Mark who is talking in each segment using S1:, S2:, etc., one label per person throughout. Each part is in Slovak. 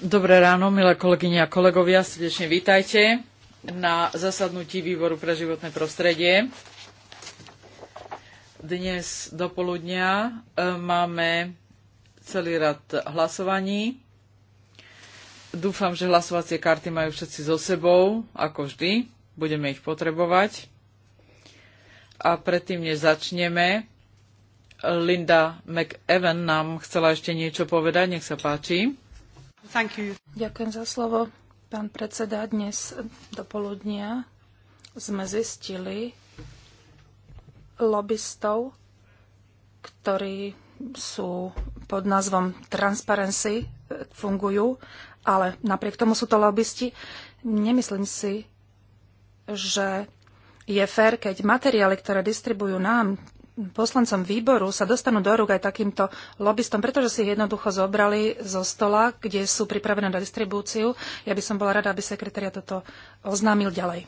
S1: Dobré ráno, milé kolegyne a kolegovia, srdečne vítajte na zasadnutí Výboru pre životné prostredie. Dnes do poludnia e, máme celý rad hlasovaní. Dúfam, že hlasovacie karty majú všetci so sebou, ako vždy. Budeme ich potrebovať. A predtým, než začneme, Linda McEwen nám chcela ešte niečo povedať. Nech sa páči.
S2: Ďakujem za slovo. Pán predseda, dnes do poludnia sme zistili lobbystov, ktorí sú pod názvom Transparency, e, fungujú, ale napriek tomu sú to lobbysti. Nemyslím si, že je fér, keď materiály, ktoré distribujú nám, poslancom výboru sa dostanú do rúk aj takýmto lobbystom, pretože si ich jednoducho zobrali zo stola, kde sú pripravené na distribúciu. Ja by som bola rada, aby sekretária toto oznámil ďalej.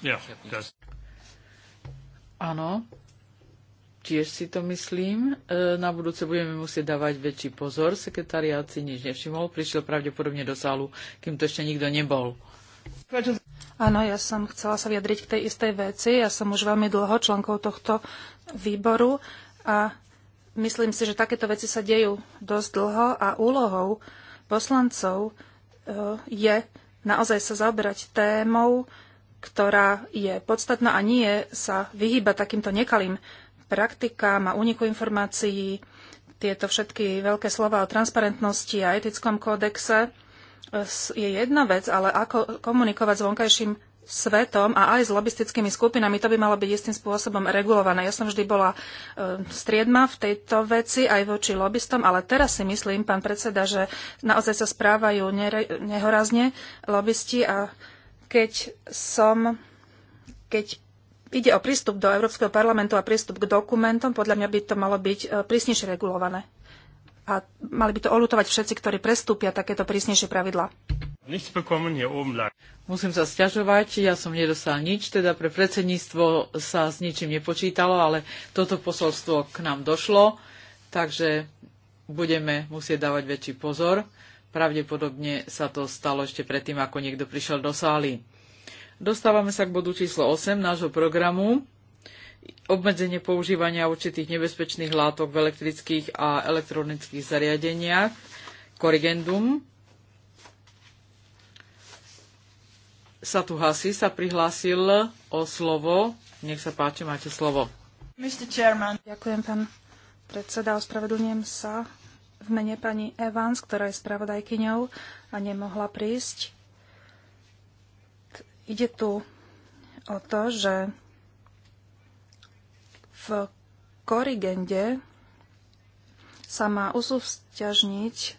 S2: Ja, Áno, tiež
S1: si to myslím. E, na budúce budeme musieť dávať väčší pozor. Sekretariát si nič nevšimol, prišiel pravdepodobne do sálu, kým to ešte nikto nebol.
S2: Áno, ja som chcela sa vyjadriť k tej istej veci. Ja som už veľmi dlho členkou tohto výboru a myslím si, že takéto veci sa dejú dosť dlho a úlohou poslancov eh, je naozaj sa zaoberať témou, ktorá je podstatná a nie sa vyhýba takýmto nekalým praktikám a úniku informácií, tieto všetky veľké slova o transparentnosti a etickom kódexe je jedna vec, ale ako komunikovať s vonkajším svetom a aj s lobistickými skupinami, to by malo byť istým spôsobom regulované. Ja som vždy bola e, striedma v tejto veci aj voči lobbystom, ale teraz si myslím, pán predseda, že naozaj sa správajú nehorazne lobbysti a keď som, keď ide o prístup do Európskeho parlamentu a prístup k dokumentom, podľa mňa by to malo byť e, prísnejšie regulované a mali by to olutovať všetci, ktorí prestúpia takéto prísnejšie pravidla.
S1: Musím sa sťažovať, ja som nedostal nič, teda pre predsedníctvo sa s ničím nepočítalo, ale toto posolstvo k nám došlo, takže budeme musieť dávať väčší pozor. Pravdepodobne sa to stalo ešte predtým, ako niekto prišiel do sály. Dostávame sa k bodu číslo 8 nášho programu obmedzenie používania určitých nebezpečných látok v elektrických a elektronických zariadeniach, korrigendum. Satu Hasi sa prihlásil o slovo. Nech sa páči, máte slovo.
S2: Mr. Chairman. Ďakujem, pán predseda. Ospravedlňujem sa v mene pani Evans, ktorá je spravodajkyňou a nemohla prísť. Ide tu o to, že v korigende sa má usúvzťažniť e,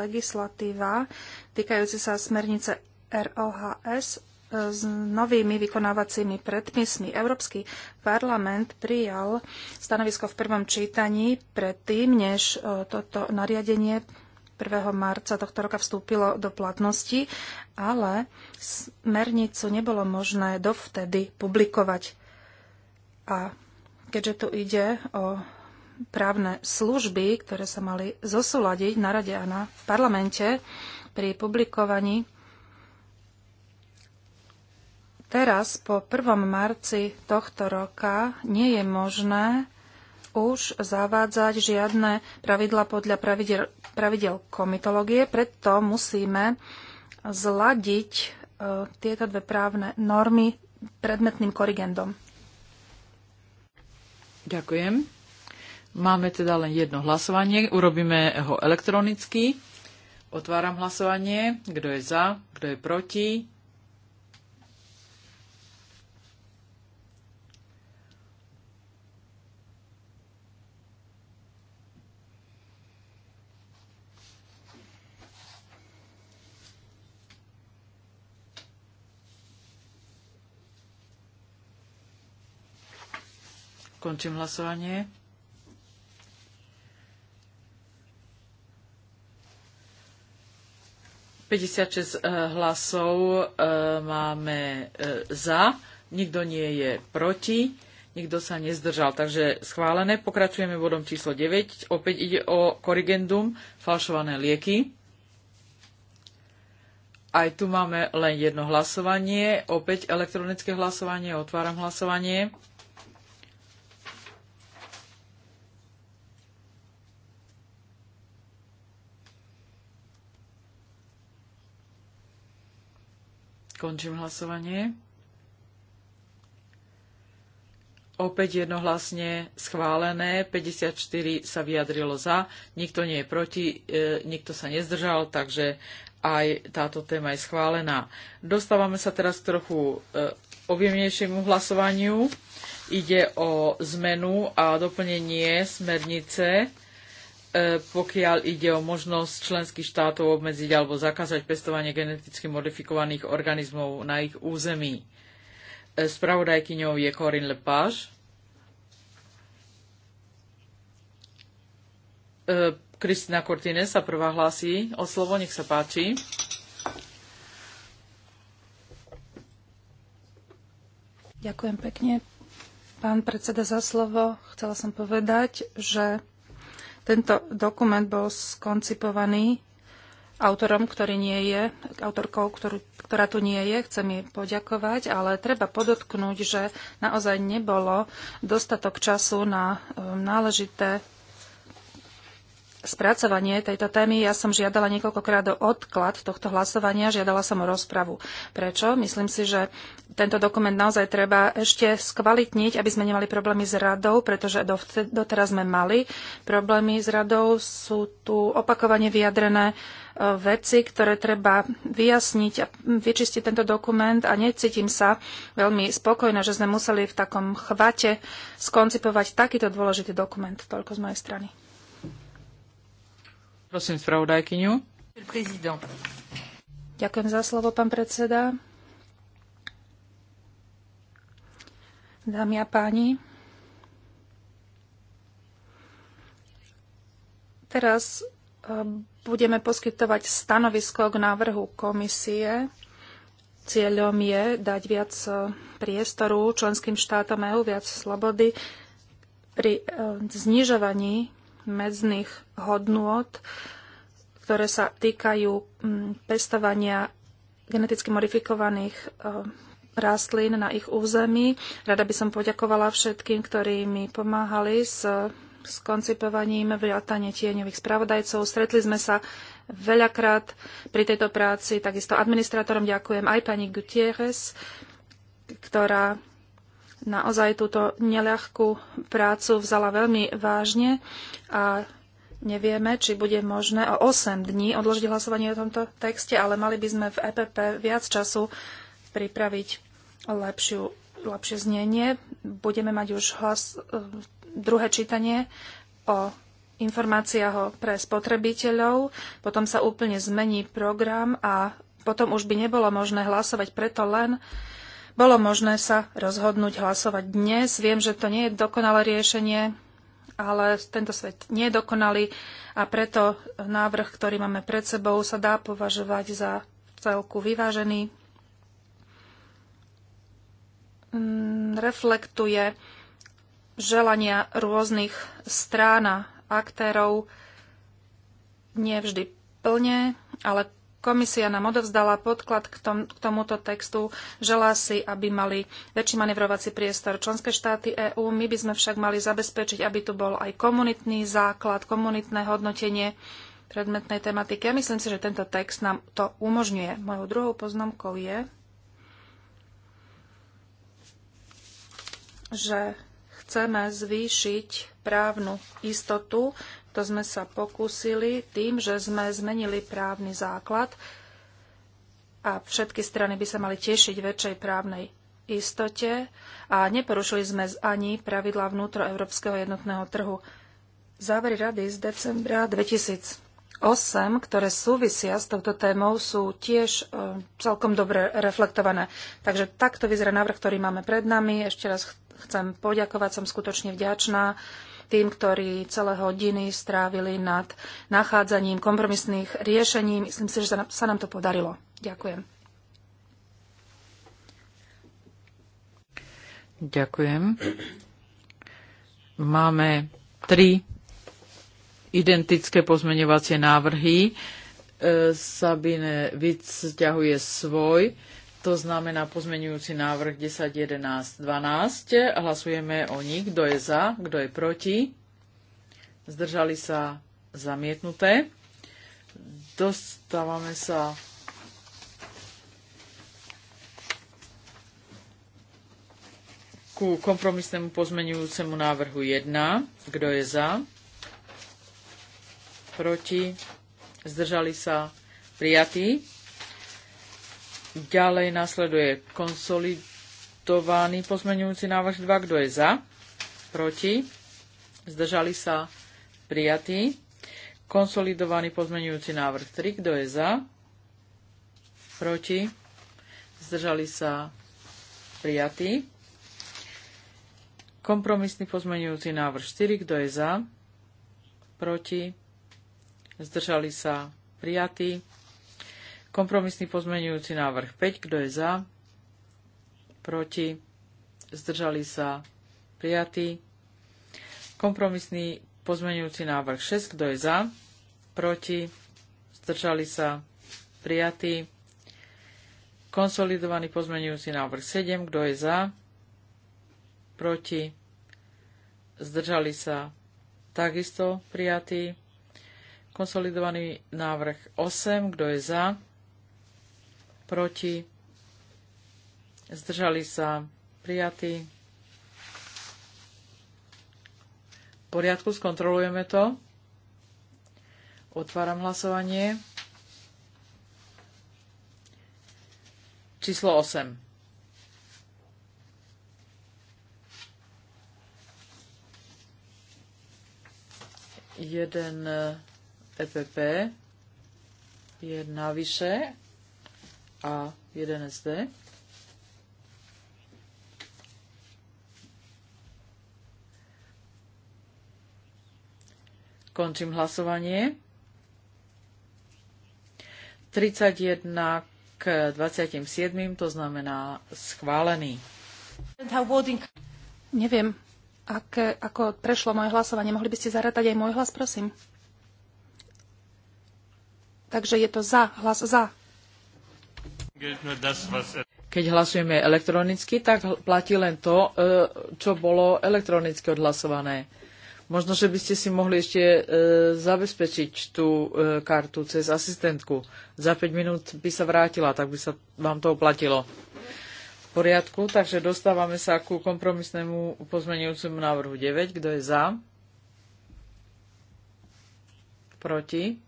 S2: legislatíva týkajúci sa smernice ROHS e, s novými vykonávacími predpismi. Európsky parlament prijal stanovisko v prvom čítaní predtým, než e, toto nariadenie 1. marca tohto roka vstúpilo do platnosti, ale smernicu nebolo možné dovtedy publikovať. A Keďže tu ide o právne služby, ktoré sa mali zosúľadiť na rade a na parlamente pri publikovaní. Teraz, po 1. marci tohto roka, nie je možné už zavádzať žiadne pravidla podľa pravidel, pravidel komitológie, preto musíme zladiť e, tieto dve právne normy predmetným korigendom.
S1: Ďakujem. Máme teda len jedno hlasovanie. Urobíme ho elektronicky. Otváram hlasovanie. Kto je za, kto je proti, Končím hlasovanie. Päťdesiatšesť eh, hlasov eh, máme eh, za, nikto nie je proti, nikto sa nezdržal. Takže schválené. Pokračujeme bodom číslo 9. Opäť ide o korigendum, falšované lieky. Aj tu máme len jedno hlasovanie, opäť elektronické hlasovanie, otváram hlasovanie. Končím hlasovanie. Opäť jednohlasne schválené, 54 sa vyjadrilo za, nikto nie je proti, e, nikto sa nezdržal, takže aj táto téma je schválená. Dostávame sa teraz k trochu e, objemnejšiemu hlasovaniu. Ide o zmenu a doplnenie smernice E, pokiaľ ide o možnosť členských štátov obmedziť alebo zakázať pestovanie geneticky modifikovaných organizmov na ich území. E, spravodajkyňou je Corinne Lepage. E, Kristina Cortine sa prvá hlási o slovo, nech sa páči.
S2: Ďakujem pekne, pán predseda, za slovo. Chcela som povedať, že tento dokument bol skoncipovaný autorom, ktorý nie je, autorkou, ktorú, ktorá tu nie je. Chcem jej poďakovať, ale treba podotknúť, že naozaj nebolo dostatok času na um, náležité spracovanie tejto témy. Ja som žiadala niekoľkokrát o odklad tohto hlasovania, žiadala som o rozpravu. Prečo? Myslím si, že tento dokument naozaj treba ešte skvalitniť, aby sme nemali problémy s radou, pretože doteraz sme mali problémy s radou. Sú tu opakovane vyjadrené e, veci, ktoré treba vyjasniť a vyčistiť tento dokument a necítim sa veľmi spokojná, že sme museli v takom chvate skoncipovať takýto dôležitý dokument. Toľko z mojej strany.
S1: Prosím spravodajkyňu.
S2: Ďakujem za slovo, pán predseda. Dámy a páni, teraz eh, budeme poskytovať stanovisko k návrhu komisie. Cieľom je dať viac eh, priestoru členským štátom EÚ, viac slobody pri eh, znižovaní medzných hodnôt, ktoré sa týkajú mm, pestovania geneticky modifikovaných e, rastlín na ich území. Rada by som poďakovala všetkým, ktorí mi pomáhali s, s koncipovaním vrátane tieňových spravodajcov. Stretli sme sa veľakrát pri tejto práci. Takisto administrátorom ďakujem aj pani Gutierrez, ktorá naozaj túto neľahkú prácu vzala veľmi vážne a nevieme, či bude možné o 8 dní odložiť hlasovanie o tomto texte, ale mali by sme v EPP viac času pripraviť lepšiu, lepšie znenie. Budeme mať už hlas, e, druhé čítanie o informáciách pre spotrebiteľov, potom sa úplne zmení program a potom už by nebolo možné hlasovať, preto len uh, bolo možné sa rozhodnúť hlasovať dnes. Viem, že to nie je dokonalé riešenie, ale tento svet nie je dokonalý a preto návrh, ktorý máme pred sebou, sa dá považovať za celku vyvážený. Mm, reflektuje želania rôznych strán a aktérov, nie vždy plne, ale Komisia nám odovzdala podklad k, tom, k tomuto textu. Želá si, aby mali väčší manevrovací priestor členské štáty EÚ. My by sme však mali zabezpečiť, aby tu bol aj komunitný základ, komunitné hodnotenie predmetnej tematiky. Ja myslím si, že tento text nám to umožňuje. Mojou druhou poznámkou je, že chceme zvýšiť právnu istotu to sme sa pokúsili tým, že sme zmenili právny základ a všetky strany by sa mali tešiť väčšej právnej istote a neporušili sme ani pravidla vnútroevropského jednotného trhu. Závery rady z decembra 2008, ktoré súvisia s touto témou, sú tiež e, celkom dobre reflektované. Takže takto vyzerá návrh, ktorý máme pred nami. Ešte raz chcem poďakovať, som skutočne vďačná tým, ktorí celé hodiny strávili nad nachádzaním kompromisných riešení. Myslím si, že sa nám to podarilo. Ďakujem.
S1: Ďakujem. Máme tri identické pozmeňovacie návrhy. E, Sabine Vic zťahuje svoj. To znamená pozmenujúci návrh 10, 11, 12. Hlasujeme o nich. Kto je za, kto je proti. Zdržali sa zamietnuté. Dostávame sa ku kompromisnému pozmenujúcemu návrhu 1. Kto je za? Proti? Zdržali sa? Prijatí? Ďalej nasleduje konsolidovaný pozmeňujúci návrh 2. Kto je za? Proti? Zdržali sa? Prijatý. Konsolidovaný pozmenujúci návrh 3. Kto je za? Proti? Zdržali sa? Prijatý. Kompromisný pozmeňujúci návrh 4. Kto je za? Proti? Zdržali sa? Prijatý Kompromisný pozmenujúci návrh 5. Kto je za? Proti? Zdržali sa? Prijatý. Kompromisný pozmenujúci návrh 6. Kto je za? Proti? Zdržali sa? Prijatý. Konsolidovaný pozmenujúci návrh 7. Kto je za? Proti? Zdržali sa? Takisto prijatý. Konsolidovaný návrh 8. Kto je za? proti, zdržali sa prijatí. V poriadku, skontrolujeme to. Otváram hlasovanie. Číslo 8. Jeden eh, EPP je navyše a jeden zde. Končím hlasovanie. 31 k 27, to znamená schválený.
S2: Neviem, ak, ako prešlo moje hlasovanie. Mohli by ste zaratať aj môj hlas, prosím? Takže je to za, hlas za. Keď hlasujeme elektronicky, tak
S1: platí len to, e, čo bolo elektronicky odhlasované. Možno, že by ste si mohli ešte e, zabezpečiť tú e, kartu cez asistentku. Za 5 minút by sa vrátila, tak by sa vám to oplatilo. V poriadku, takže dostávame sa ku kompromisnému pozmenujúcemu návrhu 9. Kto je za? Proti?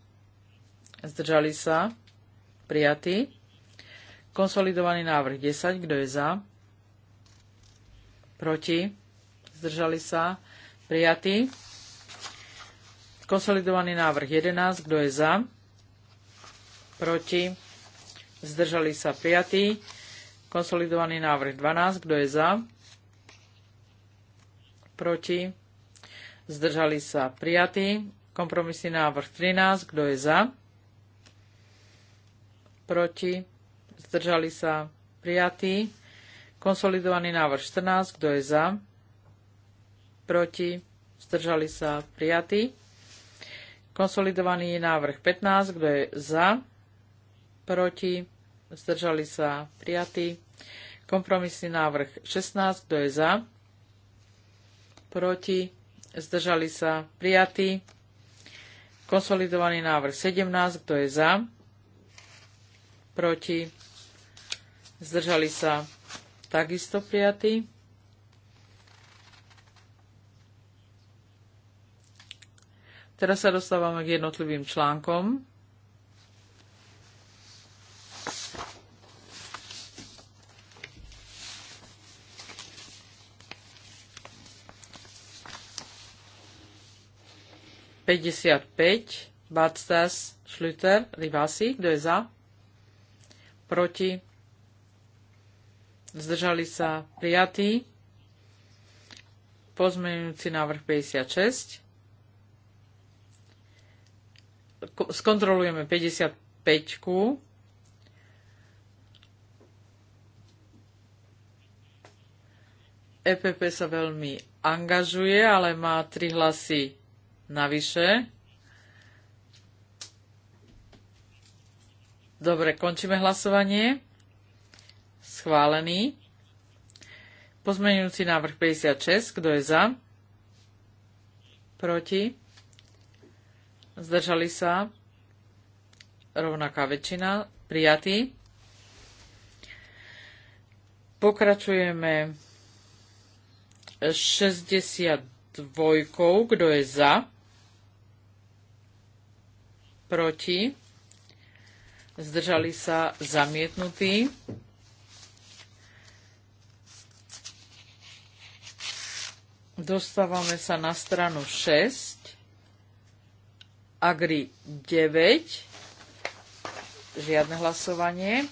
S1: Zdržali sa? Prijatý? Konsolidovaný návrh 10. Kto je za? Proti? Zdržali sa? Prijatý. Konsolidovaný návrh 11. Kto je za? Proti? Zdržali sa? Prijatý. Konsolidovaný návrh 12. Kto je za? Proti? Zdržali sa? Prijatý. Kompromisný návrh 13. Kto je za? Proti? zdržali sa prijatí. Konsolidovaný návrh 14, kto je za, proti, zdržali sa prijatí. Konsolidovaný návrh 15, kto je za, proti, zdržali sa prijatí. Kompromisný návrh 16, kto je za, proti, zdržali sa prijatí. Konsolidovaný návrh 17, kto je za, proti, zdržali sa takisto prijatí. Teraz sa dostávame k jednotlivým článkom. Päťdesiatpäť, Badstas, Schlüter, Rivasi, kto je za? Proti? zdržali sa prijatí. Pozmeňujúci návrh 56. Skontrolujeme 55. EPP sa veľmi angažuje, ale má tri hlasy navyše. Dobre, končíme hlasovanie schválený. Pozmeňujúci návrh 56, kto je za? Proti? Zdržali sa? Rovnaká väčšina. Prijatý. Pokračujeme 62, kto je za? Proti? Zdržali sa? Zamietnutý. Dostávame sa na stranu 6. Agri 9. Žiadne hlasovanie.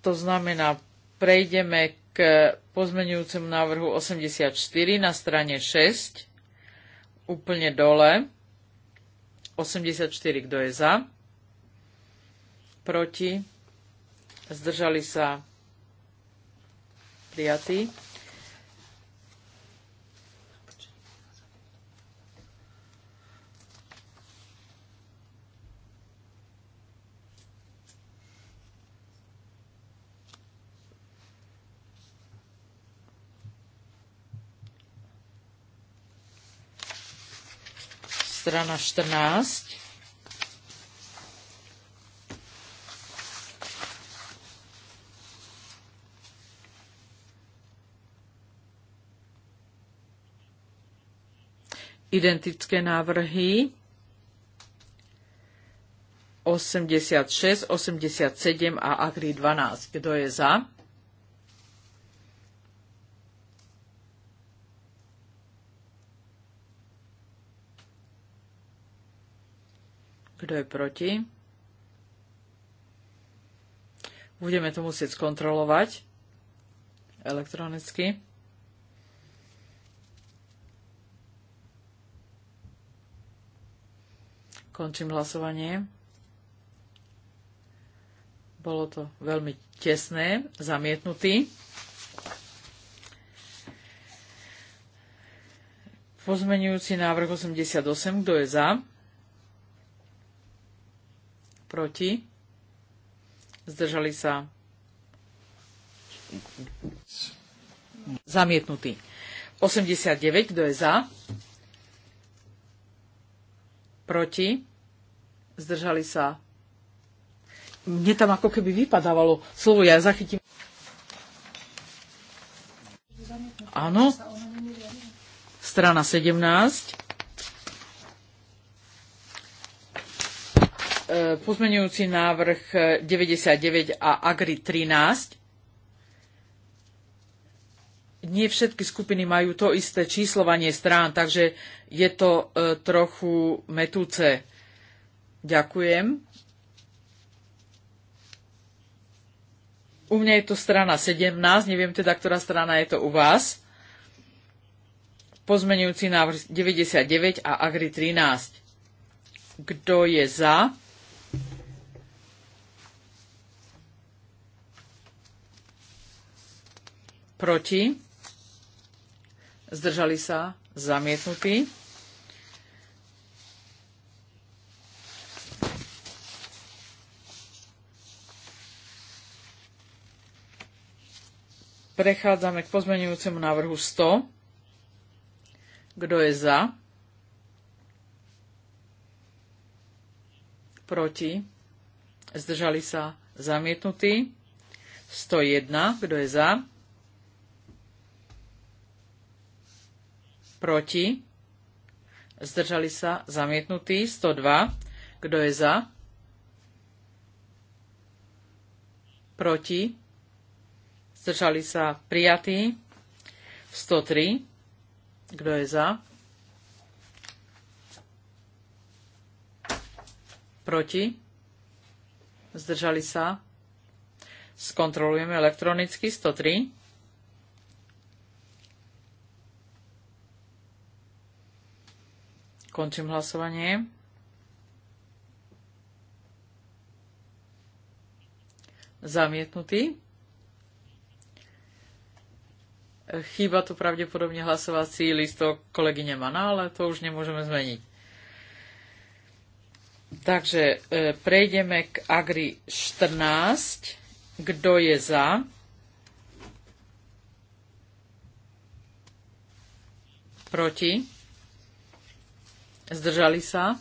S1: To znamená, prejdeme k pozmenujúcemu návrhu 84 na strane 6, úplne dole. 84, kto je za? Proti? Zdržali sa? Prijatí? strana 14. identické návrhy 86, 87 a Agri 12. Kto je za? Kto je proti? Budeme to musieť skontrolovať elektronicky. Končím hlasovanie. Bolo to veľmi tesné, zamietnutý. Pozmenujúci návrh 88, kto je za? proti, zdržali sa zamietnutý. 89, kto je za, proti, zdržali sa. Mne tam ako keby vypadávalo slovo, ja zachytím. Áno, strana 17. E, pozmenujúci návrh 99 e, a Agri 13. Nie všetky skupiny majú to isté číslovanie strán, takže je to e, trochu metúce. Ďakujem. U mňa je to strana 17, neviem teda, ktorá strana je to u vás. Pozmenujúci návrh 99 a Agri 13. Kto je za? proti, zdržali sa, zamietnutí. Prechádzame k pozmenujúcemu návrhu 100. Kto je za? Proti? Zdržali sa zamietnutí. 101. Kto je za? proti, zdržali sa, zamietnutí, 102, kto je za, proti, zdržali sa, prijatí, 103, kto je za, proti, zdržali sa, skontrolujeme elektronicky, 103, Končím hlasovanie. Zamietnutý. Chýba tu pravdepodobne hlasovací listok kolegyne Mana, ale to už nemôžeme zmeniť. Takže e, prejdeme k Agri 14. Kto je za? Proti? zdržali sa,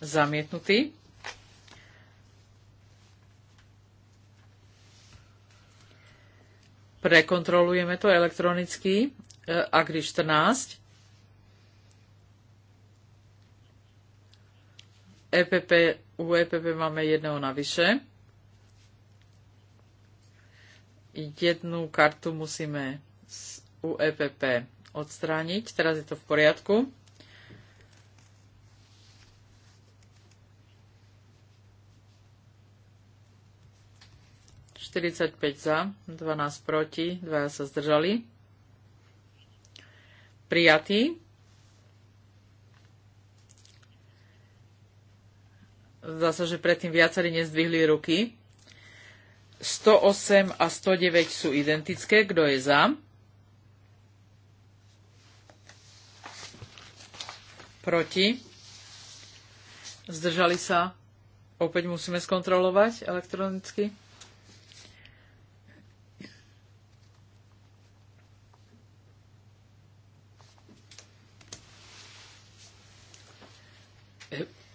S1: zamietnutí. Prekontrolujeme to elektronicky, e, Agri 14. EPP, u EPP máme jedného navyše. Jednu kartu musíme z UEPP odstrániť. Teraz je to v poriadku. 45 za, 12 proti, 2 sa zdržali. Prijatý. Zdá sa, že predtým viacerí nezdvihli ruky. 108 a 109 sú identické. Kto je za? Proti? Zdržali sa? Opäť musíme skontrolovať elektronicky.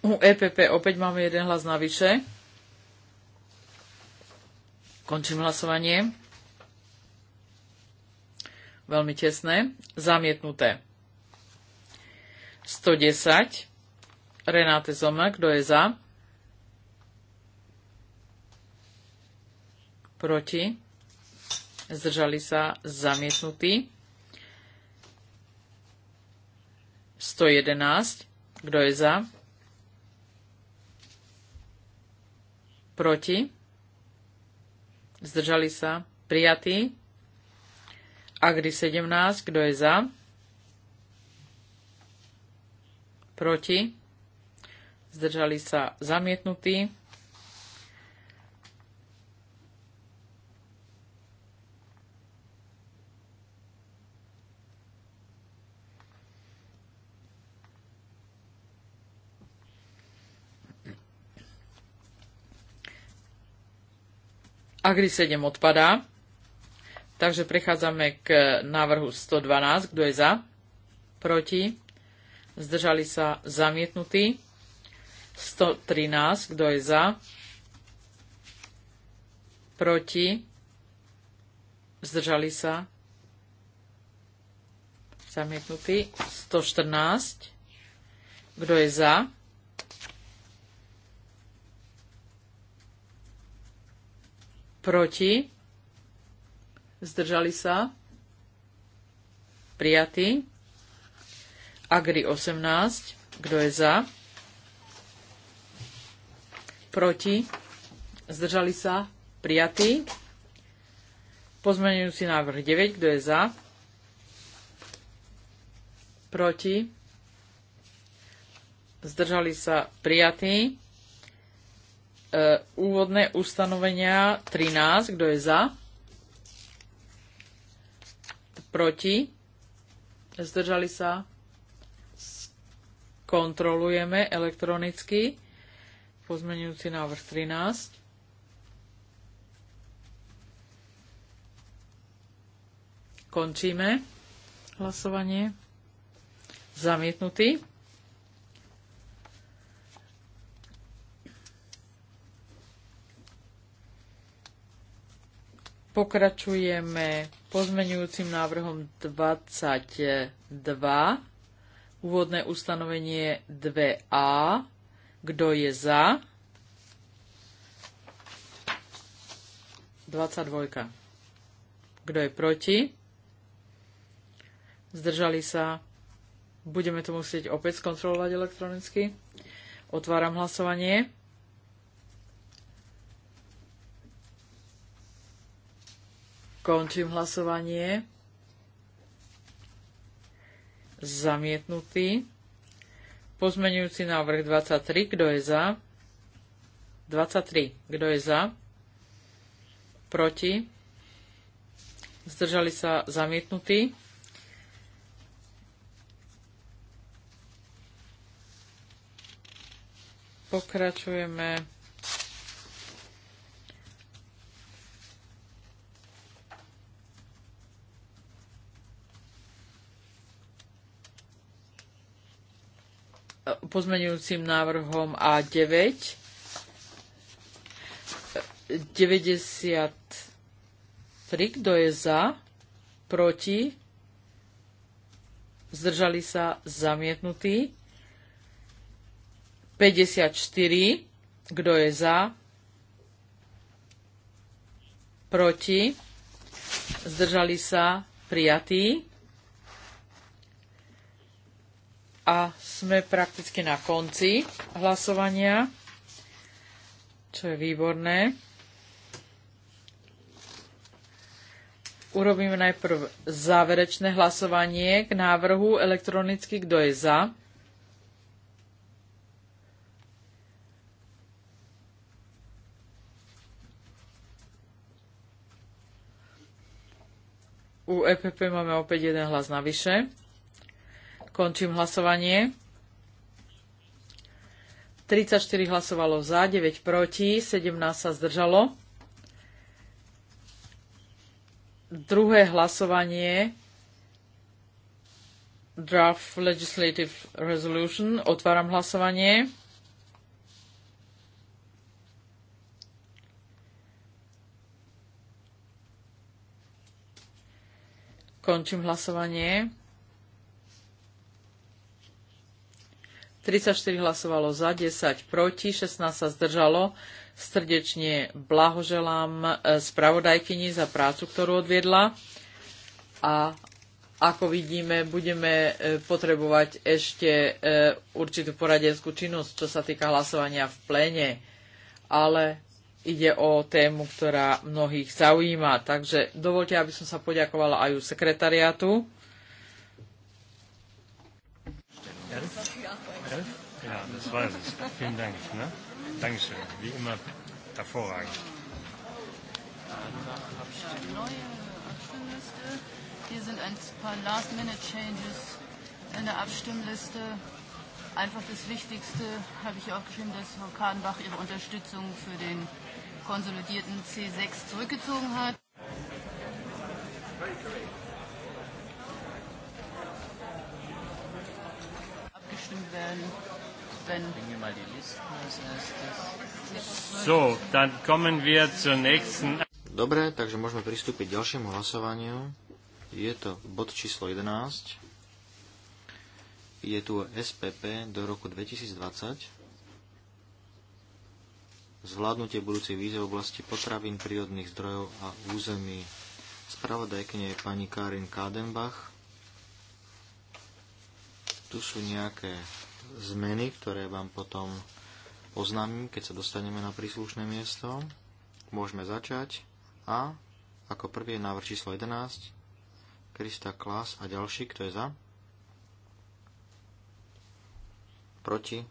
S1: U EPP opäť máme jeden hlas navyše. Končím hlasovanie. Veľmi tesné. Zamietnuté. 110. Renáte Zoma, kto je za? Proti? Zdržali sa zamietnutí. 111. Kto je za? proti, zdržali sa, prijatý. Agri 17, kto je za, proti, zdržali sa, zamietnutý. Agri 7 odpadá. Takže prechádzame k návrhu 112. Kto je za? Proti? Zdržali sa zamietnutí. 113. Kto je za? Proti? Zdržali sa? Zamietnutí. 114. Kto je za? proti, zdržali sa, prijatý. Agri 18, kto je za, proti, zdržali sa, prijatý. Pozmenujúci návrh 9, kto je za, proti, zdržali sa, prijatý. E, úvodné ustanovenia 13. Kto je za? Proti? Zdržali sa? Kontrolujeme elektronicky pozmenujúci návrh 13. Končíme hlasovanie. Zamietnutý. Pokračujeme pozmenujúcim návrhom 22, úvodné ustanovenie 2a. Kto je za? 22. Kto je proti? Zdržali sa? Budeme to musieť opäť skontrolovať elektronicky. Otváram hlasovanie. Končím hlasovanie. Zamietnutý. Pozmenujúci návrh 23. Kto je za? 23. Kto je za? Proti? Zdržali sa zamietnutí. Pokračujeme pozmenujúcim návrhom A9 93, kto je za, proti, zdržali sa zamietnutí. 54, kto je za, proti, zdržali sa prijatí. a sme prakticky na konci hlasovania, čo je výborné. Urobíme najprv záverečné hlasovanie k návrhu elektronicky, kto je za. U EPP máme opäť jeden hlas navyše. Končím hlasovanie. 34 hlasovalo za, 9 proti, 17 sa zdržalo. Druhé hlasovanie Draft Legislative Resolution. Otváram hlasovanie. Končím hlasovanie. 34 hlasovalo za, 10 proti, 16 sa zdržalo. Srdečne blahoželám eh, spravodajkyni za prácu, ktorú odviedla. A ako vidíme, budeme eh, potrebovať ešte eh, určitú poradenskú činnosť, čo sa týka hlasovania v plene. Ale ide o tému, ktorá mnohých zaujíma. Takže dovolte, aby som sa poďakovala aj u sekretariátu
S3: das weiß Vielen Dank.
S1: Ne? Dankeschön.
S3: Wie immer hervorragend.
S1: Hier sind ein paar Last-Minute-Changes in der Abstimmliste. Einfach das Wichtigste habe ich auch geschrieben, dass Frau Kahnbach ihre Unterstützung für den konsolidierten C6 zurückgezogen hat. Abgestimmt werden.
S3: So, dann kommen wir zur nächsten... Dobre, takže môžeme pristúpiť k ďalšiemu hlasovaniu. Je to bod číslo 11. Je tu SPP do roku 2020. Zvládnutie budúcej výzve v oblasti potravín, prírodných zdrojov a území. Spravodajkne je pani Karin Kádenbach. Tu sú nejaké zmeny, ktoré vám potom oznámim, keď sa dostaneme na príslušné miesto. Môžeme začať a ako prvý je návrh číslo 11 Krista Klas a ďalší, kto je za? Proti?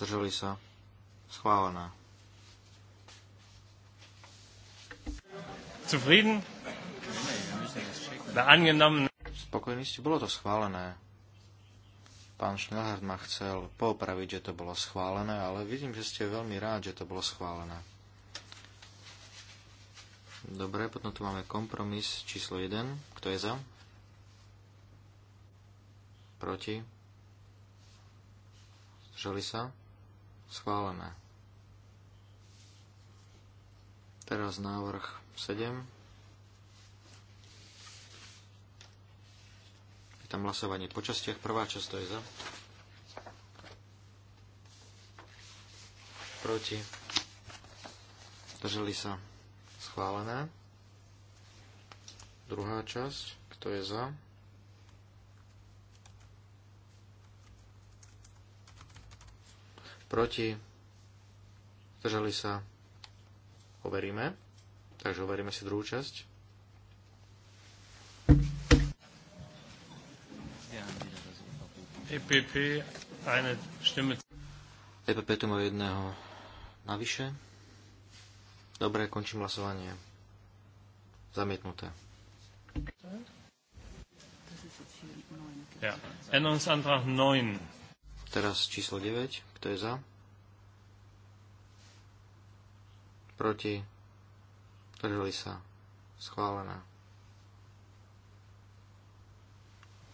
S3: Držali sa? Schválená. Zufrieden? Spokojní ste, bolo to schválené. Pán Schnellhardt ma chcel popraviť, že to bolo schválené, ale vidím, že ste veľmi rád, že to bolo schválené. Dobre, potom tu máme kompromis číslo 1. Kto je za? Proti? Zdržali sa? Schválené. Teraz návrh 7. Je tam hlasovanie po častiach. Prvá časť to je za. Proti. Drželi sa. Schválené. Druhá časť. Kto je za? Proti. Drželi sa. Overíme. Takže overíme si druhú časť. EPP, eine Stimme. EPP tu má jedného navyše. Dobre, končím hlasovanie. Zamietnuté. Ja. 9. Teraz číslo 9. Kto je za? Proti? Drželi sa. Schválené.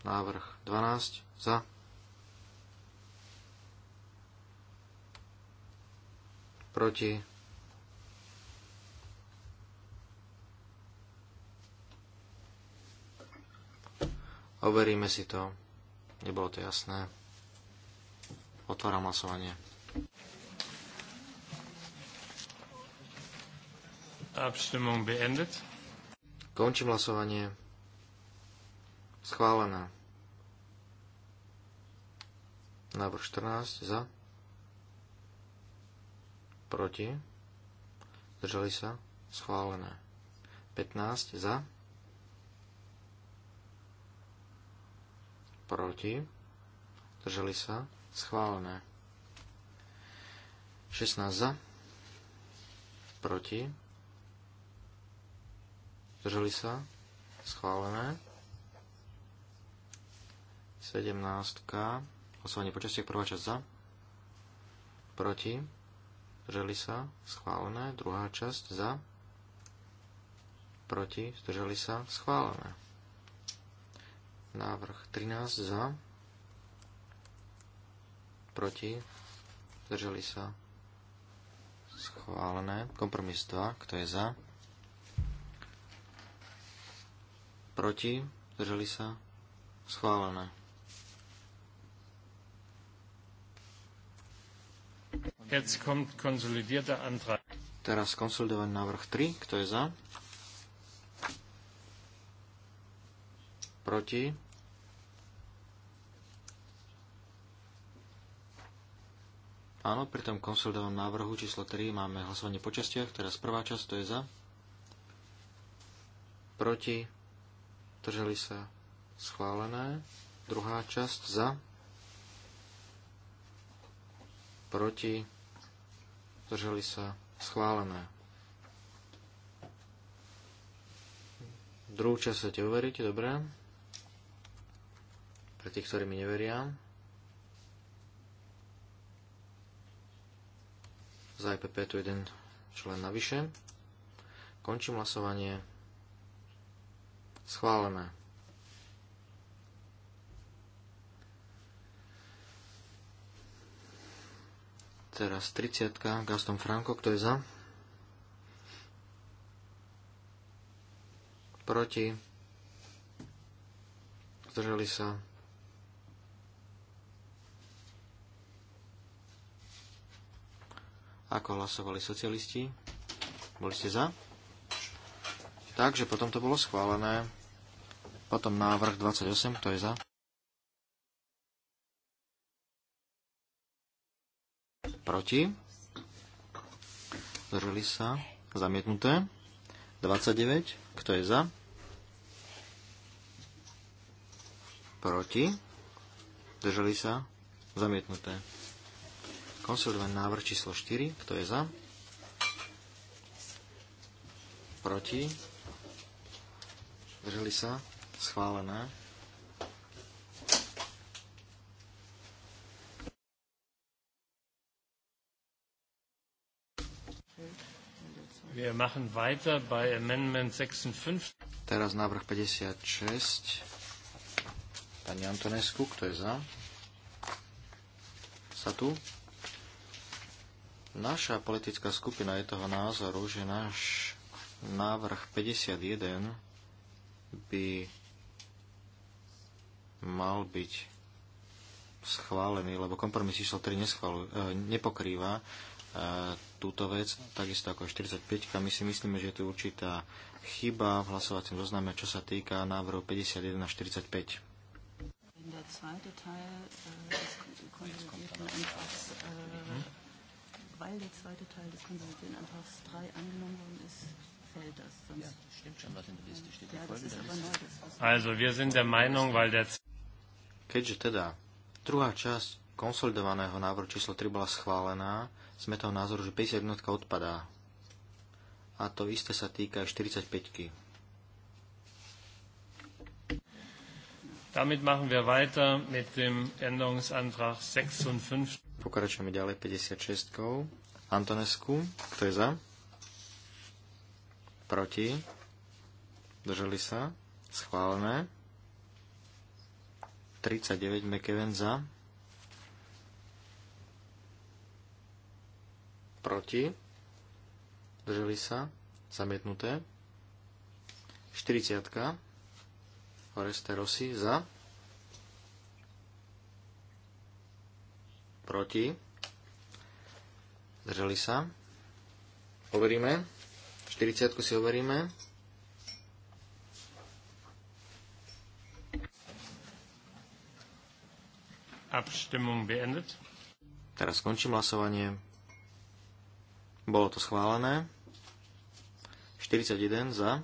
S3: Návrh 12. Za? proti, overíme si to, nebolo to jasné, otváram hlasovanie. Abstimmung beendet. Končím hlasovanie. Schválená. Návrh 14 za proti, zdržali sa, schválené. 15 za, proti, zdržali sa, schválené. 16 za, proti, zdržali sa, schválené. 17. Hlasovanie počasie, prvá časť za. Proti zdržali sa, schválené. Druhá časť za, proti, zdržali sa, schválené. Návrh 13 za, proti, zdržali sa, schválené. Kompromis 2, kto je za, proti, zdržali sa, schválené. Jetzt kommt konsolidierter Antrag. Teraz konsolidovaný návrh 3. Kto je za? Proti? Áno, pri tom konsolidovanom návrhu číslo 3 máme hlasovanie po častiach. Teraz prvá časť, to je za. Proti? Držali sa? Schválené. Druhá časť za. Proti? zdržali sa, schválené. Druhú časť te uveríte, dobré? Pre tých, ktorí mi neveria. Za IPP e tu jeden člen navyše. Končím hlasovanie. Schválené. Teraz 30. Gaston Franco, kto je za? Proti? Zdržali sa? Ako hlasovali socialisti? Boli ste za? Takže potom to bolo schválené. Potom návrh 28, kto je za? Proti. Zdržali sa. Zamietnuté. 29. Kto je za? Proti. Zdržali sa. Zamietnuté. Konsolidovaný návrh číslo 4. Kto je za? Proti. Zdržali sa. Schválené. Teraz návrh 56. Pani Antonesku, kto je za? Sa tu? Naša politická skupina je toho názoru, že náš návrh 51 by mal byť schválený, lebo kompromis číslo 3 e, eh, nepokrýva e, túto vec, takisto ako 45. My si myslíme, že je tu určitá chyba v hlasovacím zozname, čo sa týka návrhu 51 a 45.
S2: weil der zweite
S3: Teil des konsolidierten Antrags 3 angenommen worden ist, fällt das. Sonst ja, stimmt schon, was in der Liste
S1: steht. Ja, das ist aber neu, das
S3: also, wir sind der Meinung, weil der... Keďže teda druhá časť konsolidovaného návrhu číslo 3 bola schválená, sme toho názoru, že 51 odpadá. A to isté sa týka aj 45. Damit machen wir weiter mit dem Änderungsantrag 56. Pokračujeme ďalej 56. Antonesku, kto je za? Proti? Drželi sa? Schválené. 39 McEwen za. proti, drželi sa, zamietnuté. 40. Oreste Rossi za, proti, drželi sa. Overíme. 40 si overíme. Abstimmung beendet. Teraz skončím hlasovanie. Bolo to schválené. 41 za.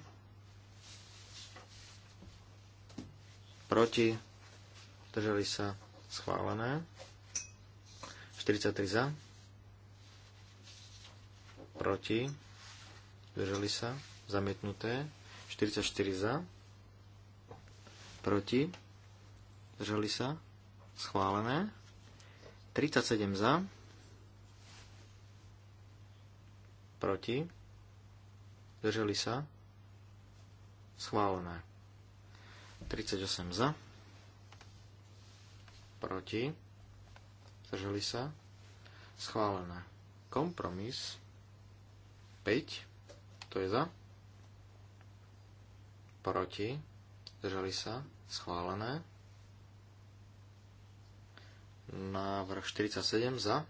S3: Proti. Držali sa schválené. 43 za. Proti. Držali sa. Zamietnuté. 44 za. Proti. Držali sa. Schválené. 37 za proti, zdržali sa, schválené. 38 za, proti, zdržali sa, schválené. Kompromis 5, to je za, proti, zdržali sa, schválené. Návrh 47 za,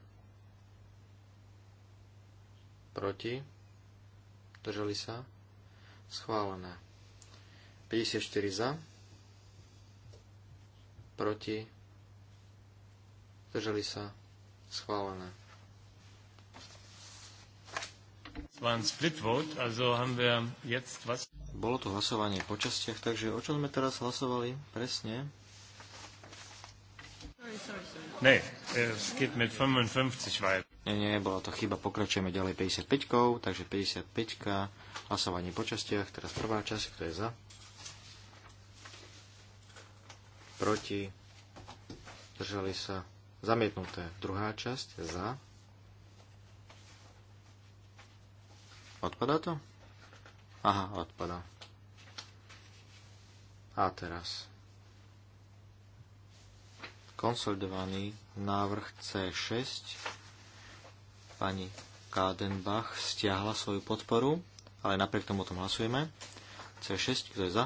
S3: proti, držali sa, schválené. 54 za, proti, držali sa, schválené. Bolo to hlasovanie po častiach, takže o čom sme teraz hlasovali presne?
S2: Ne, es geht
S3: mit 55 weiter. Nie, bola to chyba. Pokračujeme ďalej 55, takže 55, hlasovanie po častiach. Teraz prvá časť, kto je za? Proti? Držali sa? Zamietnuté. Druhá časť, za? Odpadá to? Aha, odpadá. A teraz. Konsolidovaný návrh C6 Pani Kádenbach stiahla svoju podporu, ale napriek tomu o tom hlasujeme. C6, kto je za?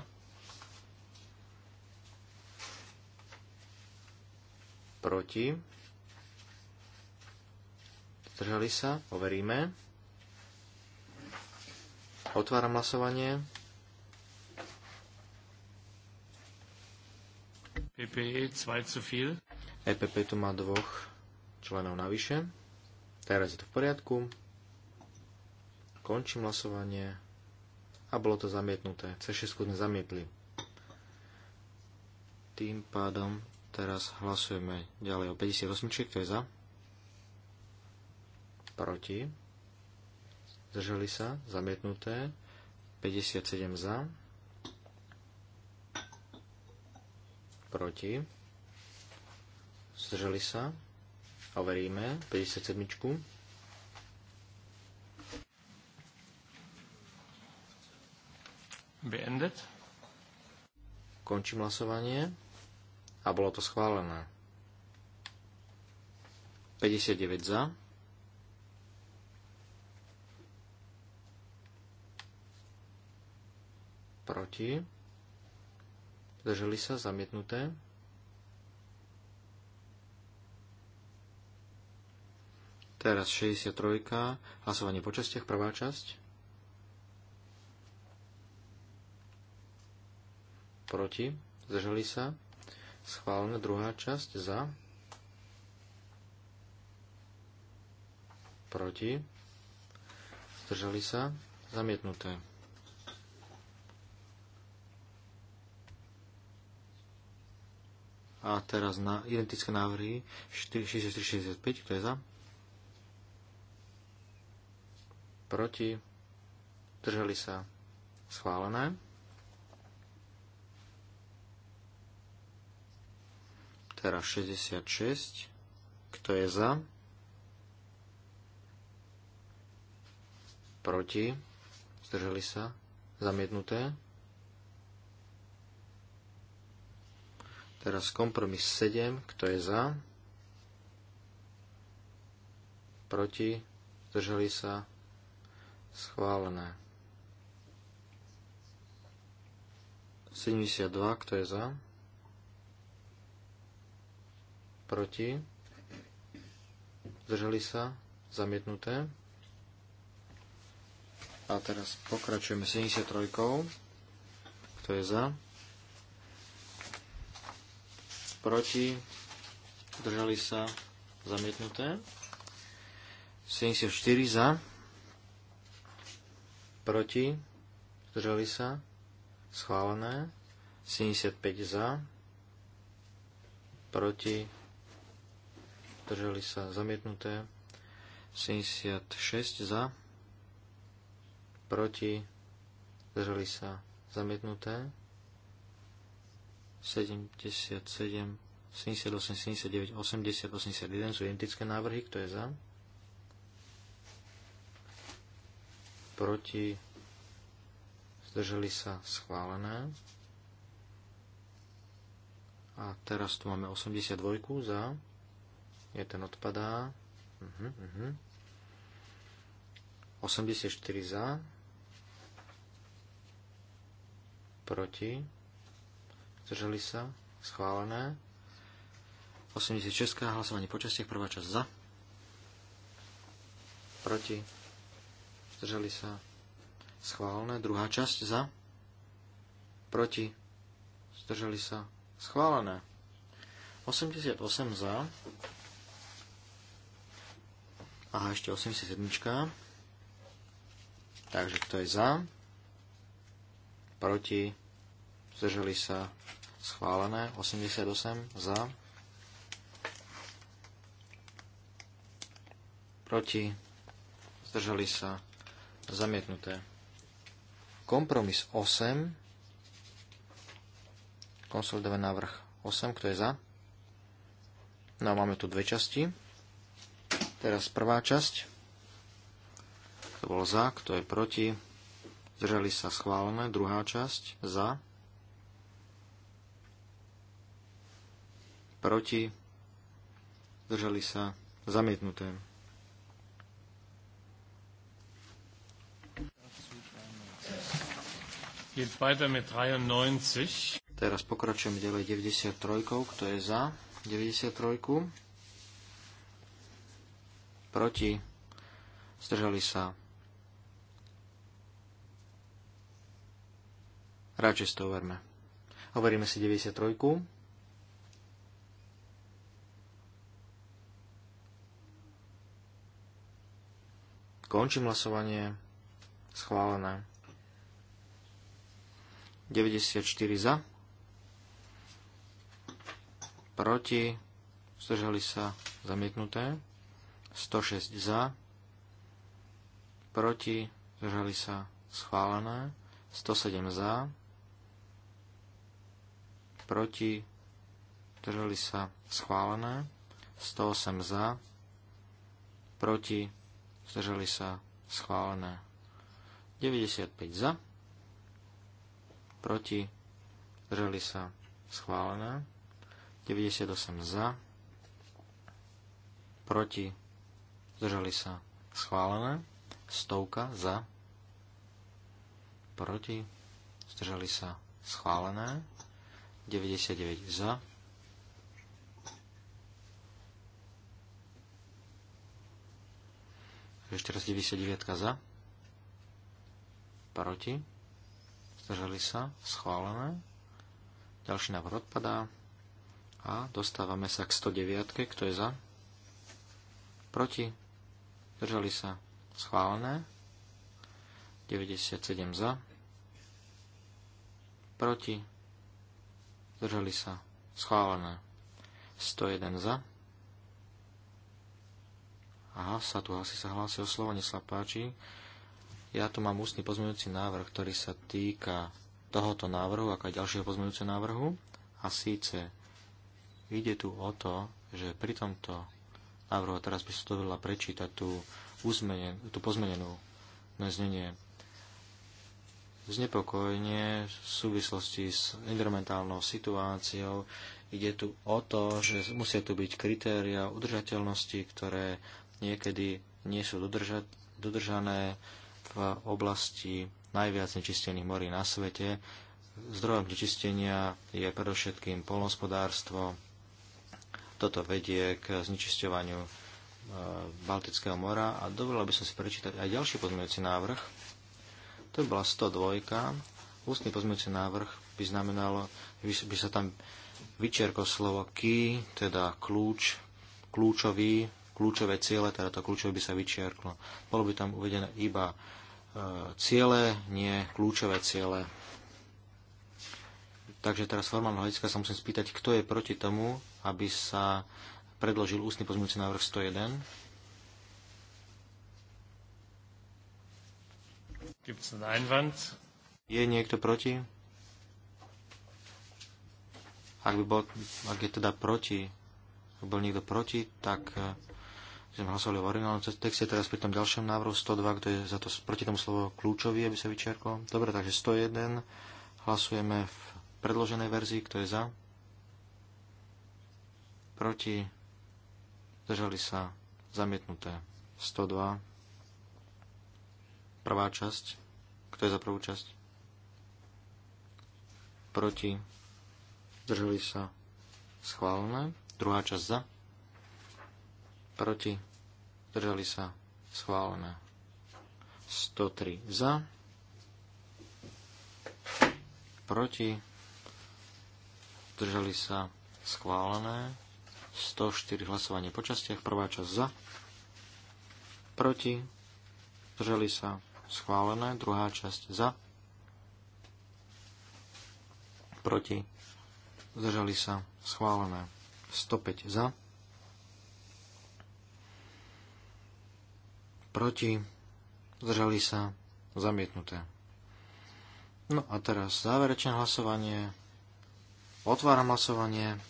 S3: Proti. Zdržali sa, overíme. Otváram hlasovanie. PPE 2 zu viel. EPP tu má dvoch členov navyše. Teraz je to v poriadku. Končím hlasovanie. A bolo to zamietnuté. C6 sme zamietli. Tým pádom teraz hlasujeme ďalej o 58, kto je za. Proti. Zdržali sa. Zamietnuté. 57 za. Proti. Zdržali sa. Overíme 57. Beendet. Končím hlasovanie. A bolo to schválené. 59 za. Proti. Zdrželi sa, zamietnuté. Teraz 63. Hlasovanie po častiach, prvá časť. Proti. Zdržali sa. Schválená druhá časť za. Proti. Zdržali sa. Zamietnuté. A teraz na identické návrhy 6465, kto je za? proti, držali sa schválené. Teraz 66, kto je za, proti, zdržali sa, zamietnuté. Teraz kompromis 7, kto je za, proti, zdržali sa, Schválené. 72, kto je za? Proti? Zdržali sa? Zamietnuté. A teraz pokračujeme 73. Kto je za? Proti? Zdržali sa? Zamietnuté. 74 za proti, zdržali sa, schválené, 75 za, proti, zdržali sa, zamietnuté, 76 za, proti, zdržali sa, zamietnuté, 77, 78, 79, 80, 81 sú identické návrhy, kto je za, proti, zdržali sa schválené. A teraz tu máme 82 za, je ten odpadá. Uh-huh, uh-huh. 84 za, proti, zdržali sa, schválené. 86. hlasovanie po častiach, prvá časť za, proti, zdržali sa, schválne. Druhá časť za, proti, zdržali sa, schválené. 88 za. A ešte 87. Takže kto je za? Proti? Zdržali sa? Schválené. 88 za. Proti? Zdržali sa? Zamietnuté. Kompromis 8. Konsolidovaný návrh 8. Kto je za? No máme tu dve časti. Teraz prvá časť. Kto bol za, kto je proti. Zdržali sa schválené. Druhá časť. Za. Proti. Zdržali sa zamietnuté. Teraz pokračujeme ďalej 93. Kto je za? 93. Proti? Zdržali sa. Radšej si to overme. Overíme si 93. Končím hlasovanie. Schválené. 94 za, proti, zdržali sa zamietnuté, 106 za, proti, zdržali sa schválené, 107 za, proti, zdržali sa schválené, 108 za, proti, zdržali sa schválené, 95 za, proti, zdržali sa schválené, 98 za, proti, zdržali sa schválené, stovka za, proti, zdržali sa schválené, 99 za, ešte raz 99 za, proti, zdržali sa, schválené. Ďalší návrh odpadá. A dostávame sa k 109. Kto je za? Proti? Zdržali sa, schválené. 97 za. Proti? Zdržali sa, schválené. 101 za. Aha, sa tu asi sa hlási o slovo, nech sa páči. Ja tu mám ústny pozmeňujúci návrh, ktorý sa týka tohoto návrhu, ako aj ďalšieho pozmeňujúceho návrhu. A síce ide tu o to, že pri tomto návrhu, a teraz by som veľa prečítať tú, uzmenen, tú pozmenenú neznenie no, znepokojenie v súvislosti s environmentálnou situáciou. Ide tu o to, že musia tu byť kritéria udržateľnosti, ktoré niekedy nie sú dodržané, v oblasti najviac nečistených morí na svete. Zdrojom nečistenia je predovšetkým polnospodárstvo. Toto vedie k znečisťovaniu e, Baltického mora a dovolil by som si prečítať aj ďalší pozmeňujúci návrh. To by bola 102. Ústny pozmeňujúci návrh by znamenalo, by sa tam vyčerko slovo key, teda kľúč, kľúčový, kľúčové ciele, teda to kľúčové by sa vyčerklo, Bolo by tam uvedené iba ciele, nie kľúčové ciele. Takže teraz formálne hľadiska sa musím spýtať, kto je proti tomu, aby sa predložil ústny pozmeňujúci návrh 101. Gibt's einen Einwand? Je niekto proti? Ak, by bol, ak je teda proti, ak bol niekto proti, tak sme hlasovali o originálnom texte, teraz pri tom ďalšom návrhu 102, kto je za to proti tomu slovo kľúčový, aby sa vyčiarklo. Dobre, takže 101, hlasujeme v predloženej verzii, kto je za, proti, zdržali sa, zamietnuté. 102, prvá časť, kto je za prvú časť, proti, zdržali sa, schválené, druhá časť za, proti, zdržali sa, schválené. 103 za, proti, zdržali sa, schválené. 104 hlasovanie po častiach, prvá časť za, proti, zdržali sa, schválené, druhá časť za, proti, zdržali sa, schválené. 105 za, proti, zdržali sa, zamietnuté. No a teraz záverečné hlasovanie. Otváram hlasovanie.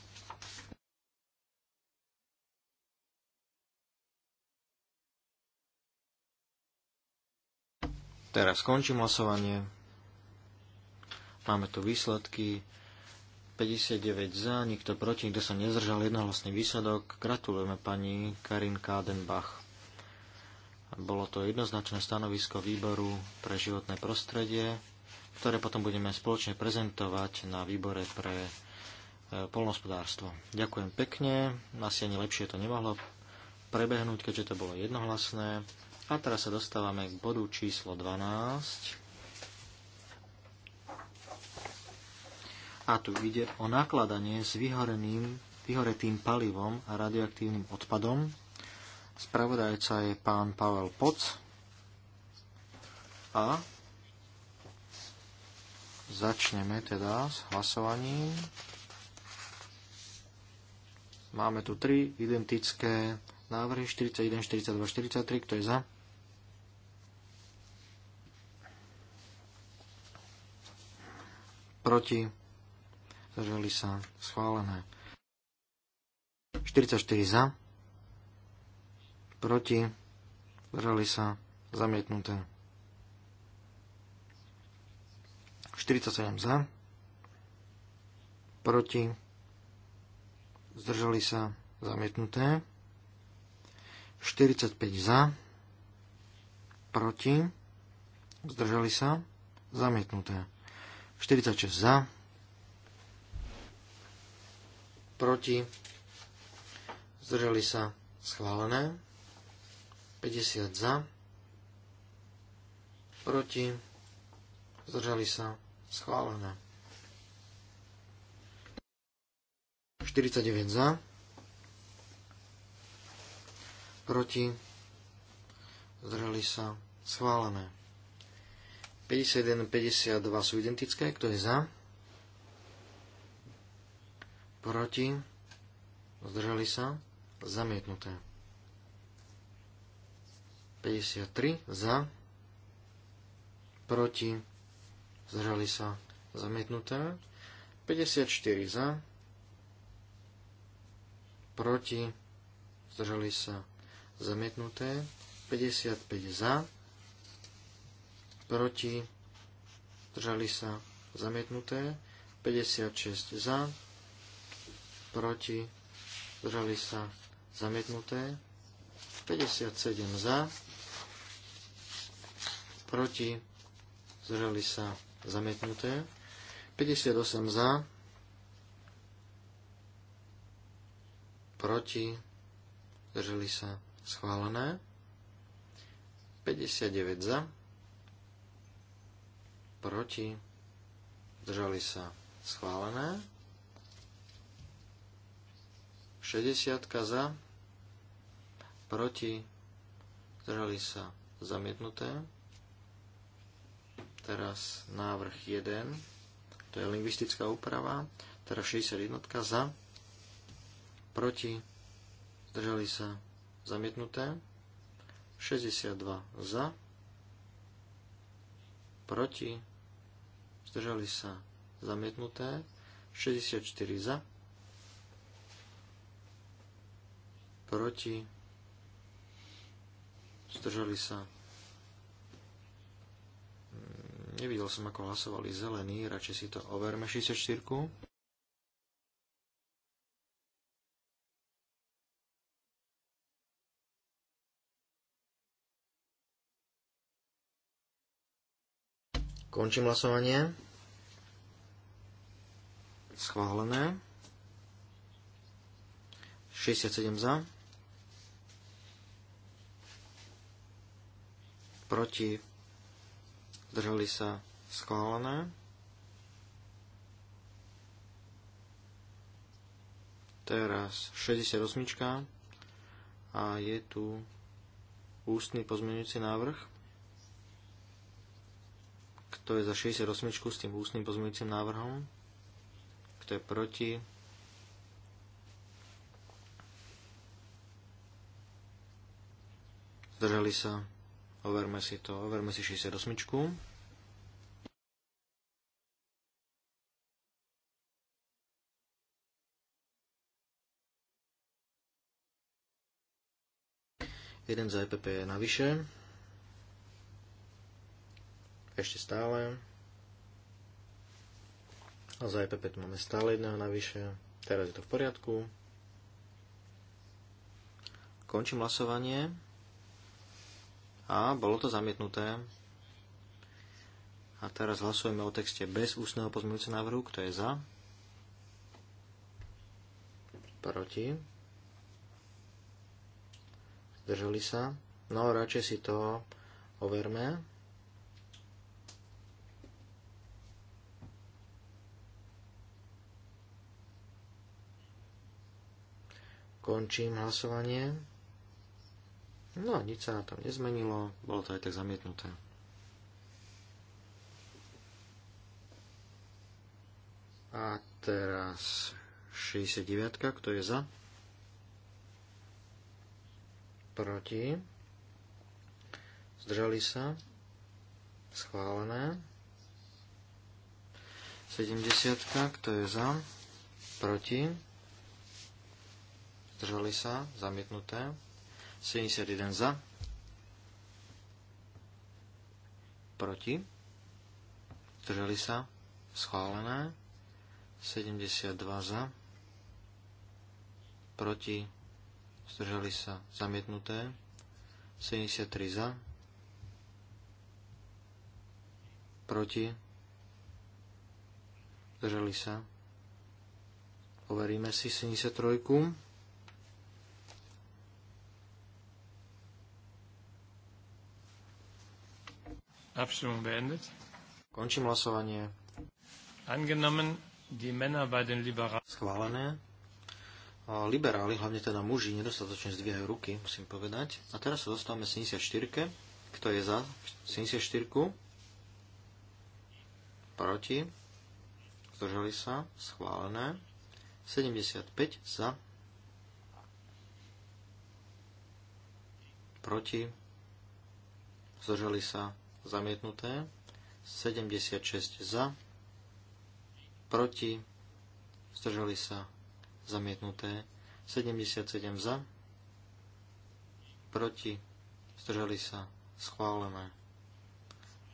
S3: Teraz skončím hlasovanie. Máme tu výsledky. 59 za, nikto proti, nikto sa nezdržal, jednohlasný výsledok. Gratulujeme pani Karin Kádenbach. Bolo to jednoznačné stanovisko výboru pre životné prostredie, ktoré potom budeme spoločne prezentovať na výbore pre e, polnospodárstvo. Ďakujem pekne, asi ani lepšie to nemohlo prebehnúť, keďže to bolo jednohlasné. A teraz sa dostávame k bodu číslo 12. A tu ide o nakladanie s vyhoreným, vyhoretým palivom a radioaktívnym odpadom. Spravodajca je pán Pavel Poc a začneme teda s hlasovaním. Máme tu tri identické návrhy 41, 42, 43. Kto je za? Proti? Zdržali sa. Schválené. 44 za proti, zdržali sa, zamietnuté. 47 za, proti, zdržali sa, zamietnuté. 45 za, proti, zdržali sa, zamietnuté. 46 za, proti, zdržali sa, schválené. 50 za, proti, zdržali sa, schválené. 49 za, proti, zdržali sa, schválené. 51 52 sú identické, kto je za, proti, zdržali sa, zamietnuté. 53 za, proti, zdržali sa zamietnuté, 54 za, proti, zdržali sa zamietnuté, 55 za, proti, zdržali sa zamietnuté, 56 za, proti, zdržali sa zamietnuté, 57 za, proti, zdržali sa zamietnuté, 58 za, proti, zdržali sa schválené, 59 za, proti, zdržali sa schválené, 60 za, proti, zdržali sa zamietnuté. Teraz návrh 1, to je lingvistická úprava, teraz 61 za, proti, zdržali sa zamietnuté, 62 za, proti, zdržali sa zamietnuté, 64 za, proti, Zdržali sa. Nevidel som, ako hlasovali zelení, radšej si to overme 64. -ku. Končím hlasovanie. Schválené. 67 za. proti, držali sa schválené. Teraz 68 a je tu ústny pozmeňujúci návrh. Kto je za 68 s tým ústnym pozmeňujúcim návrhom? Kto je proti? Zdržali sa Overme si to. Overme si 68. Jeden za EPP je navyše. Ešte stále. A za EPP tu máme stále jedného navyše. Teraz je to v poriadku. Končím hlasovanie. A bolo to zamietnuté. A teraz hlasujeme o texte bez ústneho pozmeňujúceho návrhu. Kto je za? Proti? Zdržali sa? No, radšej si to overme. Končím hlasovanie. No nič sa na tom nezmenilo, bolo to aj tak zamietnuté. A teraz 69, kto je za? Proti. Zdržali sa. Schválené. 70, kto je za? Proti. Zdržali sa. Zamietnuté. 71 za. Proti. Zdržali sa. Schválené. 72 za. Proti. Zdržali sa. Zamietnuté. 73 za. Proti. Zdržali sa. Overíme si 73. Abstimmung beendet. Končím hlasovanie. Angenommen, die Männer bei den Liberalen. Schválené. liberáli, hlavne teda muži, nedostatočne zdvíhajú ruky, musím povedať. A teraz sa dostávame 74. Kto je za 74? Proti. Zdržali sa. Schválené. 75 za. Proti. Zdržali sa zamietnuté, 76 za, proti, zdržali sa, zamietnuté, 77 za, proti, zdržali sa, schválené.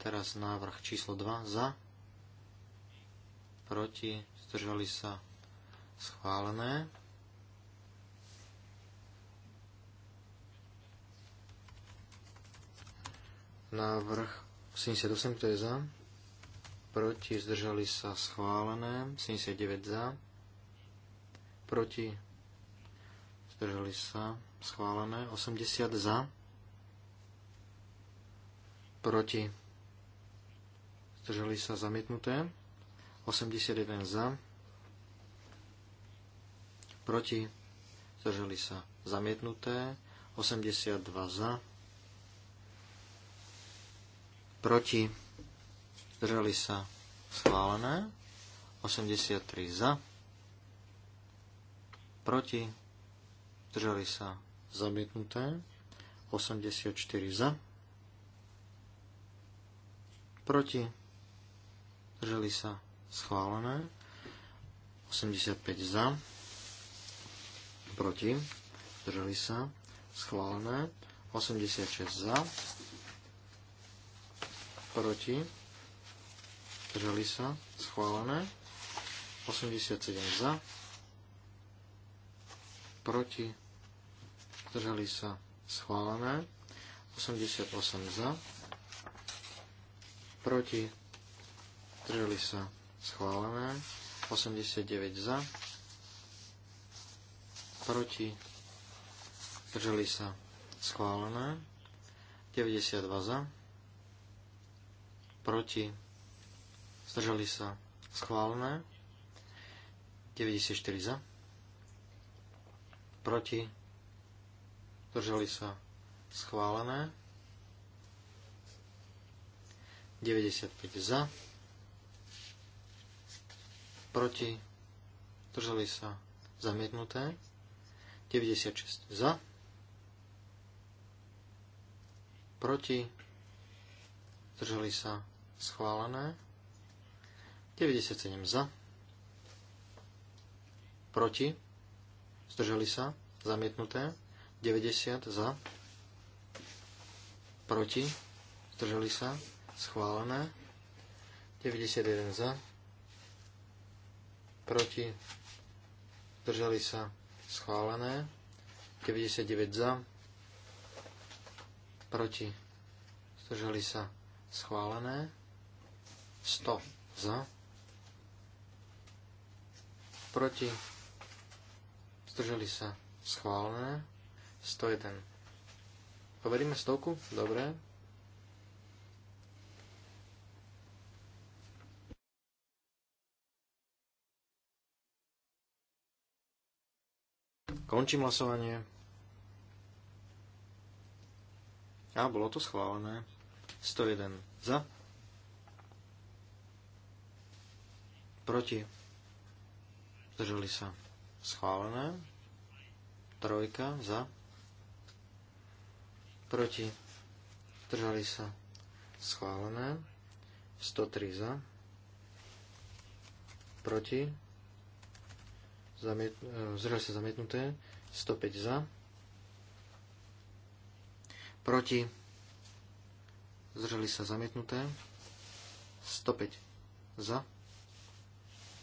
S3: Teraz návrh číslo 2 za, proti, zdržali sa, schválené. Návrh 78, kto je za? Proti, zdržali sa schválené. 79 za. Proti, zdržali sa schválené. 80 za. Proti, zdržali sa zamietnuté. 81 za. Proti, zdržali sa zamietnuté. 82 za proti, zdržali sa schválené, 83 za, proti, zdržali sa zamietnuté, 84 za, proti, zdržali sa schválené, 85 za, proti, zdržali sa schválené, 86 za, proti, zdržali sa, schválené, 87 za, proti, zdržali sa, schválené, 88 za, proti, zdržali sa, schválené, 89 za, proti, zdržali sa, schválené, 92 za, proti, zdržali sa schválené, 94 za, proti, zdržali sa schválené, 95 za, proti, zdržali sa zamietnuté, 96 za, proti, zdržali sa schválené. 97 za, proti, zdržali sa, zamietnuté. 90 za, proti, zdržali sa, schválené. 91 za, proti, zdržali sa, schválené. 99 za, proti, zdržali sa, schválené. 100 za, proti, zdržali sa, schválené, 101. poveríme stovku? Dobre. Končím hlasovanie. A bolo to schválené. 101 za, proti, zdržali sa schválené, trojka za, proti, zdržali sa schválené, 103 za, proti, zamiet, e, zdržali sa zamietnuté, 105 za, proti, zdržali sa zamietnuté, 105 za,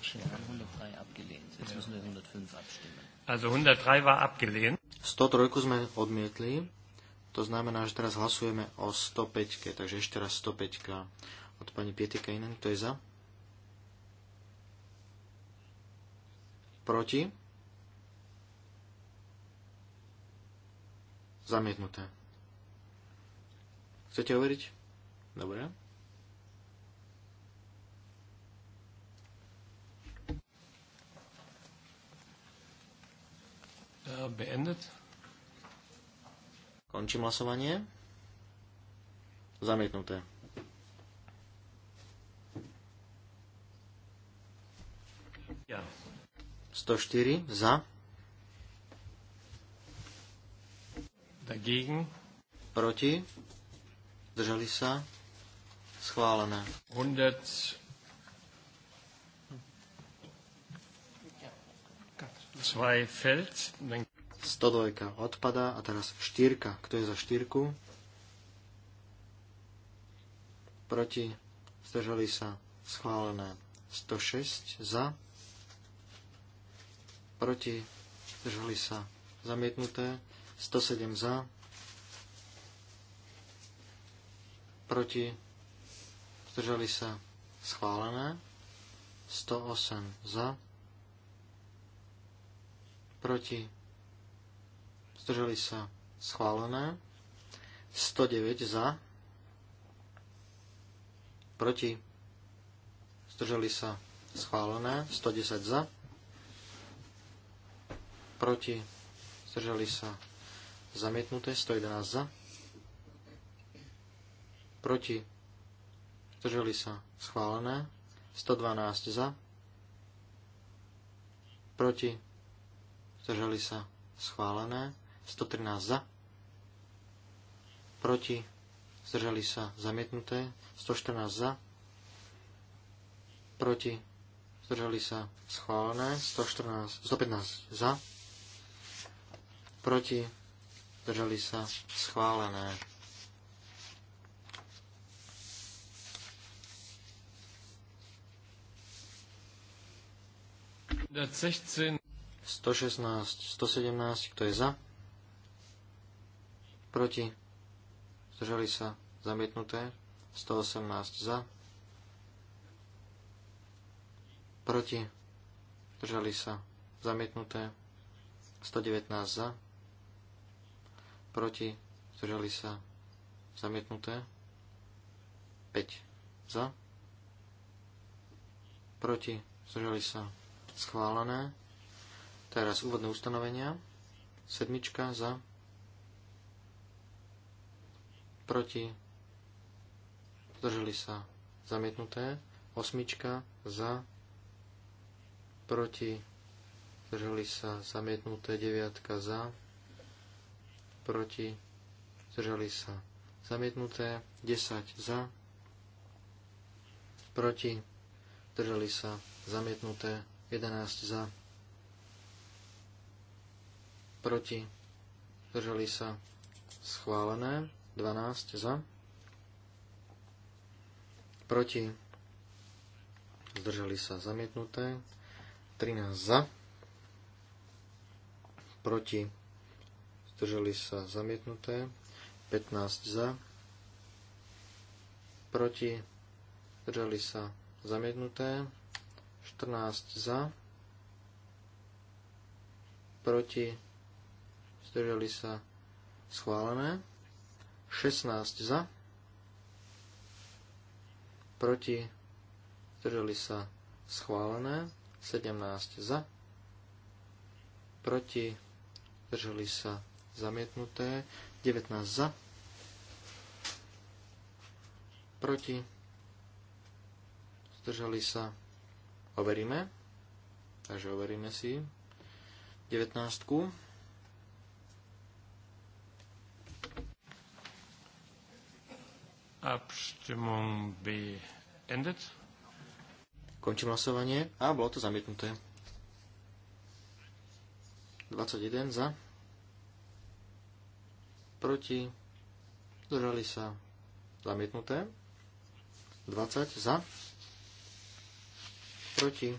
S3: 103 sme odmietli, to znamená, že teraz hlasujeme o 105, takže ešte raz 105 od pani Kejnen, kto je za? Proti? Zamietnuté. Chcete overiť? Dobre. Äh, beendet. Končím hlasovanie. Zamietnuté. Ja. 104 za. Dagegen. Proti. Držali sa. Schválené. 100. 102 odpada a teraz 4. Kto je za 4? Proti. Zdržali sa. Schválené. 106 za. Proti. Zdržali sa. Zamietnuté. 107 za. Proti. Zdržali sa. Schválené. 108 za proti, zdržali sa schválené, 109 za, proti, zdržali sa schválené, 110 za, proti, zdržali sa zamietnuté, 111 za, proti, zdržali sa schválené, 112 za, proti, zdržali sa, schválené. 113 za, proti, zdržali sa, zamietnuté. 114 za, proti, zdržali sa, schválené. 114, 115 za, proti, zdržali sa, schválené. 116, 117, kto je za? Proti? Zdržali sa? Zamietnuté? 118 za? Proti? Zdržali sa? Zamietnuté? 119 za? Proti? Zdržali sa? Zamietnuté? 5 za? Proti? Zdržali sa? Schválené? Teraz úvodné ustanovenia. Sedmička za. Proti. Zdržali sa. Zamietnuté. Osmička za. Proti. Zdržali sa. Zamietnuté. Deviatka za. Proti. Zdržali sa. Zamietnuté. 10 za. Proti. Zdržali sa. Zamietnuté. 11 za proti, zdržali sa schválené, 12 za, proti, zdržali sa zamietnuté, 13 za, proti, zdržali sa zamietnuté, 15 za, proti, zdržali sa zamietnuté, 14 za, proti, zdržali sa schválené. 16 za, proti, zdržali sa schválené. 17 za, proti, zdržali sa zamietnuté. 19 za, proti, zdržali sa, overíme, takže overíme si 19. Abstimmung beendet. Končím hlasovanie. A bolo to zamietnuté. 21 za. Proti. Zdržali sa. Zamietnuté. 20 za. Proti.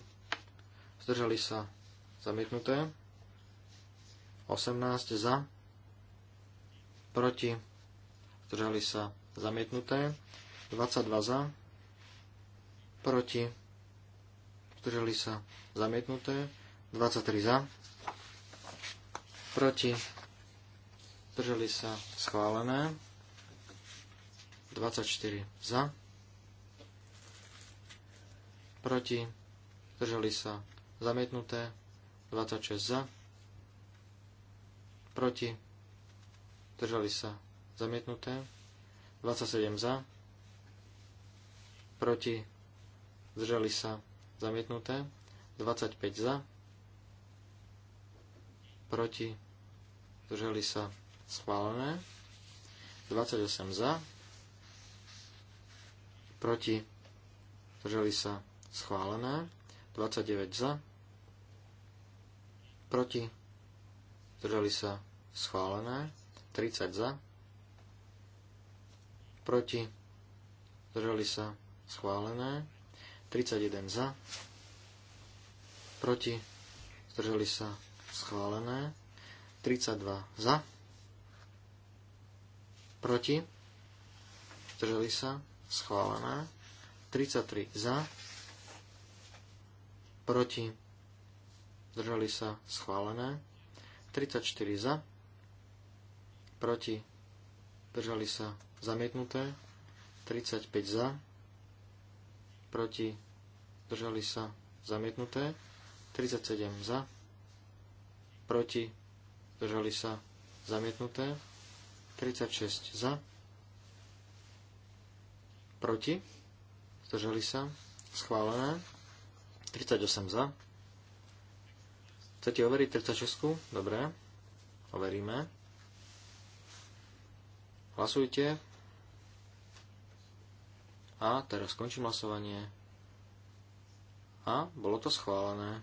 S3: Zdržali sa. Zamietnuté. 18 za. Proti. Zdržali sa zamietnuté. 22 za, proti, zdržali sa, zamietnuté. 23 za, proti, zdržali sa, schválené. 24 za, proti, zdržali sa, zamietnuté. 26 za, proti, zdržali sa, zamietnuté. 27 za, proti, zdržali sa, zamietnuté, 25 za, proti, zdržali sa, schválené, 28 za, proti, zdržali sa, schválené, 29 za, proti, zdržali sa, schválené, 30 za, proti, zdržali sa, schválené. 31 za, proti, zdržali sa, schválené. 32 za, proti, zdržali sa, schválené. 33 za, proti, zdržali sa, schválené. 34 za, proti, zdržali sa, zamietnuté, 35 za, proti, držali sa, zamietnuté, 37 za, proti, držali sa, zamietnuté, 36 za, proti, zdržali sa, schválené, 38 za. Chcete overiť 36? Dobre, overíme. Hlasujte, a teraz skončím hlasovanie. A bolo to schválené.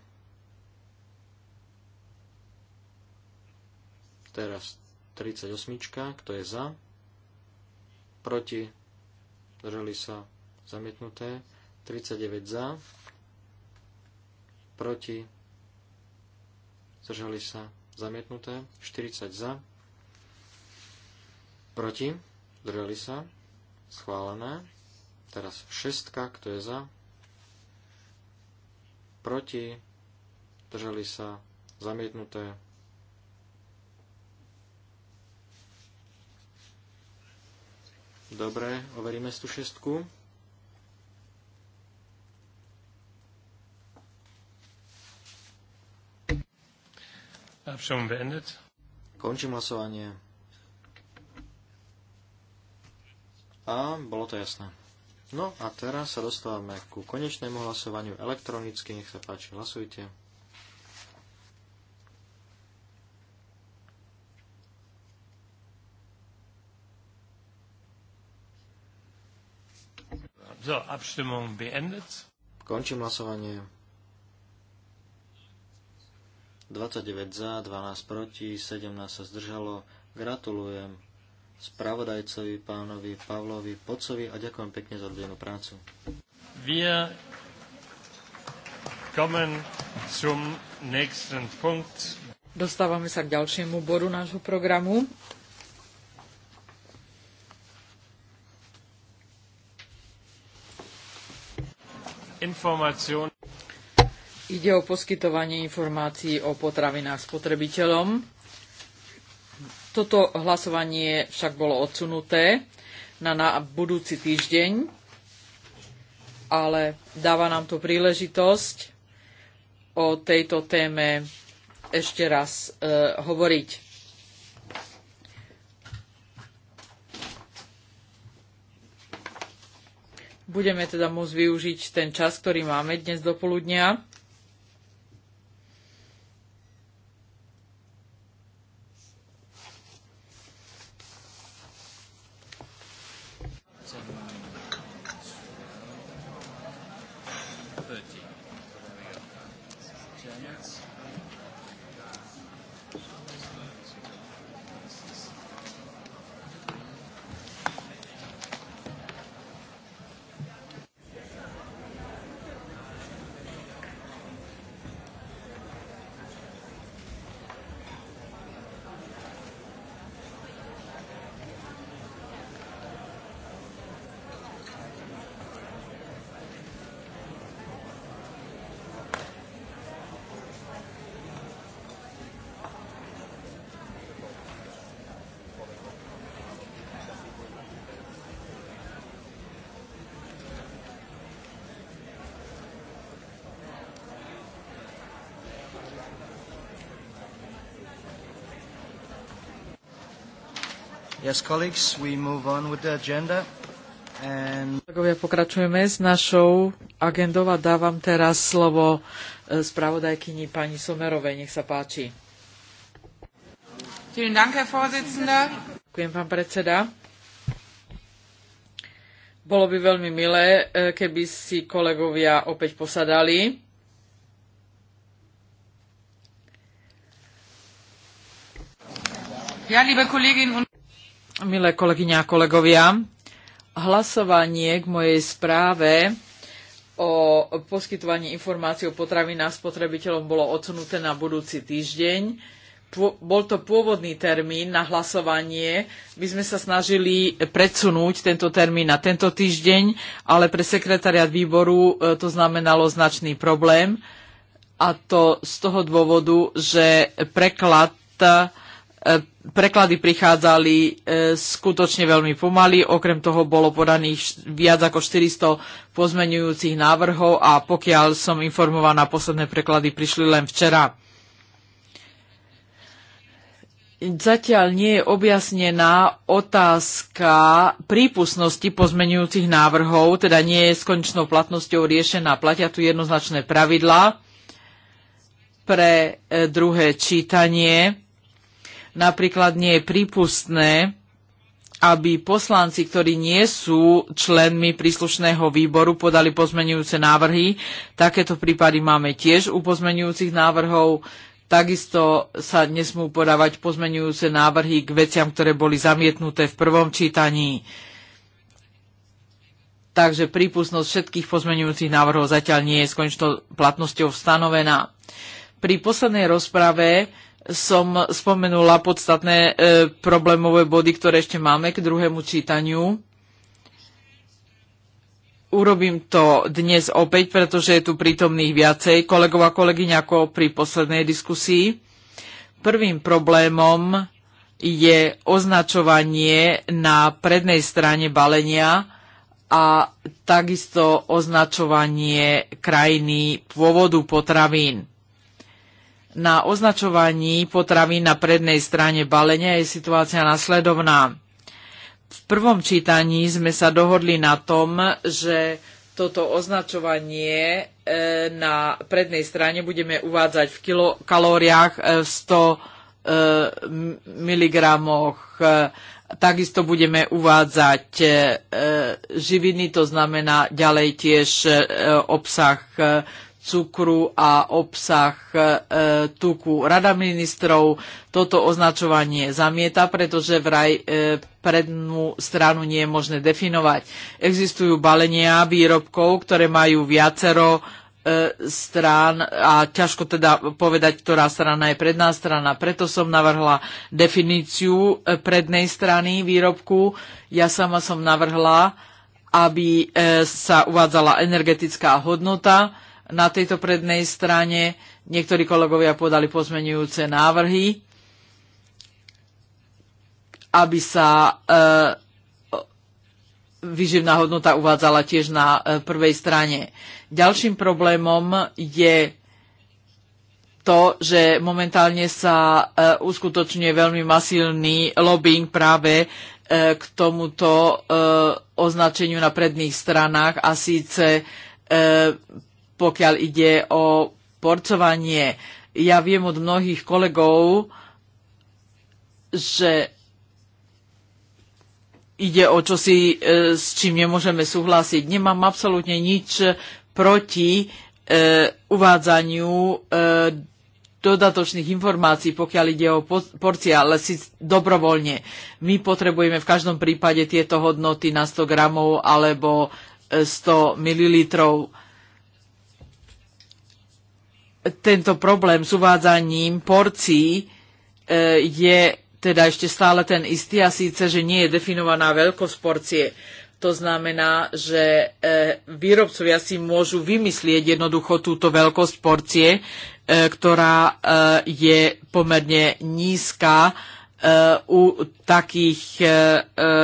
S3: Teraz 38. Kto je za? Proti? Drželi sa? Zamietnuté. 39 za. Proti? Zdržali sa? Zamietnuté. 40 za. Proti? Drželi sa? Schválené. Teraz šestka, kto je za? Proti? Držali sa? Zamietnuté? Dobre, overíme tú šestku. Končím hlasovanie. A bolo to jasné. No a teraz sa dostávame ku konečnému hlasovaniu elektronicky. Nech sa páči, hlasujte. So, Abstimmung beendet. Končím hlasovanie. 29 za, 12 proti, 17 sa zdržalo. Gratulujem spravodajcovi pánovi Pavlovi Pocovi a ďakujem pekne za odvedenú prácu. Wir kommen zum nächsten
S1: Punkt. Dostávame sa k ďalšiemu bodu nášho programu. Ide o poskytovanie informácií o potravinách spotrebiteľom. Toto hlasovanie však bolo odsunuté na, na budúci týždeň, ale dáva nám to príležitosť o tejto téme ešte raz e, hovoriť. Budeme teda môcť využiť ten čas, ktorý máme dnes do poludnia Yes, colleagues, we move on with the agenda. Kolegovia, pokračujeme s našou agendou a dávam teraz slovo e, spravodajkyni pani Somerovej. Nech sa páči. Ďakujem, pán predseda. Bolo by veľmi milé, e, keby si kolegovia opäť posadali.
S2: Ja, liebe Kolleginnen und
S1: Milé kolegyňa a kolegovia, hlasovanie k mojej správe o poskytovaní informácií o potravinách spotrebiteľom bolo odsunuté na budúci týždeň. Bol to pôvodný termín na hlasovanie. My sme sa snažili predsunúť tento termín na tento týždeň, ale pre sekretariat výboru e, to znamenalo značný problém. A to z toho dôvodu, že preklad E, preklady prichádzali e, skutočne veľmi pomaly, okrem toho bolo podaných viac ako 400 pozmenujúcich návrhov a pokiaľ som informovaná, posledné preklady prišli len včera. Zatiaľ nie je objasnená otázka prípustnosti pozmenujúcich návrhov, teda nie je s konečnou platnosťou riešená. Platia tu jednoznačné pravidla pre e, druhé čítanie Napríklad nie je prípustné, aby poslanci, ktorí nie sú členmi príslušného výboru, podali pozmenujúce návrhy. Takéto prípady máme tiež u pozmenujúcich návrhov. Takisto sa nesmú podávať pozmenujúce návrhy k veciam, ktoré boli zamietnuté v prvom čítaní. Takže prípustnosť všetkých pozmenujúcich návrhov zatiaľ nie je s konečnou platnosťou stanovená. Pri poslednej rozprave som spomenula podstatné e, problémové body, ktoré ešte máme k druhému čítaniu. Urobím to dnes opäť, pretože je tu prítomných viacej kolegov a kolegyň ako pri poslednej diskusii. Prvým problémom je označovanie na prednej strane balenia a takisto označovanie krajiny pôvodu potravín. Na označovaní potravy na prednej strane balenia je situácia nasledovná. V prvom čítaní sme sa dohodli na tom, že toto označovanie e, na prednej strane budeme uvádzať v kilokalóriách 100 e, e, mg. Takisto budeme uvádzať živiny, to znamená ďalej tiež obsah cukru a obsah e, tuku. Rada ministrov toto označovanie zamieta, pretože vraj e, prednú stranu nie je možné definovať. Existujú balenia výrobkov, ktoré majú viacero e, strán a ťažko teda povedať, ktorá strana je predná strana. Preto som navrhla definíciu prednej strany výrobku. Ja sama som navrhla, aby sa uvádzala energetická hodnota na tejto prednej strane. Niektorí kolegovia podali pozmenujúce návrhy, aby sa e, vyživná hodnota uvádzala tiež na e, prvej strane. Ďalším problémom je to, že momentálne sa e, uskutočňuje veľmi masívny lobbying práve e, k tomuto e, označeniu na predných stranách a síce e, pokiaľ ide o porcovanie. Ja viem od mnohých kolegov, že ide o čosi, e, s čím nemôžeme súhlasiť. Nemám absolútne nič proti e, uvádzaniu e, dodatočných informácií, pokiaľ ide o porcie, ale si dobrovoľne. My potrebujeme v každom prípade tieto hodnoty na 100 gramov alebo 100 mililitrov tento problém s uvádzaním porcií e, je teda ešte stále ten istý a síce, že nie je definovaná veľkosť porcie. To znamená, že e, výrobcovia si môžu vymyslieť jednoducho túto veľkosť porcie, e, ktorá je pomerne nízka u takých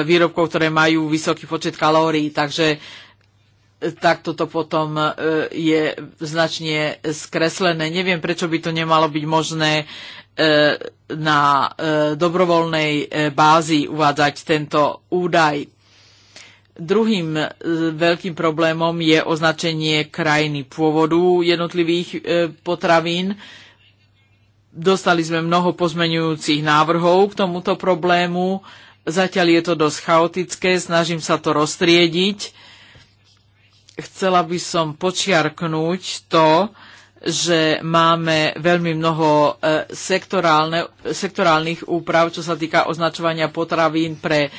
S1: výrobkov, ktoré majú vysoký počet kalórií. Takže tak toto potom e, je značne skreslené. Neviem, prečo by to nemalo byť možné e, na e, dobrovoľnej bázi uvádzať tento údaj. Druhým veľkým problémom je označenie krajiny pôvodu jednotlivých potravín. Dostali sme mnoho pozmenujúcich návrhov k tomuto problému. Zatiaľ je to dosť chaotické, snažím sa to roztriediť chcela by som počiarknúť to, že máme veľmi mnoho e, sektorálnych úprav, čo sa týka označovania potravín pre e,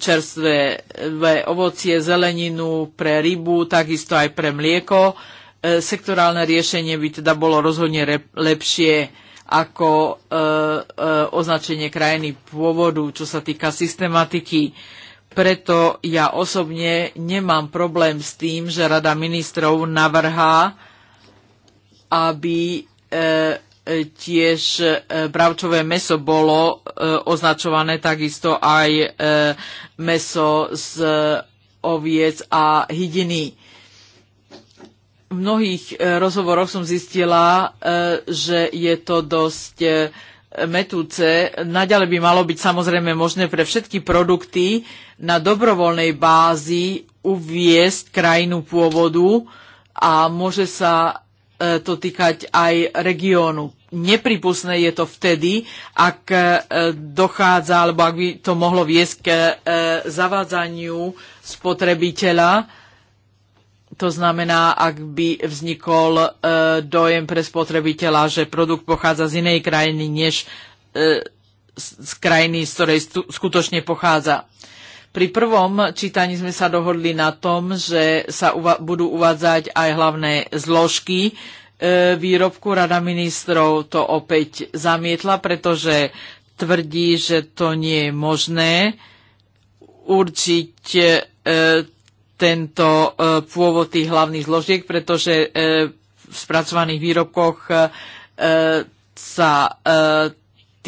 S1: čerstvé e, ovocie, zeleninu, pre rybu, takisto aj pre mlieko. Sektorálne riešenie by teda bolo rozhodne lepšie ako označenie krajiny pôvodu, čo sa týka systematiky preto ja osobne nemám problém s tým, že Rada ministrov navrhá, aby e, tiež e, bravčové meso bolo e, označované takisto aj meso z oviec a hydiny. V mnohých rozhovoroch som zistila, že je to dosť metúce. Naďalej by malo byť samozrejme možné pre všetky produkty, na dobrovoľnej bázi uviesť krajinu pôvodu a môže sa e, to týkať aj regiónu. Nepripustné je to vtedy, ak e, dochádza, alebo ak by to mohlo viesť k e, zavádzaniu spotrebiteľa. To znamená, ak by vznikol dojem pre spotrebiteľa, že produkt pochádza z inej krajiny, než z krajiny, z ktorej skutočne pochádza. Pri prvom čítaní sme sa dohodli na tom, že sa uva- budú uvádzať aj hlavné zložky e, výrobku. Rada ministrov to opäť zamietla, pretože tvrdí, že to nie je možné určiť e, tento e, pôvod tých hlavných zložiek, pretože e, v spracovaných výrobkoch e, sa e,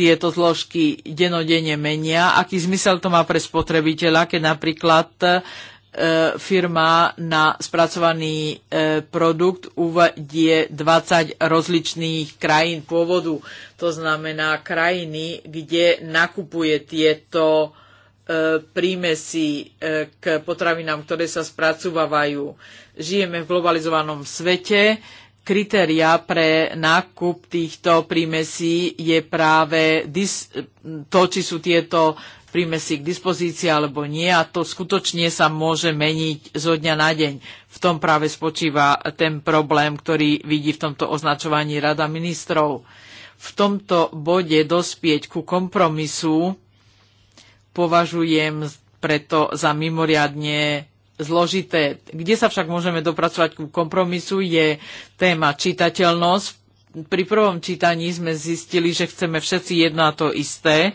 S1: tieto zložky denodene menia, aký zmysel to má pre spotrebiteľa, keď napríklad e, firma na spracovaný e, produkt uvedie 20 rozličných krajín pôvodu. To znamená krajiny, kde nakupuje tieto e, prímesy k potravinám, ktoré sa spracúvajú. Žijeme v globalizovanom svete, kritéria pre nákup týchto prímesí je práve to, či sú tieto prímesí k dispozícii alebo nie a to skutočne sa môže meniť zo dňa na deň. V tom práve spočíva ten problém, ktorý vidí v tomto označovaní Rada ministrov. V tomto bode dospieť ku kompromisu považujem preto za mimoriadne zložité. Kde sa však môžeme dopracovať ku kompromisu je téma čitateľnosť. Pri prvom čítaní sme zistili, že chceme všetci jedno a to isté,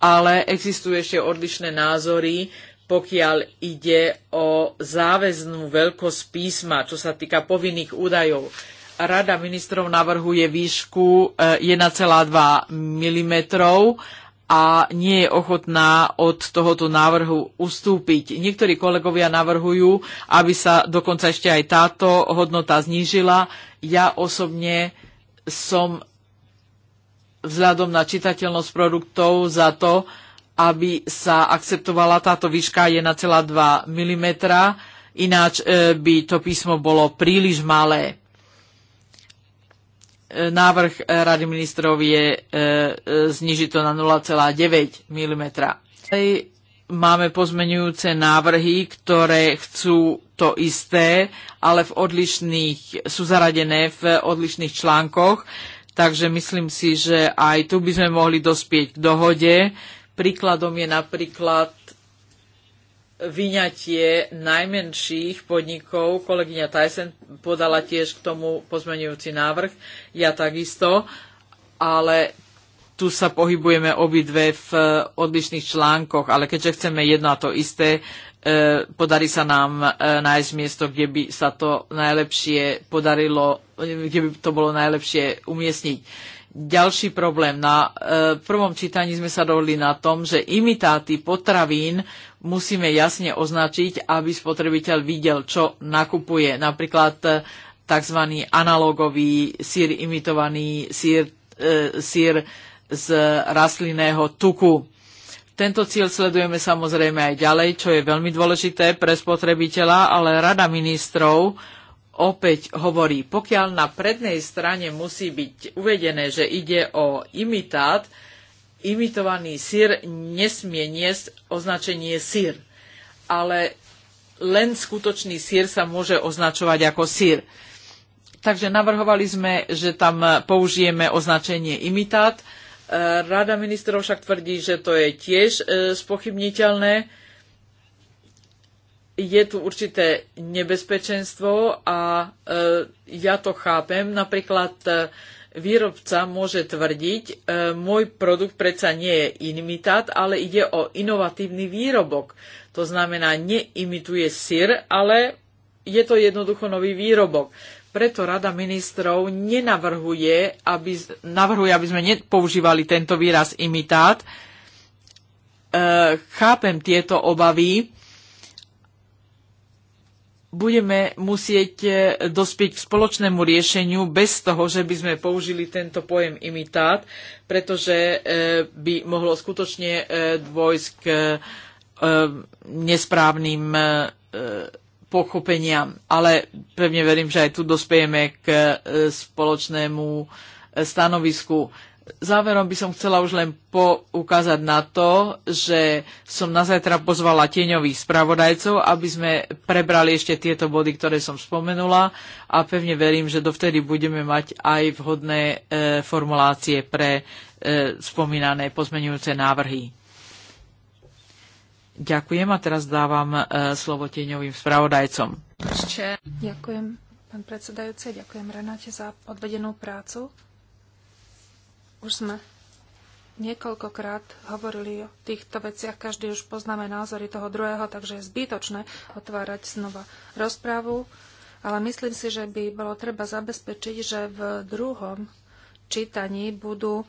S1: ale existujú ešte odlišné názory, pokiaľ ide o záväznú veľkosť písma, čo sa týka povinných údajov. Rada ministrov navrhuje výšku 1,2 eh, mm a nie je ochotná od tohoto návrhu ustúpiť. Niektorí kolegovia navrhujú, aby sa dokonca ešte aj táto hodnota znížila. Ja osobne som vzhľadom na čitateľnosť produktov za to, aby sa akceptovala táto výška 1,2 mm, ináč e, by to písmo bolo príliš malé návrh Rady ministrov je e, e, znižiť to na 0,9 mm. Máme pozmenujúce návrhy, ktoré chcú to isté, ale v odlišných, sú zaradené v odlišných článkoch, takže myslím si, že aj tu by sme mohli dospieť k dohode. Príkladom je napríklad vyňatie najmenších podnikov. Kolegyňa Tyson podala tiež k tomu pozmenujúci návrh, ja takisto, ale tu sa pohybujeme obidve v eh, odlišných článkoch, ale keďže chceme jedno a to isté, eh, podarí sa nám eh, nájsť miesto, kde by sa to najlepšie podarilo, kde by to bolo najlepšie umiestniť. Ďalší problém. Na prvom čítaní sme sa dohodli na tom, že imitáty potravín musíme jasne označiť, aby spotrebiteľ videl, čo nakupuje. Napríklad e, tzv. analogový sír, imitovaný sír, e, sír z rastlinného tuku. Tento cieľ sledujeme samozrejme aj ďalej, čo je veľmi dôležité pre spotrebiteľa, ale Rada ministrov opäť hovorí, pokiaľ na prednej strane musí byť uvedené, že ide o imitát, imitovaný sír nesmie niesť označenie sír, ale len skutočný sír sa môže označovať ako sír. Takže navrhovali sme, že tam použijeme označenie imitát. E, Rada ministrov však tvrdí, že to je tiež e, spochybniteľné. Je tu určité nebezpečenstvo a e, ja to chápem. Napríklad výrobca môže tvrdiť, e, môj produkt predsa nie je imitát, ale ide o inovatívny výrobok. To znamená, neimituje syr, ale je to jednoducho nový výrobok. Preto Rada ministrov nenavrhuje, aby, navrhuje, aby sme nepoužívali tento výraz imitát. E, chápem tieto obavy, budeme musieť e, dospieť k spoločnému riešeniu bez toho, že by sme použili tento pojem imitát, pretože e, by mohlo skutočne e, dôjsť k nesprávnym pochopeniam. Ale pevne verím, že aj tu dospejeme k spoločnému stanovisku. Záverom by som chcela už len poukázať na to, že som na zajtra pozvala tieňových spravodajcov, aby sme prebrali ešte tieto body, ktoré som spomenula a pevne verím, že dovtedy budeme mať aj vhodné e, formulácie pre e, spomínané pozmenujúce návrhy. Ďakujem a teraz dávam e, slovo tieňovým spravodajcom.
S2: Ďakujem, pán predsedajúci, ďakujem Renáte za odvedenú prácu. Už sme niekoľkokrát hovorili o týchto veciach, každý už poznáme názory toho druhého, takže je zbytočné otvárať znova rozprávu, ale myslím si, že by bolo treba zabezpečiť, že v druhom čítaní budú e,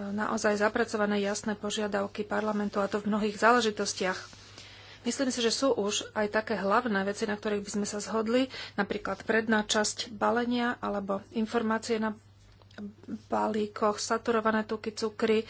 S2: naozaj zapracované jasné požiadavky parlamentu a to v mnohých záležitostiach. Myslím si, že sú už aj také hlavné veci, na ktorých by sme sa zhodli, napríklad predná časť balenia alebo informácie na balíkoch, saturované tuky, cukry, e,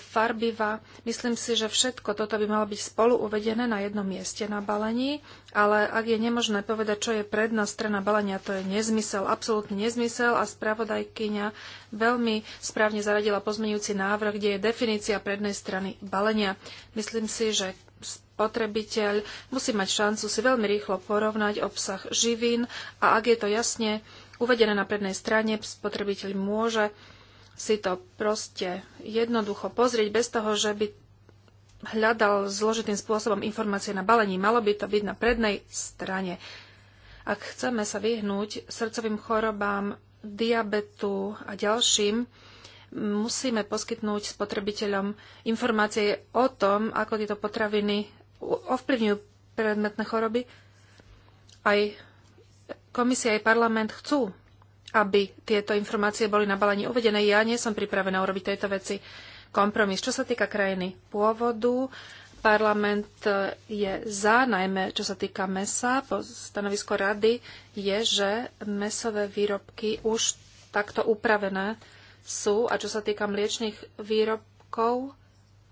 S2: farbiva. Myslím si, že všetko toto by malo byť spolu uvedené na jednom mieste na balení, ale ak je nemožné povedať, čo je predná strana balenia, to je nezmysel, absolútny nezmysel a spravodajkyňa veľmi správne zaradila pozmeňujúci návrh, kde je definícia prednej strany balenia. Myslím si, že spotrebiteľ musí mať šancu si veľmi rýchlo porovnať obsah živín a ak je to jasne uvedené na prednej strane, spotrebiteľ môže si to proste jednoducho pozrieť bez toho, že by hľadal zložitým spôsobom informácie na balení. Malo by to byť na prednej strane. Ak chceme sa vyhnúť srdcovým chorobám, diabetu a ďalším, musíme poskytnúť spotrebiteľom informácie o tom, ako tieto potraviny ovplyvňujú predmetné choroby, aj Komisia aj parlament chcú, aby tieto informácie boli na balení uvedené. Ja nie som pripravená urobiť tejto veci kompromis. Čo sa týka krajiny pôvodu, parlament eh, je za, najmä čo sa týka mesa. Po stanovisko rady je, že mesové výrobky už takto upravené sú a čo sa týka mliečných výrobkov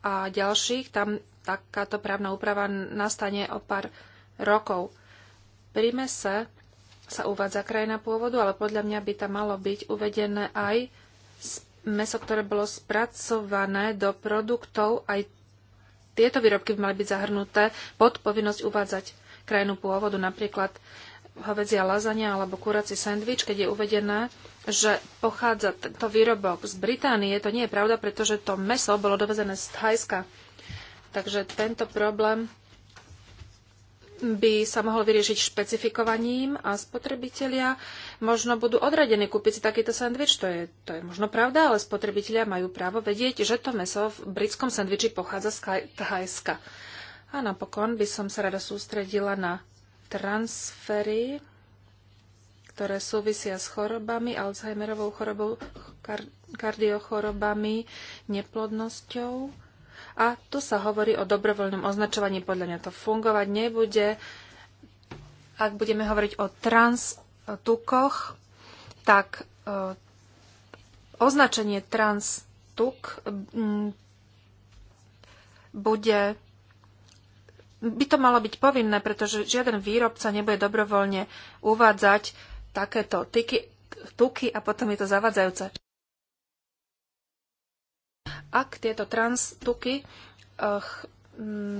S2: a ďalších, tam takáto právna úprava nastane o pár rokov. Pri mese sa uvádza krajina pôvodu, ale podľa mňa by tam malo byť uvedené aj meso, ktoré bolo spracované do produktov, aj tieto výrobky by mali byť zahrnuté pod povinnosť uvádzať krajinu pôvodu, napríklad hovedzia lazania alebo kurací sendvič, keď je uvedené, že pochádza tento výrobok z Británie, to nie je pravda, pretože to meso bolo dovezené z Thajska. Takže tento problém by sa mohol vyriešiť špecifikovaním a spotrebitelia možno budú odradení kúpiť si takýto sandvič. To je, to je možno pravda, ale spotrebitelia majú právo vedieť, že to meso v britskom sandviči pochádza z Thajska. A napokon by som sa rada sústredila na transfery, ktoré súvisia s chorobami, Alzheimerovou chorobou, kardiochorobami, neplodnosťou a tu sa hovorí o dobrovoľnom označovaní, podľa mňa to fungovať nebude. Ak budeme hovoriť o transtukoch, tak e, označenie transtuk tuk bude by to malo byť povinné, pretože žiaden výrobca nebude dobrovoľne uvádzať takéto tyky, tuky a potom je to zavadzajúce. Ak tieto transtuky eh,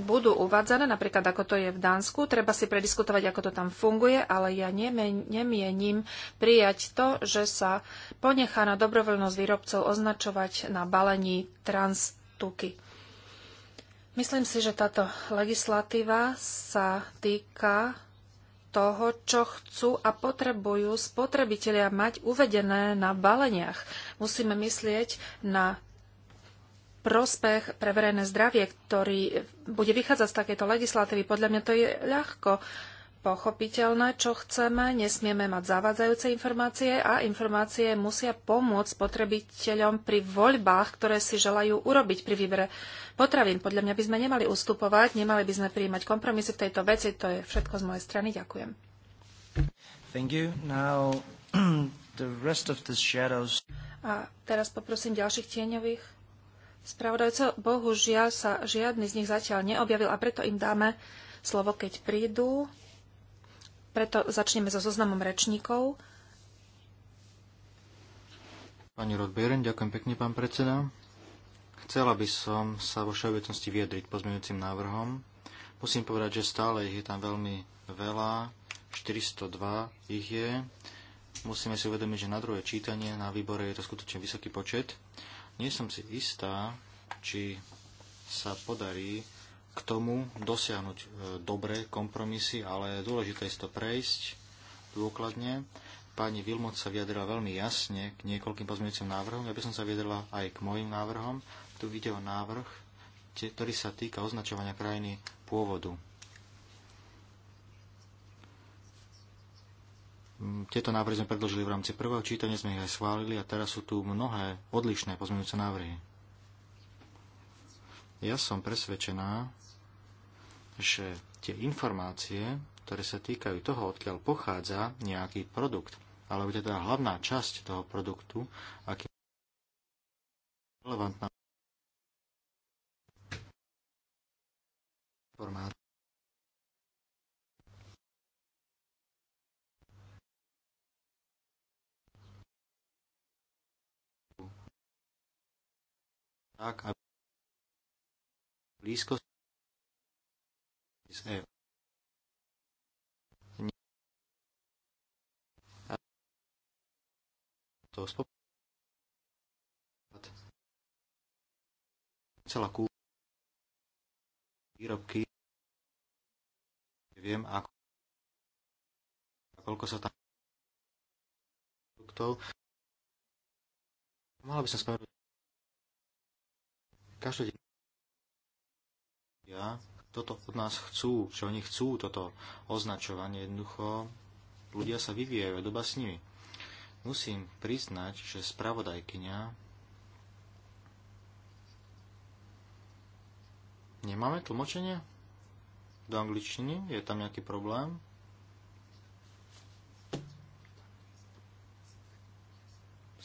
S2: budú uvádzané, napríklad ako to je v Dánsku. Treba si prediskutovať, ako to tam funguje, ale ja nemienim prijať to, že sa ponechá na dobrovoľnosť výrobcov označovať na balení transtuky. Myslím si, že táto legislatíva sa týka toho, čo chcú a potrebujú spotrebitelia mať uvedené na baleniach. Musíme myslieť na prospech pre verejné zdravie, ktorý bude vychádzať z takejto legislatívy. Podľa mňa to je ľahko pochopiteľné, čo chceme. Nesmieme mať zavádzajúce informácie a informácie musia pomôcť spotrebiteľom pri voľbách, ktoré si želajú urobiť pri výbere potravín. Podľa mňa by sme nemali ustupovať, nemali by sme prijímať kompromisy v tejto veci. To je všetko z mojej strany. Ďakujem. Thank you. Now, the rest of the shadows. A teraz poprosím ďalších tieňových spravodajca. Bohužiaľ sa žiadny z nich zatiaľ neobjavil a preto im dáme slovo, keď prídu. Preto začneme so zoznamom rečníkov.
S3: Pani Rodbieren, ďakujem pekne, pán predseda. Chcela by som sa vo všeobecnosti vyjadriť pozmeňujúcim návrhom. Musím povedať, že stále ich je tam veľmi veľa, 402 ich je. Musíme si uvedomiť, že na druhé čítanie na výbore je to skutočne vysoký počet. Nie som si istá, či sa podarí k tomu dosiahnuť e, dobré kompromisy, ale dôležité je to prejsť dôkladne. Pani Vilmoc sa vyjadrila veľmi jasne k niekoľkým pozmeňujúcim návrhom. Ja by som sa vyjadrila aj k mojim návrhom. Tu ide o návrh, ktorý sa týka označovania krajiny pôvodu. Mm, tieto návrhy sme predložili v rámci prvého čítania, sme ich aj schválili a teraz sú tu mnohé odlišné pozmeňujúce návrhy. Ja som presvedčená, že tie informácie, ktoré sa týkajú toho, odkiaľ pochádza nejaký produkt, alebo teda hlavná časť toho produktu, aký relevantná informácia, tak, aby blízko e to spopad celá kú výrobky neviem ako a koľko sa tam produktov mala by sa spomenúť každý ja, toto od nás chcú, čo oni chcú, toto označovanie jednoducho ľudia sa vyvíjajú a doba s nimi. Musím priznať, že spravodajkyňa Nemáme tlmočenie? Do angličtiny? Je tam nejaký problém?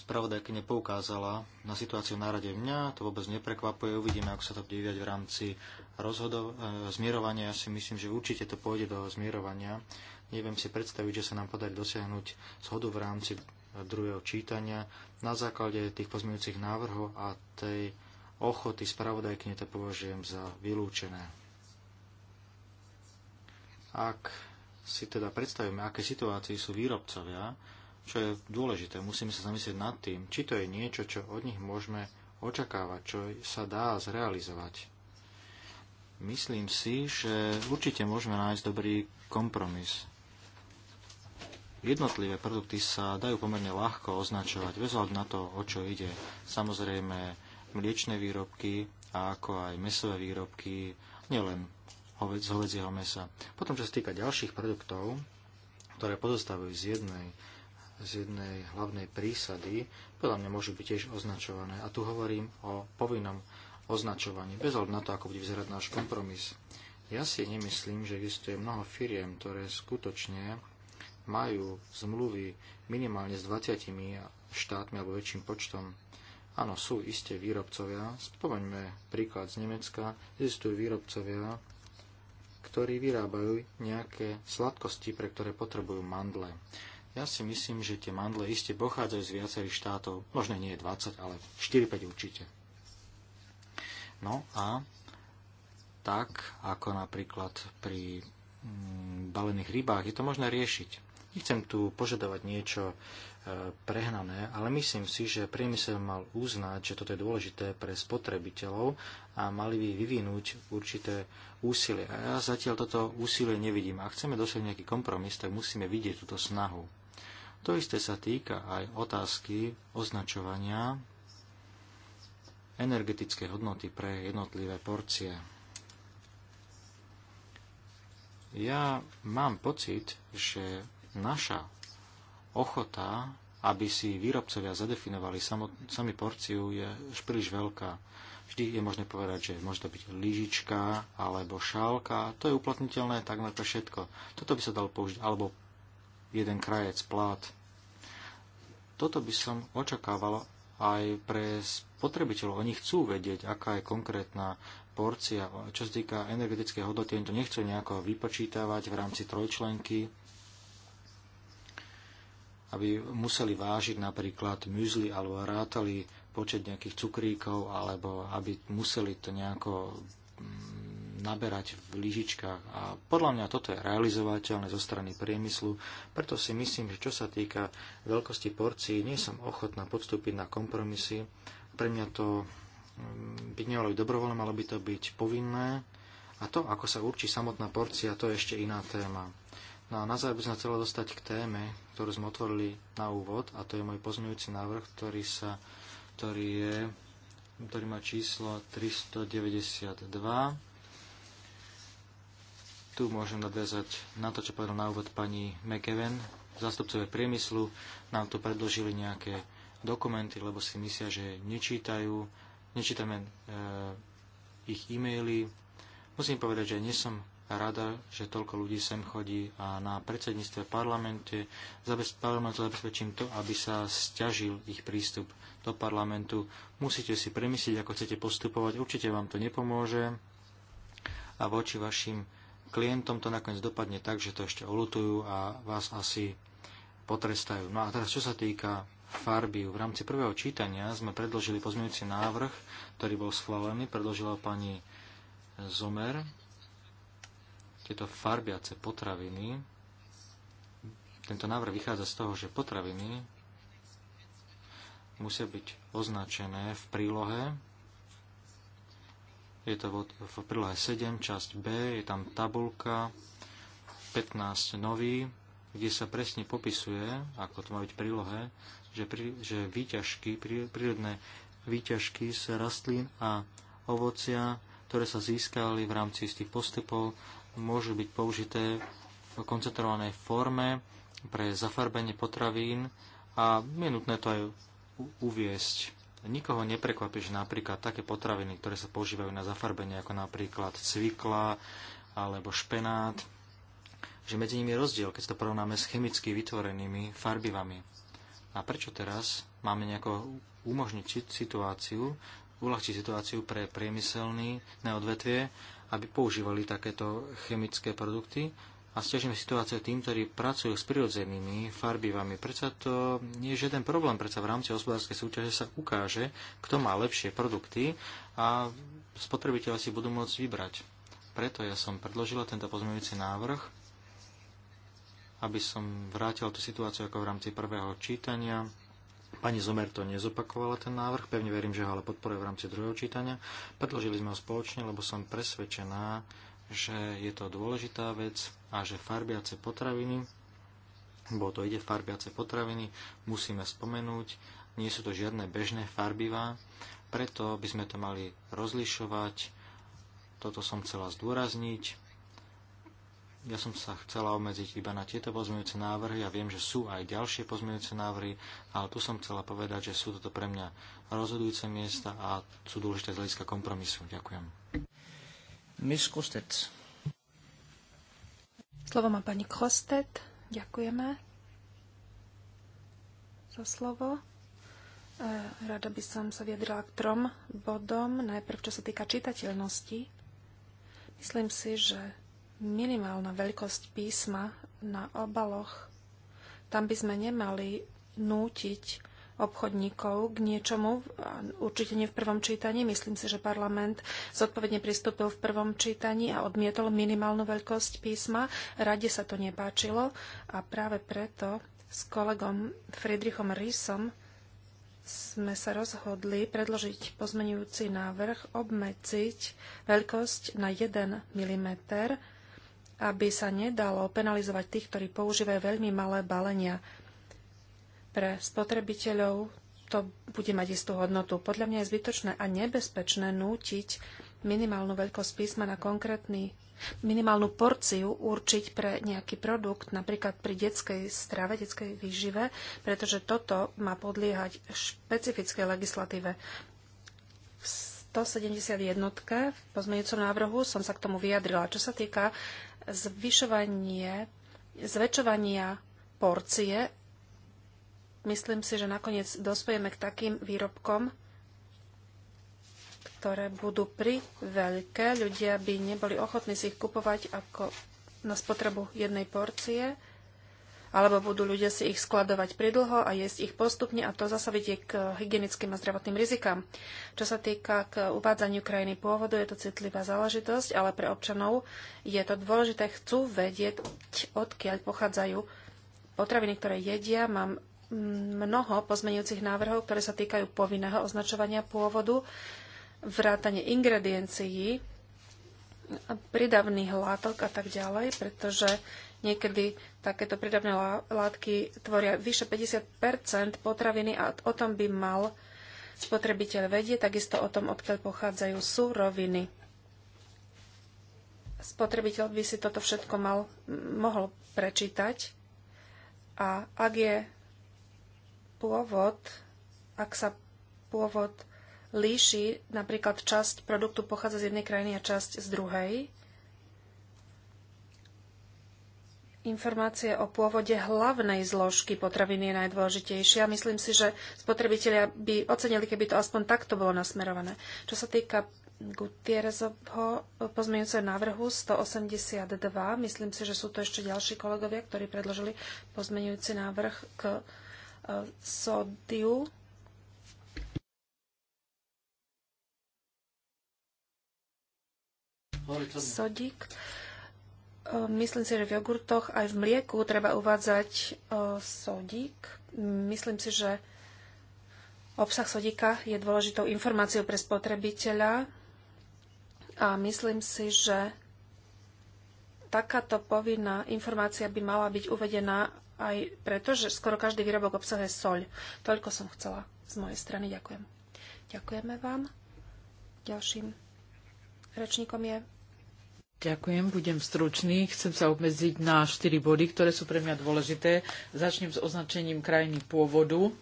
S3: spravodajkyne poukázala na situáciu na rade. Mňa to vôbec neprekvapuje, uvidíme, ako sa to bude vyviať v rámci rozhodov, e, zmierovania. Ja si myslím, že určite to pôjde do zmierovania. Neviem si predstaviť, že sa nám podarí dosiahnuť zhodu v rámci druhého čítania na základe tých pozmeňujúcich návrhov a tej ochoty spravodajkyne to považujem za vylúčené. Ak si teda predstavíme, aké situácii sú výrobcovia, čo je dôležité. Musíme sa zamyslieť nad tým, či to je niečo, čo od nich môžeme očakávať, čo sa dá zrealizovať. Myslím si, že určite môžeme nájsť dobrý kompromis. Jednotlivé produkty sa dajú pomerne ľahko označovať, bez hľadu na to, o čo ide. Samozrejme, mliečne výrobky, a ako aj mesové výrobky, nielen z hovedzieho mesa. Potom, čo sa týka ďalších produktov, ktoré pozostávajú z jednej z jednej hlavnej prísady, podľa mňa môžu byť tiež označované. A tu hovorím o povinnom označovaní, bez ohľadu na to, ako bude vyzerať náš kompromis. Ja si nemyslím, že existuje mnoho firiem, ktoré skutočne majú zmluvy minimálne s 20 štátmi alebo väčším počtom. Áno, sú isté výrobcovia. Spomeňme príklad z Nemecka. Existujú výrobcovia, ktorí vyrábajú nejaké sladkosti, pre ktoré potrebujú mandle. Ja si myslím, že tie mandle iste pochádzajú z viacerých štátov, možno nie 20, ale 4-5 určite. No a tak, ako napríklad pri mm, balených rybách, je to možné riešiť. Nechcem tu požadovať niečo e, prehnané, ale myslím si, že priemysel mal uznať, že toto je dôležité pre spotrebiteľov a mali by vyvinúť určité úsilie. A ja zatiaľ toto úsilie nevidím. Ak chceme dosiahnuť nejaký kompromis, tak musíme vidieť túto snahu. To isté sa týka aj otázky označovania energetické hodnoty pre jednotlivé porcie. Ja mám pocit, že naša ochota, aby si výrobcovia zadefinovali sami porciu, je už príliš veľká. Vždy je možné povedať, že môže to byť lyžička alebo šálka. To je uplatniteľné takmer pre všetko. Toto by sa dalo použiť. Alebo jeden krajec plát. Toto by som očakával aj pre spotrebiteľov. Oni chcú vedieť, aká je konkrétna porcia. Čo sa týka energetické hodnoty, oni to nechcú nejako vypočítavať v rámci trojčlenky, aby museli vážiť napríklad müzli alebo rátali počet nejakých cukríkov, alebo aby museli to nejako mm, naberať v lyžičkách. A podľa mňa toto je realizovateľné zo strany priemyslu, preto si myslím, že čo sa týka veľkosti porcií, nie som ochotná podstúpiť na kompromisy. Pre mňa to mm, by nemalo byť dobrovoľné, malo by to byť povinné. A to, ako sa určí samotná porcia, to je ešte iná téma. No a na záver by som chcela dostať k téme, ktorú sme otvorili na úvod, a to je môj pozmeňujúci návrh, ktorý, sa, ktorý, je, ktorý má číslo 392. Tu môžem nadviazať na to, čo povedal na úvod pani McEwen. Zastupcové priemyslu nám tu predložili nejaké dokumenty, lebo si myslia, že nečítajú, nečítame e, ich e-maily. Musím povedať, že nie som rada, že toľko ľudí sem chodí a na predsedníctve parlamente parlamentu zabezpečím to, aby sa stiažil ich prístup do parlamentu. Musíte si premyslieť, ako chcete postupovať. Určite vám to nepomôže a voči vašim klientom to nakoniec dopadne tak, že to ešte olutujú a vás asi potrestajú. No a teraz, čo sa týka farby, V rámci prvého čítania sme predložili pozmeňujúci návrh, ktorý bol schválený, predložila pani Zomer. Tieto farbiace potraviny. Tento návrh vychádza z toho, že potraviny musia byť označené v prílohe je to v prílohe 7, časť B, je tam tabulka 15 nový, kde sa presne popisuje, ako to má byť prílohe, že, prí, že výťažky, prí, prírodné výťažky z rastlín a ovocia, ktoré sa získali v rámci istých postupov, môžu byť použité v koncentrovanej forme pre zafarbenie potravín a je nutné to aj uviesť nikoho neprekvapí, že napríklad také potraviny, ktoré sa používajú na zafarbenie, ako napríklad cvikla alebo špenát, že medzi nimi je rozdiel, keď to porovnáme s chemicky vytvorenými farbivami. A prečo teraz máme nejako umožniť situáciu, uľahčiť situáciu pre priemyselné odvetvie, aby používali takéto chemické produkty, a stiažíme situáciu tým, ktorí pracujú s prirodzenými farbivami. Prečo to nie je žiaden problém, prečo v rámci hospodárskej súťaže sa ukáže, kto má lepšie produkty a spotrebitelia si budú môcť vybrať. Preto ja som predložila tento pozmeňujúci návrh, aby som vrátil tú situáciu ako v rámci prvého čítania. Pani Zomer to nezopakovala ten návrh, pevne verím, že ho ale podporuje v rámci druhého čítania. Predložili sme ho spoločne, lebo som presvedčená, že je to dôležitá vec a že farbiace potraviny, bo to ide farbiace potraviny, musíme spomenúť, nie sú to žiadne bežné farbivá, preto by sme to mali rozlišovať, toto som chcela zdôrazniť. Ja som sa chcela obmedziť iba na tieto pozmeňujúce návrhy. Ja viem, že sú aj ďalšie pozmeňujúce návrhy, ale tu som chcela povedať, že sú toto pre mňa rozhodujúce miesta a sú dôležité z hľadiska kompromisu. Ďakujem. Miss Kostet.
S2: Slovo má pani Kostet. Ďakujeme za slovo. E, rada by som sa vyjadrila k trom bodom. Najprv, čo sa týka čitateľnosti. Myslím si, že minimálna veľkosť písma na obaloch, tam by sme nemali nútiť obchodníkov k niečomu, určite nie v prvom čítaní. Myslím si, že parlament zodpovedne pristúpil v prvom čítaní a odmietol minimálnu veľkosť písma. Rade sa to nepáčilo a práve preto s kolegom Friedrichom Rysom sme sa rozhodli predložiť pozmenujúci návrh, obmedziť veľkosť na 1 mm, aby sa nedalo penalizovať tých, ktorí používajú veľmi malé balenia. Pre spotrebiteľov to bude mať istú hodnotu. Podľa mňa je zbytočné a nebezpečné nútiť minimálnu veľkosť písma na konkrétny minimálnu porciu určiť pre nejaký produkt, napríklad pri detskej strave, detskej výžive, pretože toto má podliehať špecifickej legislatíve. V 171. v pozmeňujúcom návrhu som sa k tomu vyjadrila. Čo sa týka zvyšovanie, zväčšovania porcie, myslím si, že nakoniec dospejeme k takým výrobkom, ktoré budú pri veľké. Ľudia by neboli ochotní si ich kupovať ako na spotrebu jednej porcie, alebo budú ľudia si ich skladovať pridlho a jesť ich postupne a to zasa vedie k hygienickým a zdravotným rizikám. Čo sa týka k uvádzaniu krajiny pôvodu, je to citlivá záležitosť, ale pre občanov je to dôležité. Chcú vedieť, odkiaľ pochádzajú potraviny, ktoré jedia. Mám mnoho pozmenujúcich návrhov, ktoré sa týkajú povinného označovania pôvodu, vrátanie ingrediencií, pridavných látok a tak ďalej, pretože niekedy takéto pridavné látky tvoria vyše 50 potraviny a o tom by mal spotrebiteľ vedieť, takisto o tom, odkiaľ pochádzajú súroviny. Spotrebiteľ by si toto všetko mal, mohol prečítať a ak je pôvod, ak sa pôvod líši, napríklad časť produktu pochádza z jednej krajiny a časť z druhej, Informácie o pôvode hlavnej zložky potraviny je najdôležitejšia. Myslím si, že spotrebitelia by ocenili, keby to aspoň takto bolo nasmerované. Čo sa týka Gutierrezovho pozmeňujúceho návrhu 182, myslím si, že sú to ešte ďalší kolegovia, ktorí predložili pozmeňujúci návrh k sódiu. Sodík. E, myslím si, že v jogurtoch aj v mlieku treba uvádzať e, sodík. Myslím si, že obsah sodíka je dôležitou informáciou pre spotrebiteľa a myslím si, že takáto povinná informácia by mala byť uvedená aj preto, že skoro každý výrobok obsahuje soľ. Toľko som chcela z mojej strany. Ďakujem. Ďakujeme vám. Ďalším rečníkom je.
S1: Ďakujem, budem stručný. Chcem sa obmedziť na štyri body, ktoré sú pre mňa dôležité. Začnem s označením krajiny pôvodu.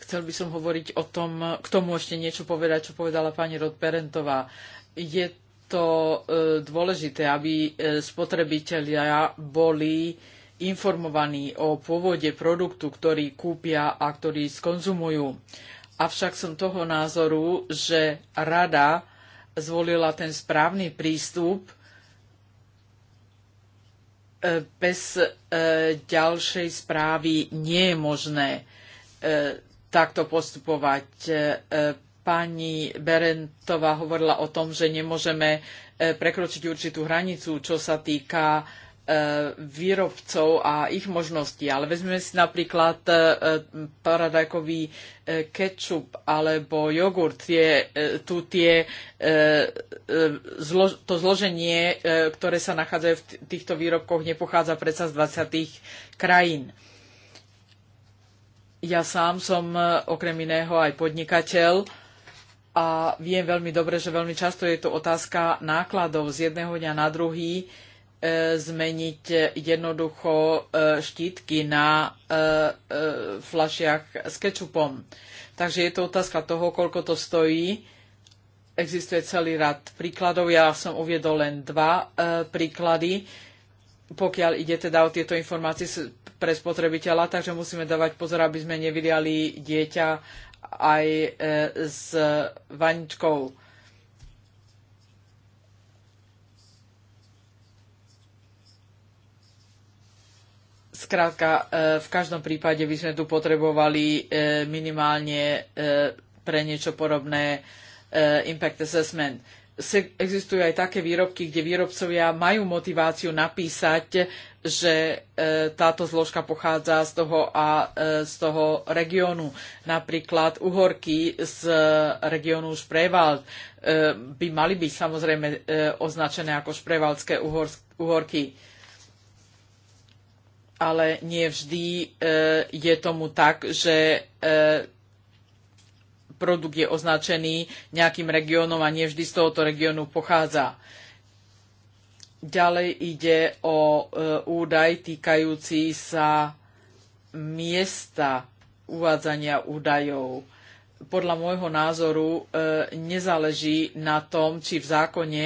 S1: Chcel by som hovoriť o tom, k tomu ešte niečo povedať, čo povedala pani Rodperentová. Je to e, dôležité, aby e, spotrebitelia boli informovaní o pôvode produktu, ktorý kúpia a ktorý skonzumujú. Avšak som toho názoru, že rada zvolila ten správny prístup e, bez e, ďalšej správy nie je možné e, takto postupovať. Pani Berentová hovorila o tom, že nemôžeme prekročiť určitú hranicu, čo sa týka E, výrobcov a ich možností. Ale vezmeme si napríklad e, paradajkový e, kečup alebo jogurt. Tie, tu tie, to zloženie, ktoré sa nachádzajú v týchto výrobkoch, nepochádza predsa z 20 krajín. Ja sám som okrem iného aj podnikateľ a viem veľmi dobre, že veľmi často je to otázka nákladov z jedného dňa na druhý E, zmeniť jednoducho e, štítky na e, flašiach s kečupom. Takže je to otázka toho, koľko to stojí. Existuje celý rad príkladov. Ja som uviedol len dva príklady. Pokiaľ ide teda o tieto informácie pre spotrebiteľa, takže musíme dávať pozor, aby sme nevydali dieťa aj s vaničkou Skrátka, e, v každom prípade by sme tu potrebovali e, minimálne e, pre niečo podobné impact assessment. Existujú aj také výrobky, kde výrobcovia majú motiváciu napísať, že táto zložka pochádza z toho a z toho regiónu. Napríklad uhorky z regiónu Šprevald by mali byť samozrejme označené ako Šprevaldské uhorky ale nie vždy e, je tomu tak, že e, produkt je označený nejakým regiónom a nie vždy z tohoto regiónu pochádza. Ďalej ide o e, údaj týkajúci sa miesta uvádzania údajov. Podľa môjho názoru nezáleží na tom, či v zákone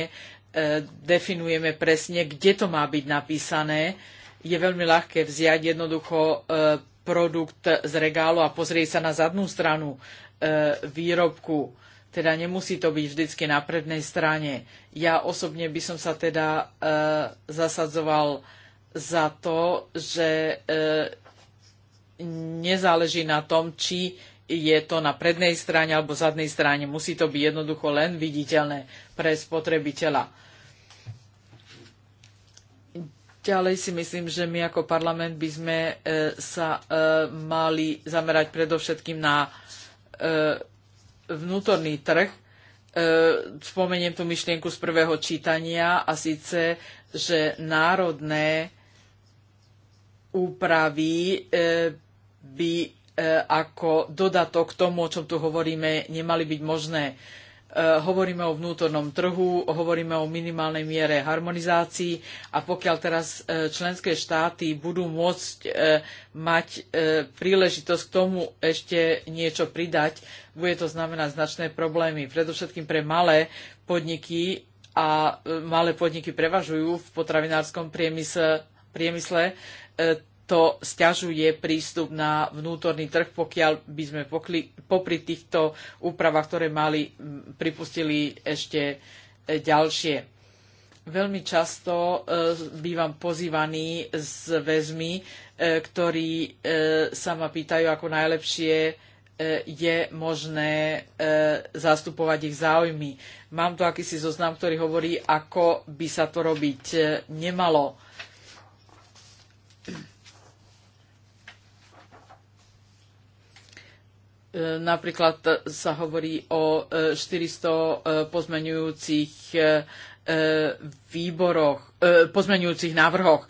S1: definujeme presne, kde to má byť napísané, je veľmi ľahké vziať jednoducho e, produkt z regálu a pozrieť sa na zadnú stranu e, výrobku. Teda nemusí to byť vždycky na prednej strane. Ja osobne by som sa teda e, zasadzoval za to, že nezáleží na tom, či je to na prednej strane alebo zadnej strane. Musí to byť jednoducho len viditeľné pre spotrebiteľa Ďalej si myslím, že my ako parlament by sme e, sa e, mali zamerať predovšetkým na e, vnútorný trh. Spomeniem tú myšlienku z prvého čítania a síce, že národné úpravy by ako dodatok k tomu, o čom tu hovoríme, nemali byť možné. E, hovoríme o vnútornom trhu, hovoríme o minimálnej miere harmonizácií a pokiaľ teraz e, členské štáty budú môcť e, mať príležitosť k tomu ešte niečo pridať, bude to znamenať značné problémy, predovšetkým pre malé podniky a malé podniky prevažujú v potravinárskom priemysle, priemysle to stiažuje prístup na vnútorný trh, pokiaľ by sme pokli, popri týchto úpravách, ktoré mali, pripustili ešte e, ďalšie. Veľmi často e, bývam pozývaný s väzmi, e, ktorí sa ma pýtajú, ako najlepšie je možné zastupovať ich záujmy. Mám tu akýsi zoznam, ktorý hovorí, ako by sa to robiť nemalo E, napríklad sa hovorí o 400 e, e, pozmenujúcich výboroch, pozmenujúcich návrhoch.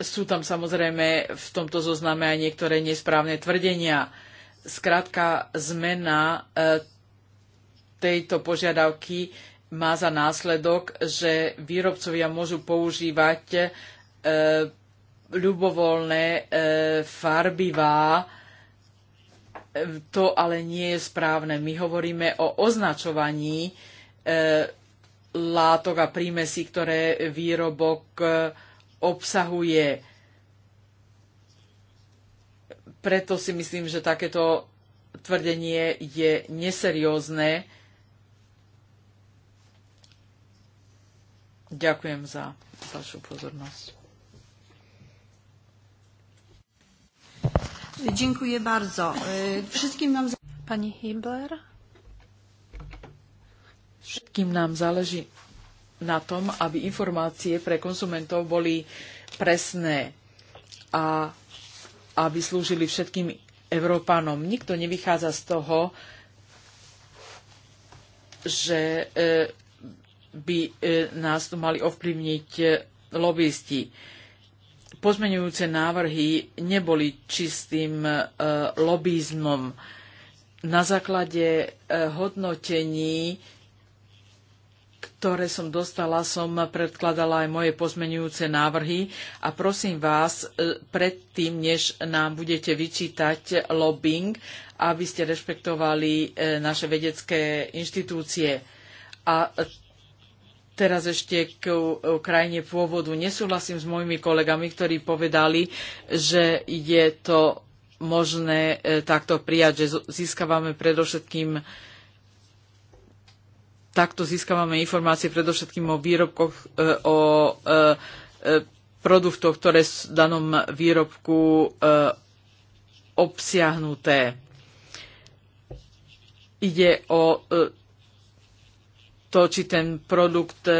S1: Sú tam samozrejme v tomto zozname aj niektoré nesprávne tvrdenia. Skrátka, zmena tejto požiadavky má za následok, že výrobcovia môžu používať ľubovoľné farbivá, to ale nie je správne. My hovoríme o označovaní e, látok a prímesí, ktoré výrobok e, obsahuje. Preto si myslím, že takéto tvrdenie je neseriózne. Ďakujem za vašu pozornosť.
S2: Dziękuję bardzo. E, wszystkim nam... Pani
S1: Všetkým nám záleží na tom, aby informácie pre konsumentov boli presné a aby slúžili všetkým Európanom. Nikto nevychádza z toho, že e, by e, nás tu mali ovplyvniť lobbysti pozmeňujúce návrhy neboli čistým e, lobizmom. Na základe e, hodnotení ktoré som dostala, som predkladala aj moje pozmenujúce návrhy a prosím vás, e, predtým, než nám budete vyčítať lobbying, aby ste rešpektovali naše vedecké inštitúcie. A Teraz ešte k krajine pôvodu. Nesúhlasím s mojimi kolegami, ktorí povedali, že je to možné e, takto prijať, že získavame predovšetkým takto získavame informácie predovšetkým o výrobkoch, e, o e, produktoch, ktoré sú v danom výrobku obsiahnuté. Ide o to, či ten produkt e, e,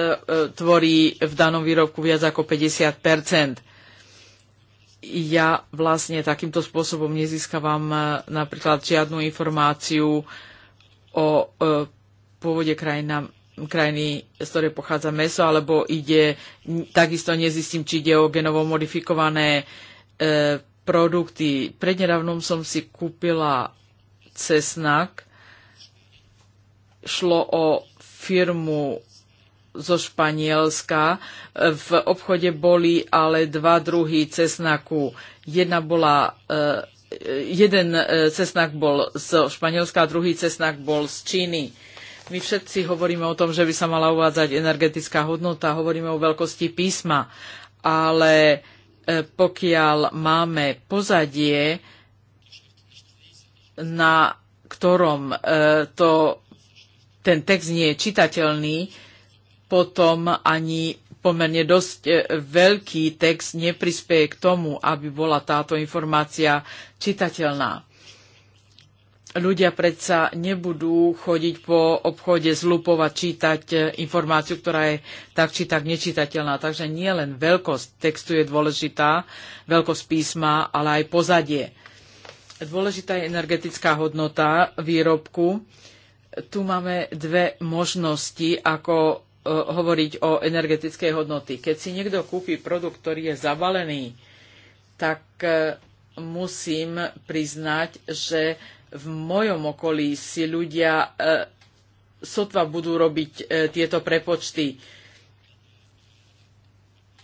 S1: tvorí v danom výrobku viac ako 50 Ja vlastne takýmto spôsobom nezískavam e, napríklad žiadnu informáciu o pôvode krajina, krajiny, z ktorej pochádza meso, alebo ide, takisto nezistím, či ide o genovo modifikované e, produkty. Prednedávnom som si kúpila cesnak, šlo o firmu zo Španielska. V obchode boli ale dva druhy cesnaku. Jedna bola, eh, jeden eh, cesnak bol z Španielska a druhý cesnak bol z Číny. My všetci hovoríme o tom, že by sa mala uvádzať energetická hodnota, hovoríme o veľkosti písma, ale eh, pokiaľ máme pozadie, na ktorom to ten text nie je čitateľný, potom ani pomerne dosť e, veľký text neprispieje k tomu, aby bola táto informácia čitateľná. Ľudia predsa nebudú chodiť po obchode s lupov a čítať e, informáciu, ktorá je tak či tak nečitateľná. Takže nie len veľkosť textu je dôležitá, veľkosť písma, ale aj pozadie. Dôležitá je energetická hodnota výrobku tu máme dve možnosti, ako e, hovoriť o energetickej hodnoty. Keď si niekto kúpi produkt, ktorý je zabalený, tak e, musím priznať, že v mojom okolí si ľudia e, sotva budú robiť tieto prepočty.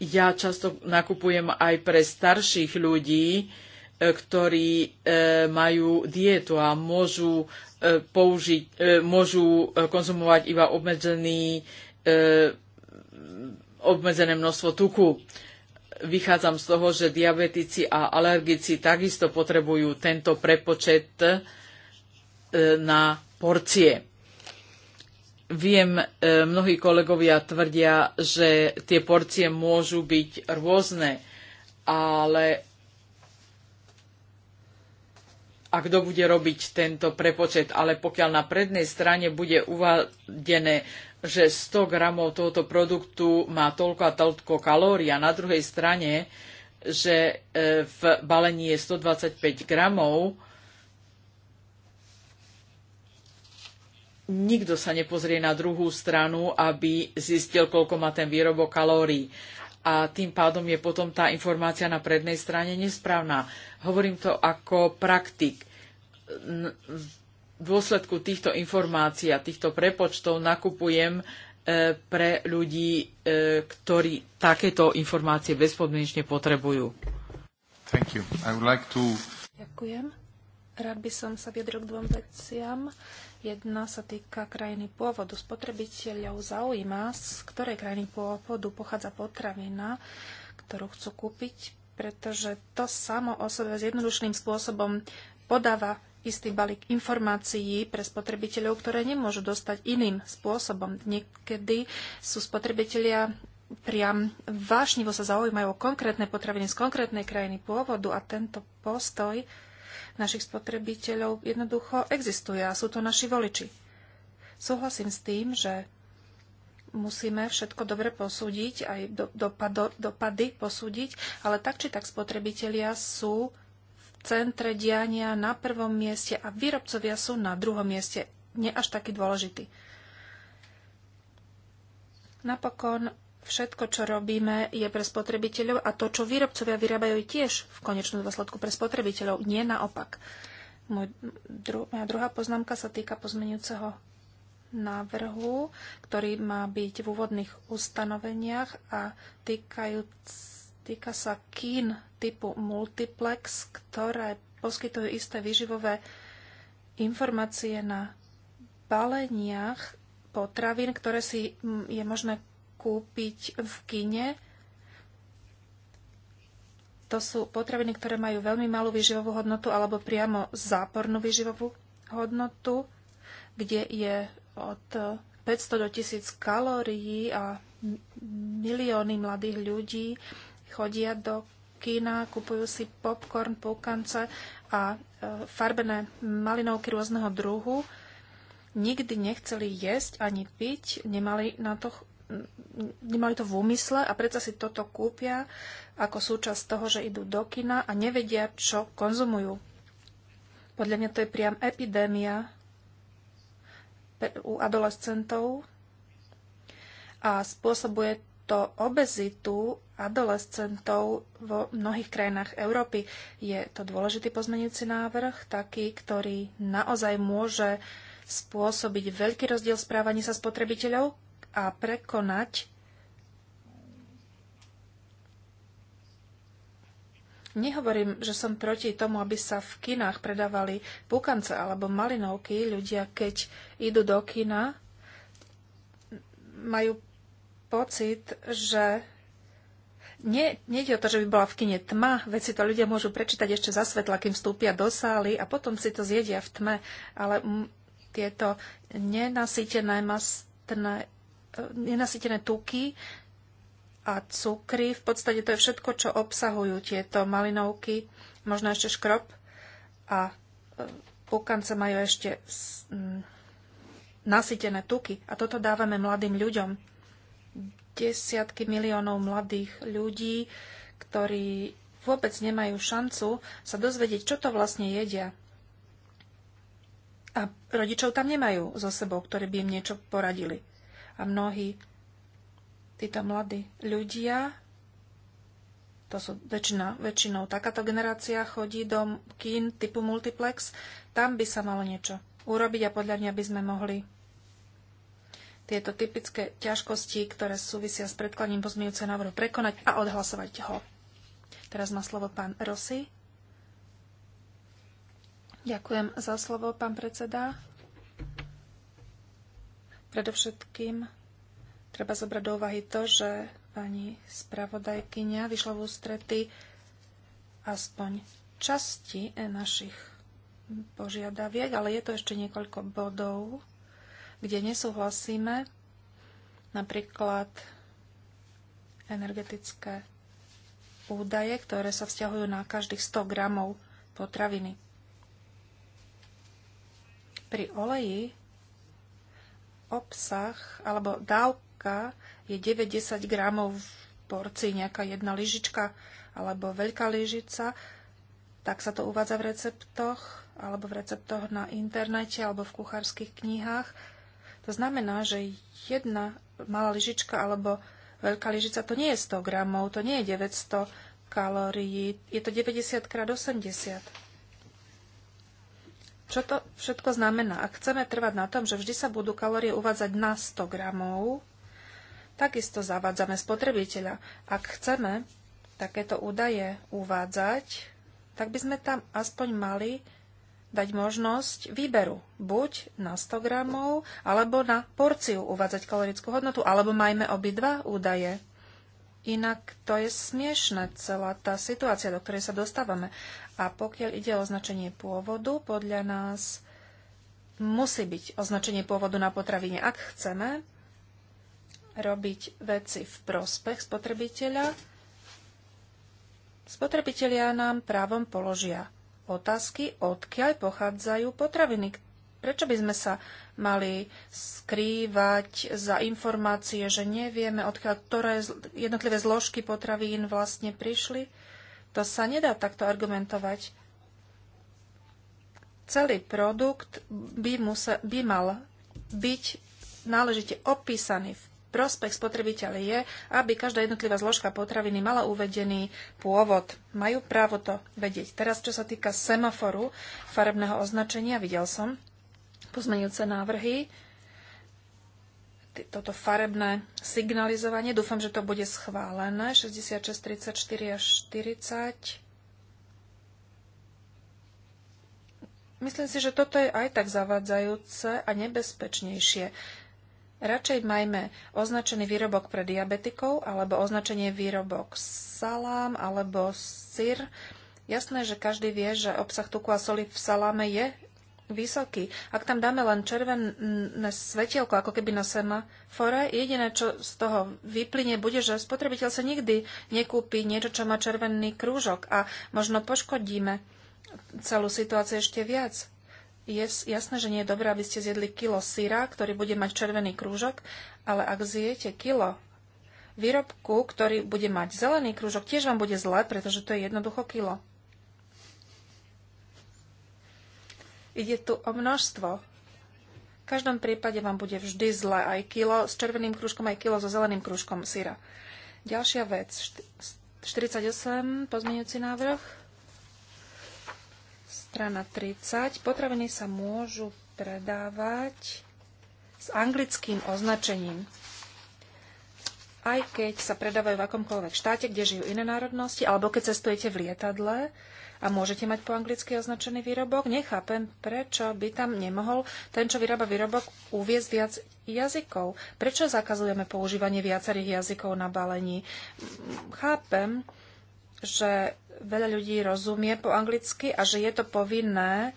S1: Ja často nakupujem aj pre starších ľudí, E, ktorí e, majú dietu a môžu, e, použiť, môžu konzumovať iba obmedzený, obmedzené množstvo tuku. Vychádzam z toho, že diabetici a alergici takisto potrebujú tento prepočet na porcie. Viem, mnohí kolegovia tvrdia, že tie porcie môžu byť rôzne, ale a kto bude robiť tento prepočet. Ale pokiaľ na prednej strane bude uvadené, že 100 gramov tohoto produktu má toľko a toľko kalórií a na druhej strane, že e, v balení je 125 gramov, nikto sa nepozrie na druhú stranu, aby zistil, koľko má ten výrobok kalórií a tým pádom je potom tá informácia na prednej strane nesprávna. Hovorím to ako praktik. V dôsledku týchto informácií a týchto prepočtov nakupujem e, pre ľudí, e, ktorí takéto informácie bezpodmienečne potrebujú. Like to...
S2: Ďakujem. Rád by som sa vyjadril k dvom veciam. Jedna sa týka krajiny pôvodu. Spotrebiteľov zaujíma, z ktorej krajiny pôvodu pochádza potravina, ktorú chcú kúpiť, pretože to samo o sebe jednodušným spôsobom podáva istý balík informácií pre spotrebiteľov, ktoré nemôžu dostať iným spôsobom. Niekedy sú spotrebitelia priam vášnivo sa zaujímajú o konkrétne potraviny z konkrétnej krajiny pôvodu a tento postoj našich spotrebiteľov jednoducho existuje a sú to naši voliči. Súhlasím s tým, že musíme všetko dobre posúdiť, aj do, dopado, dopady posúdiť, ale tak či tak spotrebitelia sú v centre diania na prvom mieste a výrobcovia sú na druhom mieste, nie až taký dôležitý. Napokon všetko, čo robíme, je pre spotrebiteľov a to, čo výrobcovia vyrábajú, je tiež v konečnom dôsledku pre spotrebiteľov, nie naopak. Môj, dru, moja druhá poznámka sa týka pozmenujúceho návrhu, ktorý má byť v úvodných ustanoveniach a týkajúc, týka sa kín typu multiplex, ktoré poskytujú isté vyživové informácie na baleniach potravín, ktoré si mm, je možné kúpiť v kine. To sú potraviny, ktoré majú veľmi malú výživovú hodnotu alebo priamo zápornú výživovú hodnotu, kde je od 500 do 1000 kalórií a milióny mladých ľudí chodia do kína, kupujú si popcorn, poukance a e, farbené malinovky rôzneho druhu. Nikdy nechceli jesť ani piť, nemali na to Nemali to v úmysle a predsa si toto kúpia ako súčasť toho, že idú do kina a nevedia, čo konzumujú. Podľa mňa to je priam epidémia u adolescentov a spôsobuje to obezitu adolescentov vo mnohých krajinách Európy. Je to dôležitý pozmenujúci návrh, taký, ktorý naozaj môže spôsobiť veľký rozdiel správania sa spotrebiteľov a prekonať Nehovorím, že som proti tomu, aby sa v kinách predávali pukance alebo malinovky. Ľudia, keď idú do kina, majú pocit, že nie, nie je o to, že by bola v kine tma, veci to ľudia môžu prečítať ešte za svetla, kým vstúpia do sály a potom si to zjedia v tme, ale tieto nenasýtené mastné nenasytené tuky a cukry. V podstate to je všetko, čo obsahujú tieto malinovky, možno ešte škrob. A e, pukance majú ešte nasytené tuky. A toto dávame mladým ľuďom. Desiatky miliónov mladých ľudí, ktorí vôbec nemajú šancu sa dozvedieť, čo to vlastne jedia. A rodičov tam nemajú so sebou, ktorí by im niečo poradili a mnohí títo mladí ľudia, to sú väčšina, väčšinou takáto generácia, chodí do kín typu multiplex, tam by sa malo niečo urobiť a podľa mňa by sme mohli tieto typické ťažkosti, ktoré súvisia s predkladním pozmiujúceho návrhu prekonať a odhlasovať ho. Teraz má slovo pán Rosy. Ďakujem za slovo, pán predseda. Predovšetkým treba zobrať do úvahy to, že pani spravodajkyňa vyšla v ústrety aspoň časti našich požiadaviek, ale je to ešte niekoľko bodov, kde nesúhlasíme, napríklad energetické údaje, ktoré sa vzťahujú na každých 100 gramov potraviny. Pri oleji obsah alebo dávka je 90 gramov v porcii, nejaká jedna lyžička alebo veľká lyžica, tak sa to uvádza v receptoch alebo v receptoch na internete alebo v kuchárskych knihách. To znamená, že jedna malá lyžička alebo veľká lyžica to nie je 100 gramov, to nie je 900 kalórií, je to 90 krát 80. Čo to všetko znamená? Ak chceme trvať na tom, že vždy sa budú kalórie uvádzať na 100 gramov, takisto zavádzame spotrebiteľa. Ak chceme takéto údaje uvádzať, tak by sme tam aspoň mali dať možnosť výberu. Buď na 100 gramov, alebo na porciu uvádzať kalorickú hodnotu, alebo majme obidva údaje. Inak to je smiešne celá tá situácia, do ktorej sa dostávame. A pokiaľ ide o označenie pôvodu, podľa nás musí byť označenie pôvodu na potravine, ak chceme robiť veci v prospech spotrebiteľa. Spotrebitelia nám právom položia otázky, odkiaľ pochádzajú potraviny. Prečo by sme sa mali skrývať za informácie, že nevieme, odkiaľ ktoré jednotlivé zložky potravín vlastne prišli? To sa nedá takto argumentovať. Celý produkt by, musel, by mal byť náležite opísaný v prospech spotrebiteľa je, aby každá jednotlivá zložka potraviny mala uvedený pôvod. Majú právo to vedieť. Teraz, čo sa týka semaforu farebného označenia, videl som pozmenujúce návrhy toto farebné signalizovanie. Dúfam, že to bude schválené. 66, 34 až 40. Myslím si, že toto je aj tak zavadzajúce a nebezpečnejšie. Radšej majme označený výrobok pre diabetikov, alebo označenie výrobok salám, alebo syr. Jasné, že každý vie, že obsah tuku a soli v saláme je vysoký. Ak tam dáme len červené svetielko, ako keby na semafore, jediné, čo z toho vyplynie, bude, že spotrebiteľ sa nikdy nekúpi niečo, čo má červený krúžok a možno poškodíme celú situáciu ešte viac. Je jasné, že nie je dobré, aby ste zjedli kilo syra, ktorý bude mať červený krúžok, ale ak zjete kilo výrobku, ktorý bude mať zelený krúžok, tiež vám bude zle, pretože to je jednoducho kilo. Ide tu o množstvo. V každom prípade vám bude vždy zle aj kilo s červeným krúžkom, aj kilo so zeleným krúžkom syra. Ďalšia vec, 48, pozmeňujúci návrh, strana 30. Potraviny sa môžu predávať s anglickým označením aj keď sa predávajú v akomkoľvek štáte, kde žijú iné národnosti, alebo keď cestujete v lietadle, a môžete mať po anglicky označený výrobok. Nechápem, prečo by tam nemohol ten, čo vyrába výrobok, uviezť viac jazykov. Prečo zakazujeme používanie viacerých jazykov na balení? Chápem, že veľa ľudí rozumie po anglicky a že je to povinné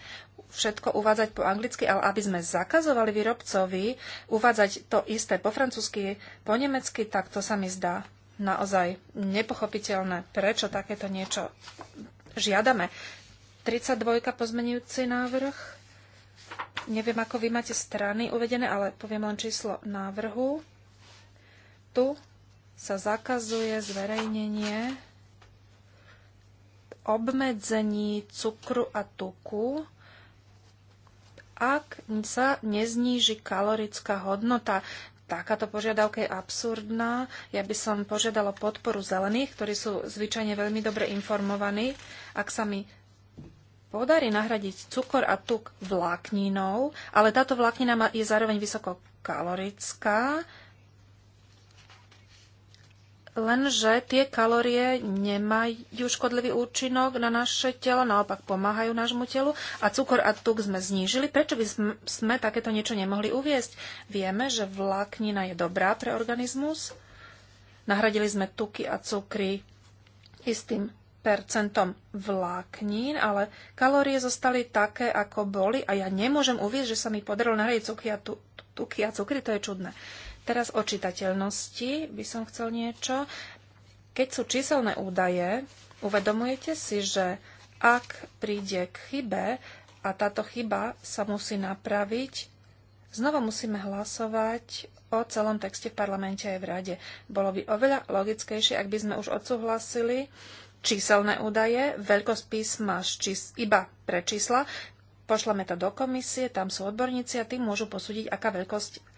S2: všetko uvádzať po anglicky, ale aby sme zakazovali výrobcovi uvádzať to isté po francúzsky, po nemecky, tak to sa mi zdá naozaj nepochopiteľné, prečo takéto niečo žiadame. 32. pozmenujúci návrh. Neviem, ako vy máte strany uvedené, ale poviem len číslo návrhu. Tu sa zakazuje zverejnenie obmedzení cukru a tuku, ak sa nezníži kalorická hodnota takáto požiadavka je absurdná. Ja by som požiadala podporu zelených, ktorí sú zvyčajne veľmi dobre informovaní. Ak sa mi podarí nahradiť cukor a tuk vlákninou, ale táto vláknina je zároveň vysokokalorická, Lenže tie kalorie nemajú škodlivý účinok na naše telo, naopak pomáhajú nášmu telu a cukor a tuk sme znížili. Prečo by sme takéto niečo nemohli uviesť? Vieme, že vláknina je dobrá pre organizmus. Nahradili sme tuky a cukry istým percentom vláknín, ale kalórie zostali také, ako boli a ja nemôžem uvieť, že sa mi podarilo nahradiť cukry a, tu, tuky a cukry, to je čudné. Teraz o čitateľnosti by som chcel niečo. Keď sú číselné údaje, uvedomujete si, že ak príde k chybe a táto chyba sa musí napraviť, znova musíme hlasovať o celom texte v parlamente aj v rade. Bolo by oveľa logickejšie, ak by sme už odsúhlasili číselné údaje, veľkosť písma čís, iba pre čísla, pošleme to do komisie, tam sú odborníci a tí môžu posúdiť, aká veľkosť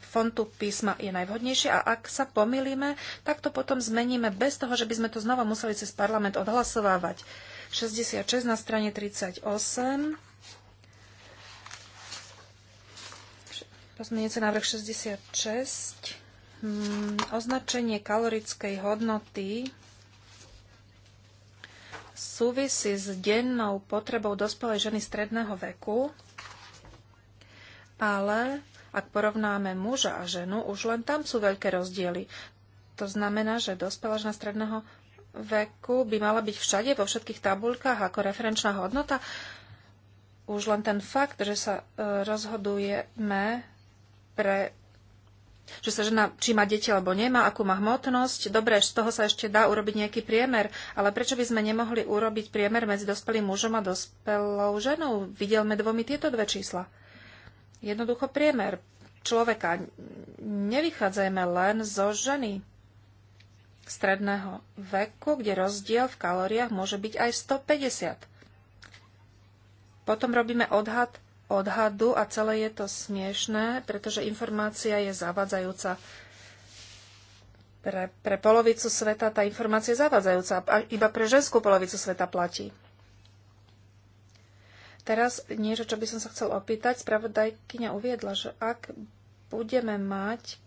S2: fontu písma je najvhodnejšie a ak sa pomýlime, tak to potom zmeníme bez toho, že by sme to znova museli cez parlament odhlasovávať. 66 na strane 38. Pozmeniece návrh 66. Hmm, označenie kalorickej hodnoty súvisí s dennou potrebou dospelej ženy stredného veku, ale ak porovnáme muža a ženu, už len tam sú veľké rozdiely. To znamená, že dospela žena stredného veku by mala byť všade, vo všetkých tabuľkách ako referenčná hodnota. Už len ten fakt, že sa e, rozhodujeme pre že sa žena, či má deti alebo nemá, akú má hmotnosť. Dobre, z toho sa ešte dá urobiť nejaký priemer, ale prečo by sme nemohli urobiť priemer medzi dospelým mužom a dospelou ženou? Videlme dvomi tieto dve čísla jednoducho priemer človeka. Nevychádzajme len zo ženy stredného veku, kde rozdiel v kalóriách môže byť aj 150. Potom robíme odhad odhadu a celé je to smiešné, pretože informácia je zavadzajúca. Pre, pre polovicu sveta tá informácia je zavadzajúca, a iba pre ženskú polovicu sveta platí. Teraz niečo, čo by som sa chcel opýtať. Spravodajkyňa uviedla, že ak budeme mať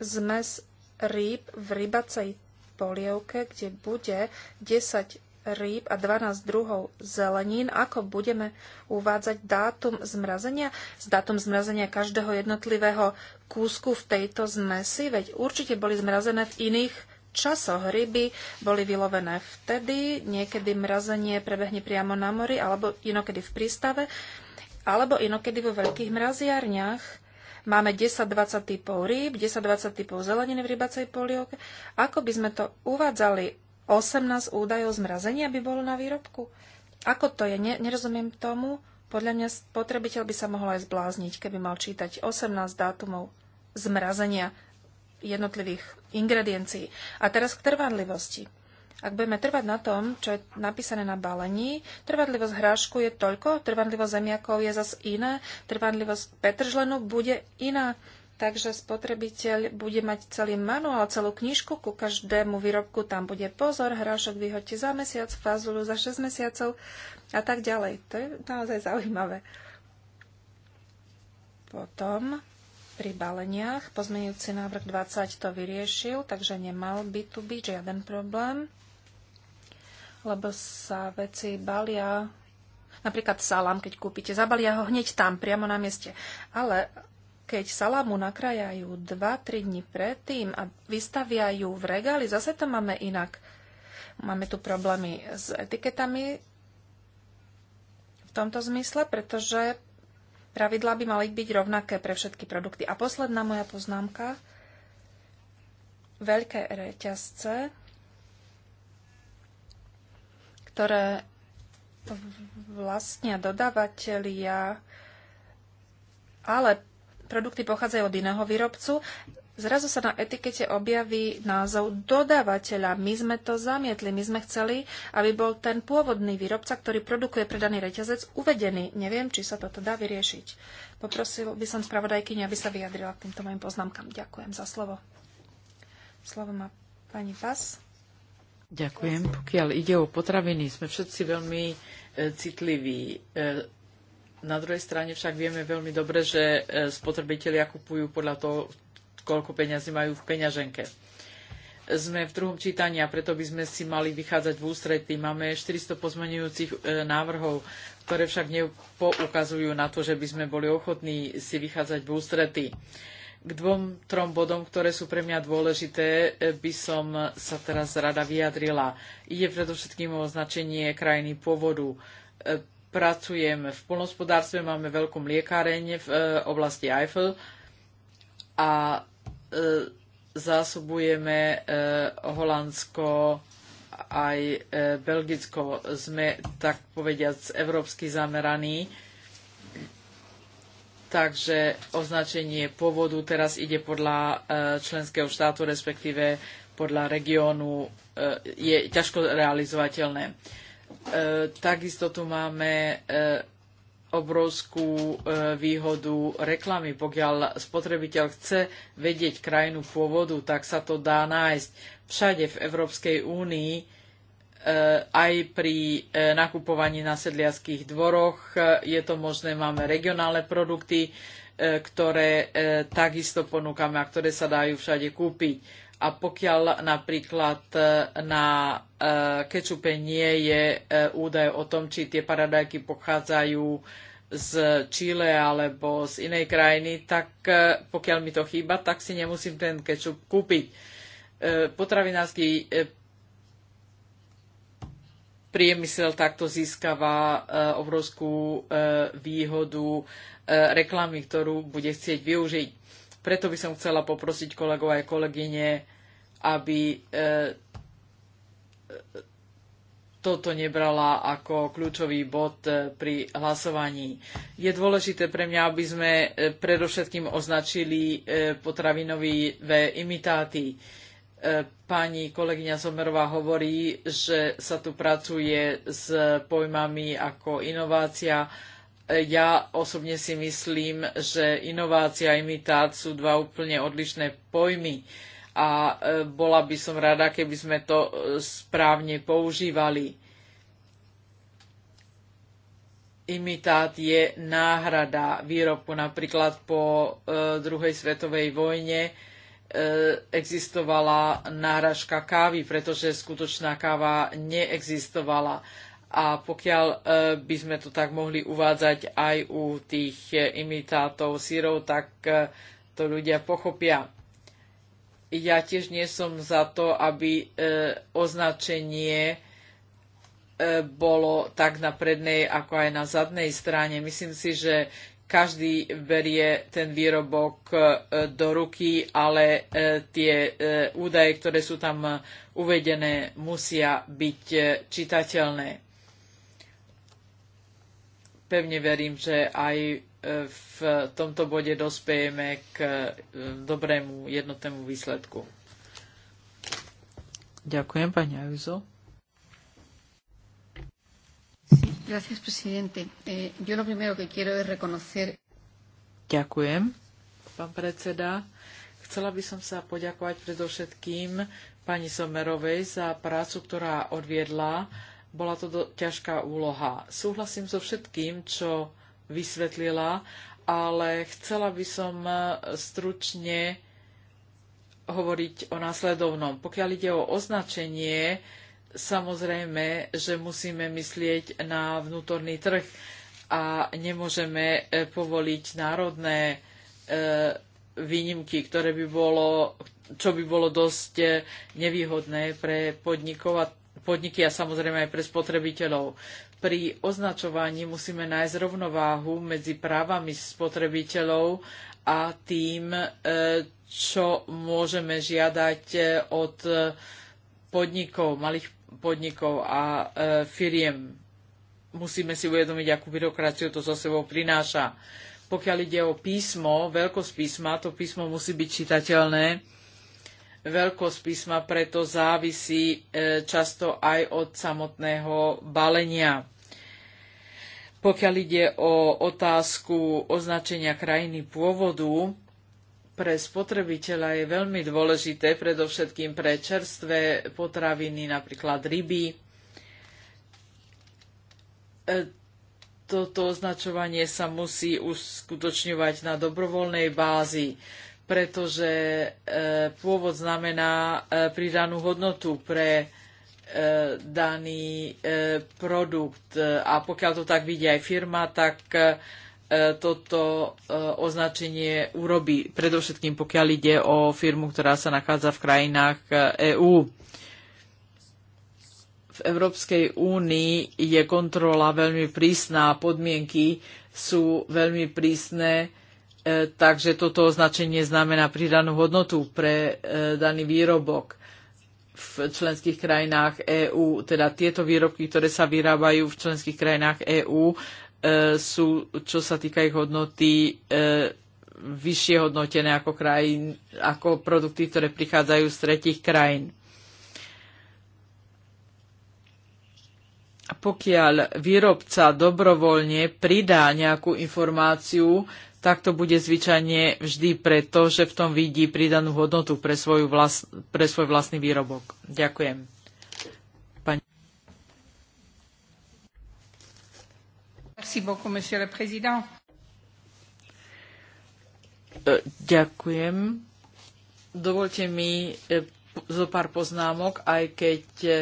S2: zmes rýb v rybacej polievke, kde bude 10 rýb a 12 druhov zelenín, ako budeme uvádzať dátum zmrazenia? s dátum zmrazenia každého jednotlivého kúsku v tejto zmesi, veď určite boli zmrazené v iných časoch. Ryby boli vylovené vtedy, niekedy mrazenie prebehne priamo na mori, alebo inokedy v prístave, alebo inokedy vo veľkých mraziarniach. Máme 10-20 typov rýb, 10-20 typov zeleniny v rybacej polioke. Ako by sme to uvádzali? 18 údajov zmrazenia by bolo na výrobku? Ako to je? Ne, nerozumiem tomu. Podľa mňa spotrebiteľ by sa mohol aj zblázniť, keby mal čítať 18 dátumov zmrazenia jednotlivých ingrediencií. A teraz k trvanlivosti. Ak budeme trvať na tom, čo je napísané na balení, trvanlivosť hrášku je toľko, trvanlivosť zemiakov je zas iná, trvanlivosť petržlenu bude iná. Takže spotrebiteľ bude mať celý manuál, celú knižku ku každému výrobku. Tam bude pozor, hrášok vyhoďte za mesiac, fazulu za 6 mesiacov a tak ďalej. To je naozaj zaujímavé. Potom pri baleniach. Pozmeňujúci návrh 20 to vyriešil, takže nemal by tu byť žiaden problém, lebo sa veci balia, napríklad salám, keď kúpite, zabalia ho hneď tam, priamo na mieste. Ale keď salámu nakrajajú 2-3 dní predtým a vystavia ju v regáli, zase to máme inak. Máme tu problémy s etiketami v tomto zmysle, pretože Pravidlá by mali byť rovnaké pre všetky produkty. A posledná moja poznámka. Veľké reťazce, ktoré vlastnia dodávateľia, ale produkty pochádzajú od iného výrobcu, zrazu sa na etikete objaví názov dodávateľa. My sme to zamietli. My sme chceli, aby bol ten pôvodný výrobca, ktorý produkuje predaný reťazec, uvedený. Neviem, či sa toto dá vyriešiť. Poprosil by som spravodajkyni, aby sa vyjadrila k týmto mojim poznámkam. Ďakujem za slovo. Slovo má pani Pas.
S1: Ďakujem. Pokiaľ ide o potraviny, sme všetci veľmi e, citliví. E, na druhej strane však vieme veľmi dobre, že e, spotrebitelia kupujú podľa toho, koľko peňazí majú v peňaženke. Sme v druhom čítaní a preto by sme si mali vychádzať v ústretí. Máme 400 pozmenujúcich e, návrhov, ktoré však nepoukazujú na to, že by sme boli ochotní si vychádzať v ústretí. K dvom, trom bodom, ktoré sú pre mňa dôležité, e, by som sa teraz rada vyjadrila. Ide predovšetkým o označenie krajiny pôvodu e, pracujem v polnospodárstve, máme veľkú mliekáreň v oblasti Eiffel a zásobujeme e, Holandsko aj e, Belgicko. Sme tak povediac európsky zameraní. Takže označenie pôvodu teraz ide podľa e, členského štátu, respektíve podľa regiónu je ťažko realizovateľné. Takisto tu máme obrovskú e, výhodu reklamy. Pokiaľ spotrebiteľ chce vedieť krajinu pôvodu, tak sa to dá nájsť všade v Európskej únii, e, aj pri e, nakupovaní na sedliackych dvoroch. Je to možné, máme regionálne produkty, ktoré takisto ponúkame a ktoré sa dajú všade kúpiť. A pokiaľ napríklad e, na e, kečupe nie je e, údaj o tom, či tie paradajky pochádzajú z Čile alebo z inej krajiny, tak pokiaľ mi to chýba, tak si nemusím ten kečup kúpiť. Potravinársky priemysel takto získava obrovskú výhodu reklamy, ktorú bude chcieť využiť. Preto by som chcela poprosiť kolegov aj kolegyne, aby e, toto nebrala ako kľúčový bod e, pri hlasovaní. Je dôležité pre mňa, aby sme e, predovšetkým označili potravinové imitáty. Pani kolegyňa Somerová hovorí, že sa tu pracuje s pojmami ako inovácia ja osobne si myslím, že inovácia a imitát sú dva úplne odlišné pojmy a e, bola by som rada, keby sme to e, správne používali. Imitát je náhrada výrobku. Napríklad po e, druhej svetovej vojne existovala náhražka kávy, pretože skutočná káva neexistovala a pokiaľ e, by sme to tak mohli uvádzať aj u tých e, imitátov sírov, tak e, to ľudia pochopia. Ja tiež nie som za to, aby označenie bolo tak na prednej, ako aj na zadnej strane. Myslím si, že každý berie ten výrobok do ruky, ale tie údaje, ktoré sú tam uvedené, musia byť čitateľné pevne verím, že aj e, v tomto bode dospejeme k e, dobrému jednotnému výsledku. Ďakujem, pani Ajuzo. Eh, Ďakujem, pán predseda. Chcela by som sa poďakovať predovšetkým pani Somerovej za prácu, ktorá odviedla bola to do, ťažká úloha. Súhlasím so všetkým, čo vysvetlila, ale chcela by som e, stručne hovoriť o následovnom. Pokiaľ ide o označenie, samozrejme, že musíme myslieť na vnútorný trh a nemôžeme e, povoliť národné e, výnimky, ktoré by bolo, čo by bolo dosť nevýhodné pre podnikov a podniky a samozrejme aj pre spotrebiteľov. Pri označovaní musíme nájsť rovnováhu medzi právami spotrebiteľov a tým, e, čo môžeme žiadať e, od e, podnikov, malých podnikov a firiem. Musíme si uvedomiť, akú byrokraciu to so sebou prináša. Pokiaľ ide o písmo, veľkosť písma, to písmo musí byť čitateľné Veľkosť písma preto závisí e, často aj od samotného balenia. Pokiaľ ide o otázku označenia krajiny pôvodu, pre spotrebiteľa je veľmi dôležité, predovšetkým pre čerstvé potraviny, napríklad ryby. E, toto označovanie sa musí uskutočňovať na dobrovoľnej bázi pretože e, pôvod znamená e, pridanú hodnotu pre e, daný produkt. A pokiaľ to tak vidí aj firma, tak toto označenie urobí, predovšetkým pokiaľ ide o firmu, ktorá sa nachádza v krajinách EÚ. V Európskej únii je kontrola veľmi prísna, a podmienky sú veľmi prísne E, takže toto označenie znamená pridanú hodnotu pre e, daný výrobok v členských krajinách EÚ. Teda tieto výrobky, ktoré sa vyrábajú v členských krajinách EÚ, e, sú, čo sa týka ich hodnoty, vyššie hodnotené ako, krajín, ako produkty, ktoré prichádzajú z tretich krajín. Pokiaľ výrobca dobrovoľne pridá nejakú informáciu, tak to bude zvyčajne vždy preto, že v tom vidí pridanú hodnotu pre, svoju vlas, pre svoj vlastný výrobok. Ďakujem. Pani...
S2: Merci beaucoup, monsieur le président.
S1: E, ďakujem. Dovolte mi e, zo pár poznámok, aj keď e,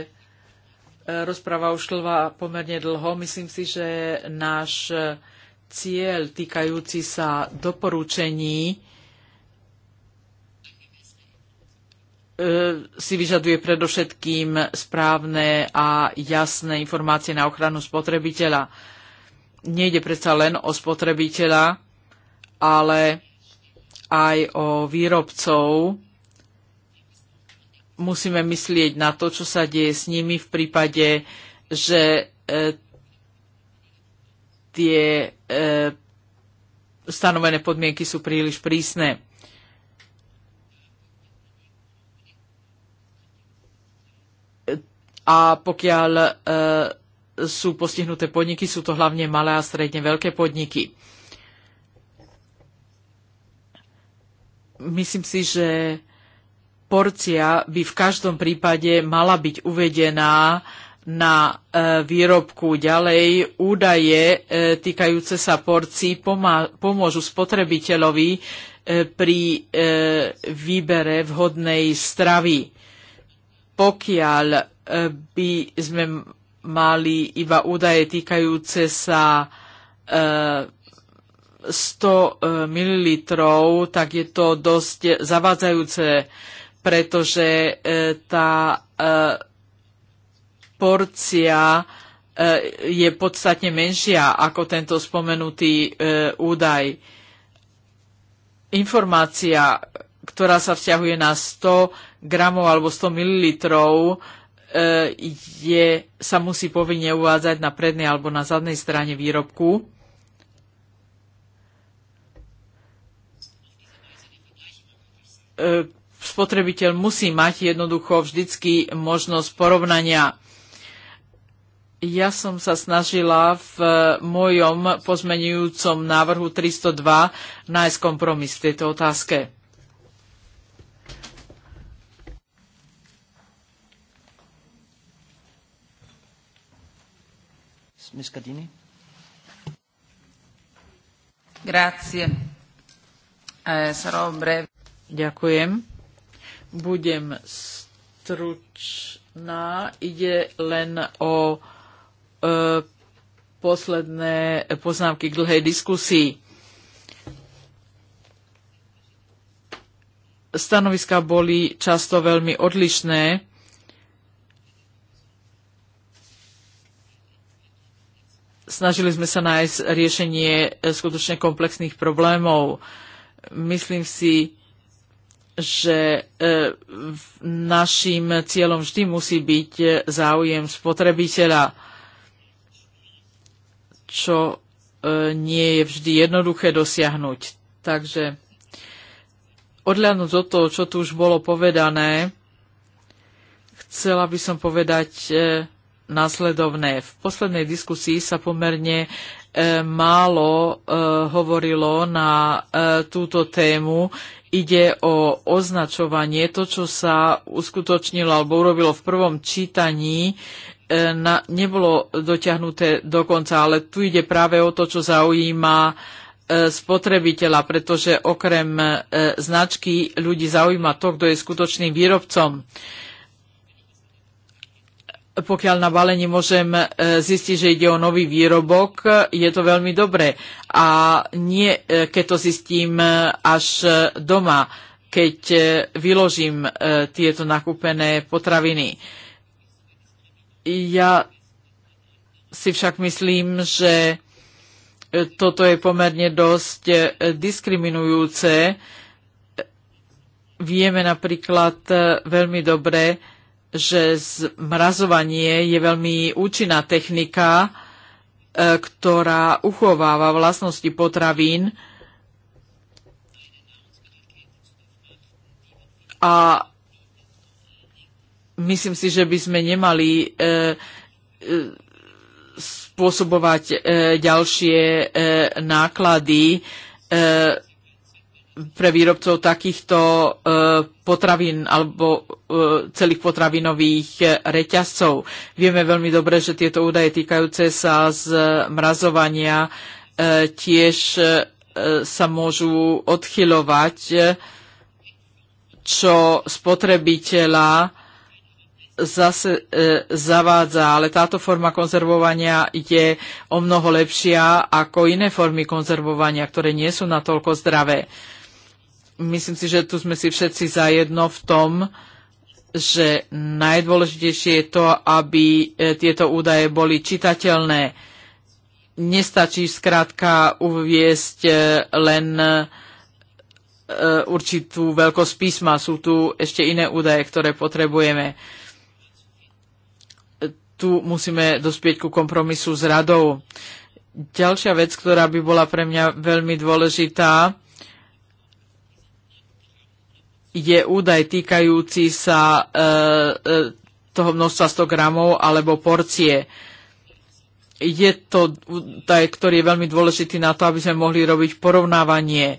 S1: rozpráva už pomerne dlho. Myslím si, že náš cieľ týkajúci sa doporučení e, si vyžaduje predovšetkým správne a jasné informácie na ochranu spotrebiteľa. Nejde predsa len o spotrebiteľa, ale aj o výrobcov. Musíme myslieť na to, čo sa deje s nimi v prípade, že e, tie E, stanovené podmienky sú príliš prísne. A pokiaľ e, sú postihnuté podniky, sú to hlavne malé a stredne veľké podniky. Myslím si, že porcia by v každom prípade mala byť uvedená e, na e, výrobku. Ďalej údaje e, týkajúce sa porcií pomôžu spotrebiteľovi e, pri výbere vhodnej stravy. Pokiaľ by sme mali iba údaje týkajúce sa 100 ml, tak je to dosť zavádzajúce, pretože tá porcia e, je podstatne menšia ako tento spomenutý e, údaj. Informácia, ktorá sa vzťahuje na 100 gramov alebo 100 mililitrov, e, je, sa musí povinne uvádzať na prednej alebo na zadnej strane výrobku. Spotrebiteľ musí mať jednoducho vždycky možnosť porovnania ja som sa snažila v eh, mojom pozmenujúcom návrhu 302 nájsť kompromis v tejto otázke. Eh, Ďakujem. Budem stručná. Ide len o E, posledné poznámky k dlhej diskusii. Stanoviska boli často veľmi odlišné. Snažili sme sa nájsť riešenie skutočne komplexných problémov. Myslím si, že e, našim cieľom vždy musí byť e, záujem spotrebiteľa čo e, nie je vždy jednoduché dosiahnuť. Takže odľadnúť od toho, čo tu už bolo povedané, chcela by som povedať e, následovné. V poslednej diskusii sa pomerne e, málo hovorilo na túto tému. Ide o označovanie. To, čo sa uskutočnilo alebo urobilo v prvom čítaní, na, nebolo dotiahnuté do konca, ale tu ide práve o to, čo zaujíma e, spotrebiteľa, pretože okrem e, značky ľudí zaujíma to, kto je skutočným výrobcom. Pokiaľ na balení môžem e, zistiť, že ide o nový výrobok, je to veľmi dobré. A nie, keď to zistím až doma, keď vyložím tieto nakúpené potraviny ja si však myslím, že e, toto je pomerne dosť e, diskriminujúce. E, vieme napríklad veľmi dobre, že zmrazovanie je veľmi účinná technika, ktorá uchováva vlastnosti potravín a myslím si, že by sme nemali e, e, spôsobovať e, ďalšie náklady pre výrobcov takýchto potravín alebo celých potravinových reťazcov. Vieme veľmi dobre, že tieto údaje týkajúce sa zmrazovania tiež sa môžu odchylovať, čo spotrebiteľa zase e, zavádza, ale táto forma konzervovania je o mnoho lepšia ako iné formy konzervovania, ktoré nie sú natoľko zdravé. Myslím si, že tu sme si všetci zajedno v tom, že najdôležitejšie je to, aby e, tieto údaje boli čitateľné. Nestačí zkrátka uviesť e, len e, určitú veľkosť písma. Sú tu ešte iné údaje, ktoré potrebujeme tu musíme dospieť ku kompromisu s radou. Ďalšia vec, ktorá by bola pre mňa veľmi dôležitá, je údaj týkajúci sa e, e, toho množstva 100 gramov alebo porcie. Je to údaj, ktorý je veľmi dôležitý na to, aby sme mohli robiť porovnávanie.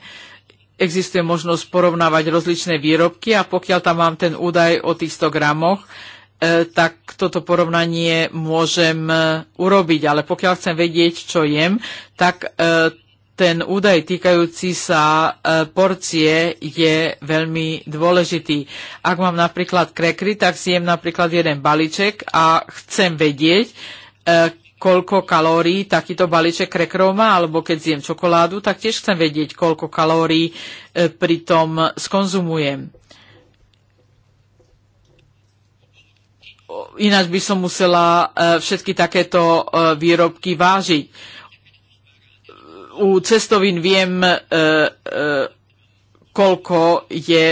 S1: Existuje možnosť porovnávať rozličné výrobky a pokiaľ tam mám ten údaj o tých 100 gramoch, E, tak toto porovnanie môžem e, urobiť. Ale pokiaľ chcem vedieť, čo jem, tak e, ten údaj týkajúci sa porcie je veľmi dôležitý. Ak mám napríklad krekry, tak si jem napríklad jeden balíček a chcem vedieť, koľko kalórií takýto balíček krekrov má, alebo keď zjem čokoládu, tak tiež chcem vedieť, koľko kalórií pritom skonzumujem. ináč by som musela e, všetky takéto e, výrobky vážiť. U cestovín viem, e, koľko je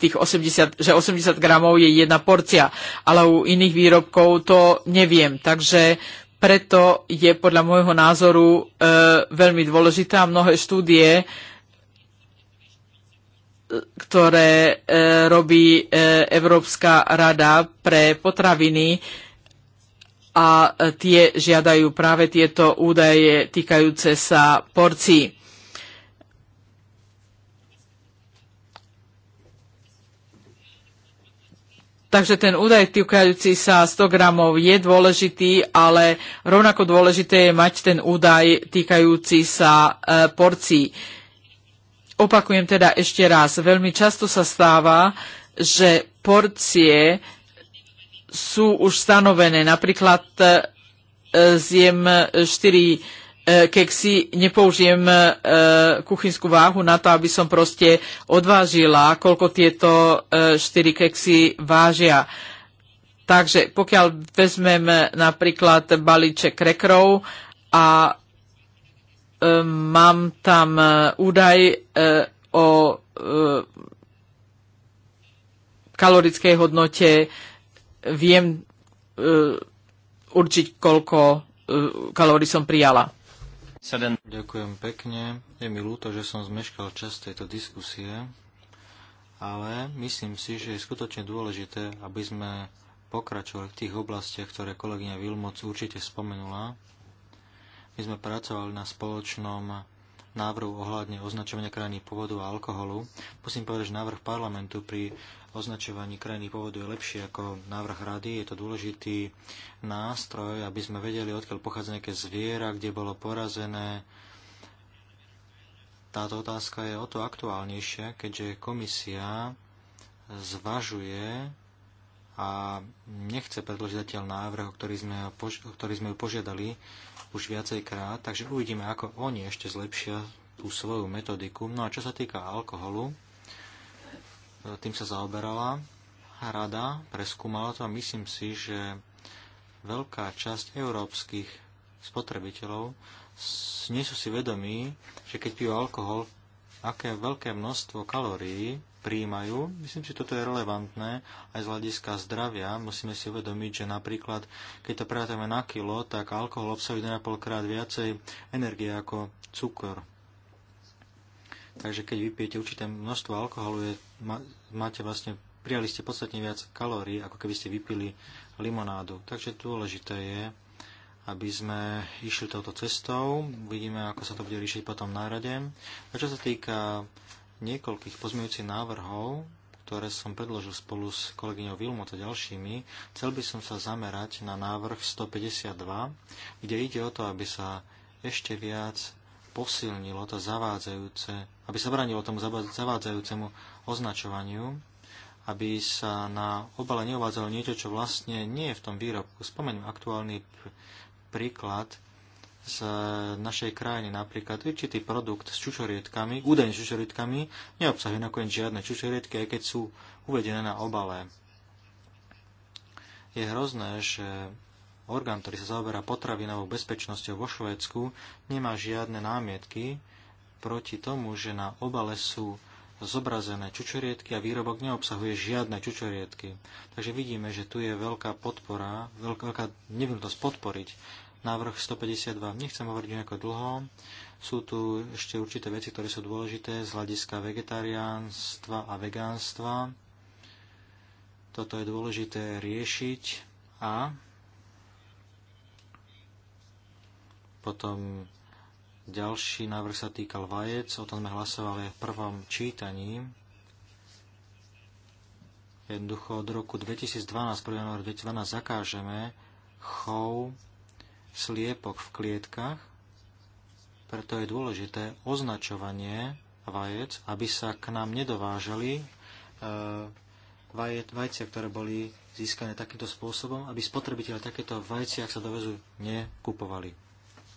S1: tých 80, že 80 gramov je jedna porcia, ale u iných výrobkov to neviem. Takže preto je podľa môjho názoru veľmi dôležité a mnohé štúdie ktoré e, robí e, Európska rada pre potraviny a e, tie žiadajú práve tieto údaje týkajúce sa porcií. Takže ten údaj týkajúci sa 100 gramov je dôležitý, ale rovnako dôležité je mať ten údaj týkajúci sa e, porcií. Opakujem teda ešte raz, veľmi často sa stáva, že porcie sú už stanovené. Napríklad e, zjem 4 e, keksy, nepoužijem e, kuchynskú váhu na to, aby som proste odvážila, koľko tieto 4 keksy vážia. Takže pokiaľ vezmem napríklad balíček krekrov a Ehm, mám tam e, údaj e, o e, kalorickej hodnote, viem určiť, koľko kalórií som prijala.
S3: Ďakujem pekne. Je mi ľúto, že som zmeškal čas tejto diskusie, ale myslím si, že je skutočne dôležité, aby sme pokračovali v tých oblastiach, ktoré kolegyňa Vilmoc určite spomenula. My sme pracovali na spoločnom návrhu ohľadne označovania krajiny pôvodu a alkoholu, musím povedať, že návrh parlamentu pri označovaní krajiny pôvodu je lepší ako návrh rady. Je to dôležitý nástroj, aby sme vedeli, odkiaľ pochádza nejaké zviera, kde bolo porazené, táto otázka je o to aktuálnejšia, keďže komisia zvažuje a nechce predložiť zatiaľ návrh, o ktorý sme, o ktorý sme ju požiadali už viacej krát, takže uvidíme, ako oni ešte zlepšia tú svoju metodiku. No a čo sa týka alkoholu, e, tým sa zaoberala rada, preskúmala to a myslím si, že veľká časť európskych spotrebiteľov nie sú si vedomí, že keď pijú alkohol, aké veľké množstvo kalórií príjmajú. Myslím si, toto je relevantné aj z hľadiska zdravia. Musíme si uvedomiť, že napríklad, keď to prátame na kilo, tak alkohol obsahuje 1,5 krát viacej energie ako cukor. Takže keď vypijete určité množstvo alkoholu, je, máte vlastne, prijali ste podstatne viac kalórií, ako keby ste vypili limonádu. Takže dôležité je, aby sme išli touto cestou. Vidíme, ako sa to bude riešiť potom na rade. A čo sa týka niekoľkých pozmeňujúcich návrhov, ktoré som predložil spolu s kolegyňou Vilmo a ďalšími, chcel by som sa zamerať na návrh 152, kde ide o to, aby sa ešte viac posilnilo to zavádzajúce, aby sa bránilo tomu zavádzajúcemu označovaniu, aby sa na obale neuvádzalo niečo, čo vlastne nie je v tom výrobku. Spomeniem aktuálny príklad z našej krajiny. Napríklad určitý produkt s čučorietkami, údajne s čučorietkami, neobsahuje nakoniec žiadne čučorietky, aj keď sú uvedené na obale. Je hrozné, že orgán, ktorý sa zaoberá potravinovou bezpečnosťou vo Švédsku, nemá žiadne námietky proti tomu, že na obale sú zobrazené čučoriedky a výrobok neobsahuje žiadne čučoriedky. Takže vidíme, že tu je veľká podpora, veľká, veľká podporiť návrh 152. Nechcem hovoriť nejako dlho. Sú tu ešte určité veci, ktoré sú dôležité z hľadiska vegetariánstva a vegánstva. Toto je dôležité riešiť a potom ďalší návrh sa týkal vajec, o tom sme hlasovali v prvom čítaní. Jednoducho od roku 2012, 1. januára 2012 zakážeme chov sliepok v klietkach, preto je dôležité označovanie vajec, aby sa k nám nedovážali e, vajcia, ktoré boli získané takýmto spôsobom, aby spotrebitelia takéto vajcia, ak sa dovezú, nekupovali.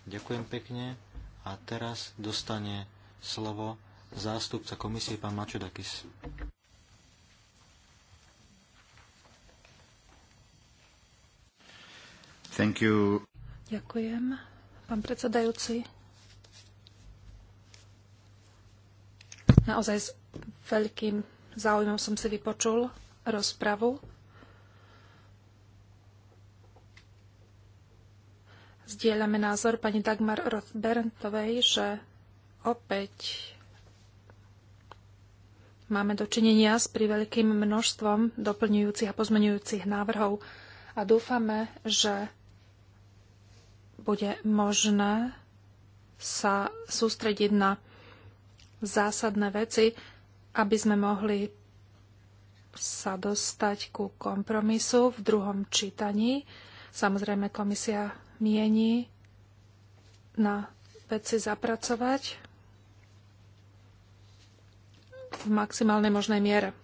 S3: Ďakujem pekne a teraz dostane slovo zástupca komisie pán Mačudakis. Thank you.
S2: Ďakujem. Pán predsedajúci. Naozaj s veľkým záujmom som si vypočul rozpravu. Zdieľame názor pani Dagmar Rothberntovej, že opäť máme dočinenia s priveľkým množstvom doplňujúcich a pozmenujúcich návrhov a dúfame, že bude možné sa sústrediť na zásadné veci, aby sme mohli sa dostať ku kompromisu v druhom čítaní. Samozrejme, komisia mieni na veci zapracovať v maximálnej možnej miere.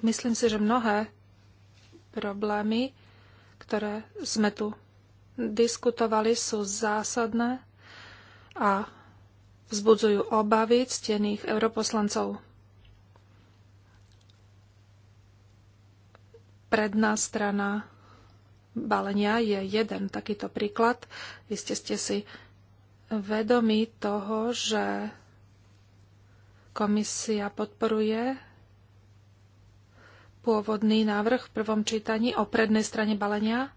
S2: Myslím si, že mnohé problémy, ktoré sme tu diskutovali, sú zásadné a vzbudzujú obavy ctených europoslancov. Predná strana balenia je jeden takýto príklad. ste, ste si vedomi toho, že komisia podporuje pôvodný návrh v prvom čítaní o prednej strane balenia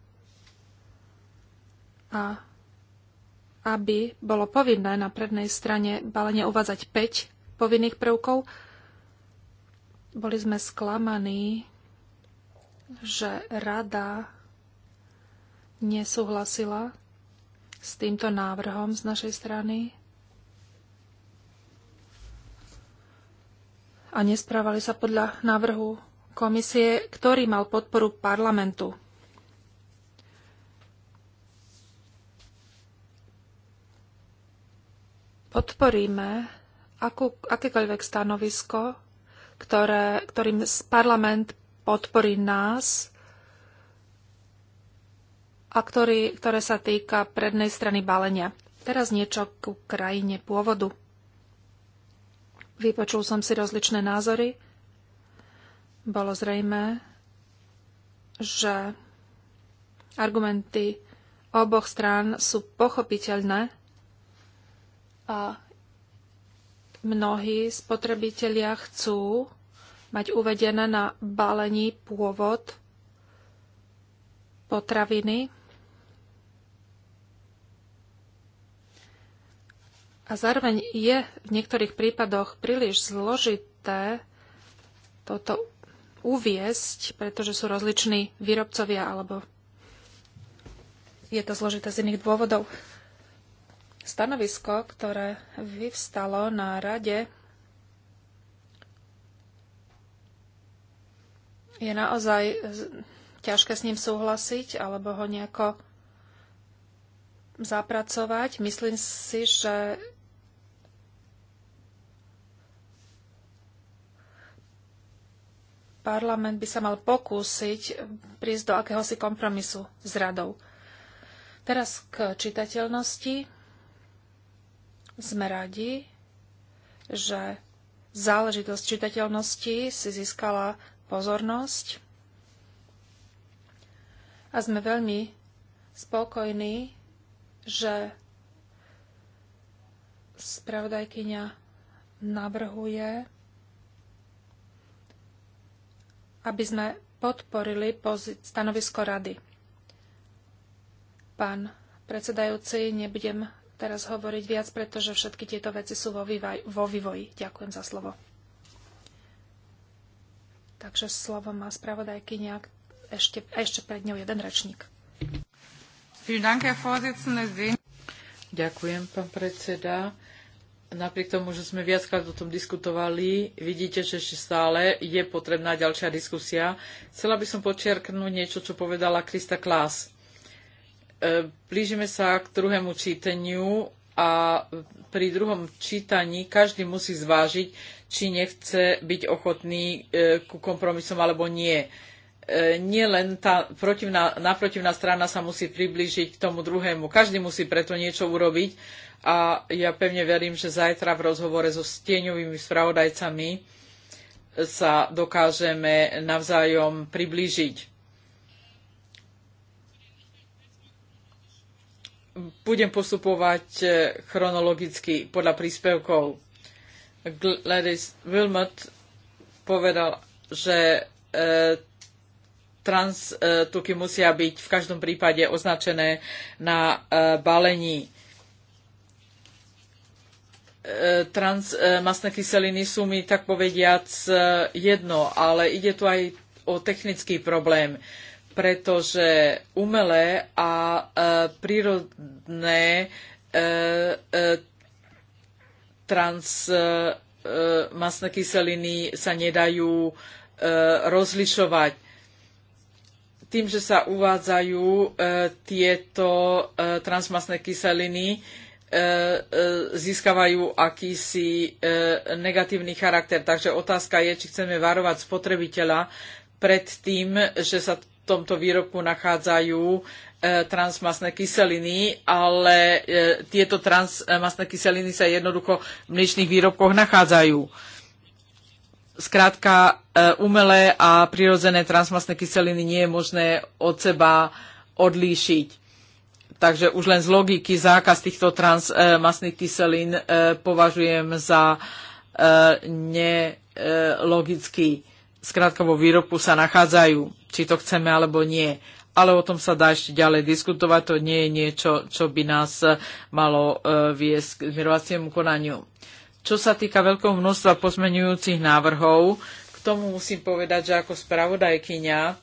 S2: a aby bolo povinné na prednej strane balenia uvádzať 5 povinných prvkov, boli sme sklamaní, že rada nesúhlasila s týmto návrhom z našej strany. a nesprávali sa podľa návrhu komisie, ktorý mal podporu parlamentu. Podporíme akú, akékoľvek stanovisko, ktoré, ktorým parlament podporí nás a ktorý, ktoré sa týka prednej strany balenia. Teraz niečo ku krajine pôvodu. Vypočul som si rozličné názory bolo zrejme, že argumenty oboch strán sú pochopiteľné a mnohí spotrebitelia chcú mať uvedené na balení pôvod potraviny a zároveň je v niektorých prípadoch príliš zložité toto uviesť, pretože sú rozliční výrobcovia alebo je to zložité z iných dôvodov. Stanovisko, ktoré vyvstalo na rade, je naozaj ťažké s ním súhlasiť alebo ho nejako zapracovať. Myslím si, že parlament by sa mal pokúsiť prísť do akéhosi kompromisu s radou. Teraz k čitateľnosti. Sme radi, že záležitosť čitateľnosti si získala pozornosť a sme veľmi spokojní, že spravodajkyňa navrhuje aby sme podporili stanovisko rady. Pán predsedajúci, nebudem teraz hovoriť viac, pretože všetky tieto veci sú vo, vývaj- vo vývoji. Ďakujem za slovo. Takže slovo má spravodajkynia ešte, ešte pred ňou jeden rečník.
S1: Ďakujem, pán predseda napriek tomu, že sme viackrát o tom diskutovali, vidíte, že ešte stále je potrebná ďalšia diskusia. Chcela by som počiarknúť niečo, čo povedala Krista Klás. E, blížime sa k druhému čítaniu a pri druhom čítaní každý musí zvážiť, či nechce byť ochotný e, ku kompromisom alebo nie E, nielen tá protivná, naprotivná strana sa musí priblížiť k tomu druhému. Každý musí preto niečo urobiť a ja pevne verím, že zajtra v rozhovore so stieňovými spravodajcami sa dokážeme navzájom priblížiť. Budem postupovať e, chronologicky podľa príspevkov. Gladys Wilmot povedal, že e, transtuky e, musia byť v každom prípade označené na e, balení. E, transmastné kyseliny sú mi tak povediac jedno, ale ide tu aj o technický problém, pretože umelé a prírodné transmastné kyseliny sa nedajú rozlišovať tým, že sa uvádzajú e, tieto e, transmasné kyseliny, e, získavajú akýsi negatívny charakter. Takže otázka je, či chceme varovať spotrebiteľa pred tým, že sa v tomto výrobku nachádzajú transmasné kyseliny, ale tieto transmasné kyseliny sa jednoducho v mliečných výrobkoch nachádzajú Skrátka, e, umelé a prirodzené transmastné kyseliny nie je možné od seba odlíšiť. Takže už len z logiky zákaz týchto transmasných kyselín e, považujem za e, nelogický. Skrátka, vo výrobku sa nachádzajú, či to chceme alebo nie. Ale o tom sa dá ešte ďalej diskutovať, to nie je niečo, čo by nás malo viesť k zmierovaciemu konaniu. Čo sa týka veľkého množstva pozmenujúcich návrhov, k tomu musím povedať, že ako spravodajkyňa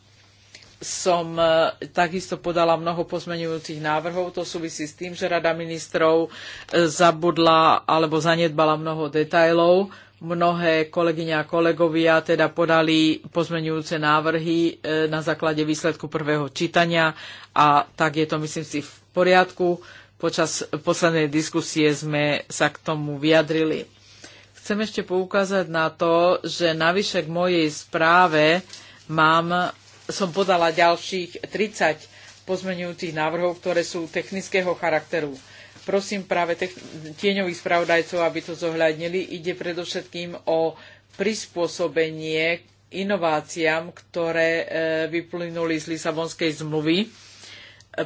S1: som e, takisto podala mnoho pozmenujúcich návrhov. To súvisí s tým, že Rada ministrov e, zabudla alebo zanedbala mnoho detajlov. Mnohé kolegyne a kolegovia teda podali pozmenujúce návrhy e, na základe výsledku prvého čítania a tak je to, myslím si, v poriadku Počas poslednej diskusie sme sa k tomu vyjadrili. Chcem ešte poukázať na to, že navyše k mojej správe mám, som podala ďalších 30 pozmenujúcich návrhov, ktoré sú technického charakteru. Prosím práve tieňových spravodajcov, aby to zohľadnili. Ide predovšetkým o prispôsobenie inováciám, ktoré e, vyplynuli z Lisabonskej zmluvy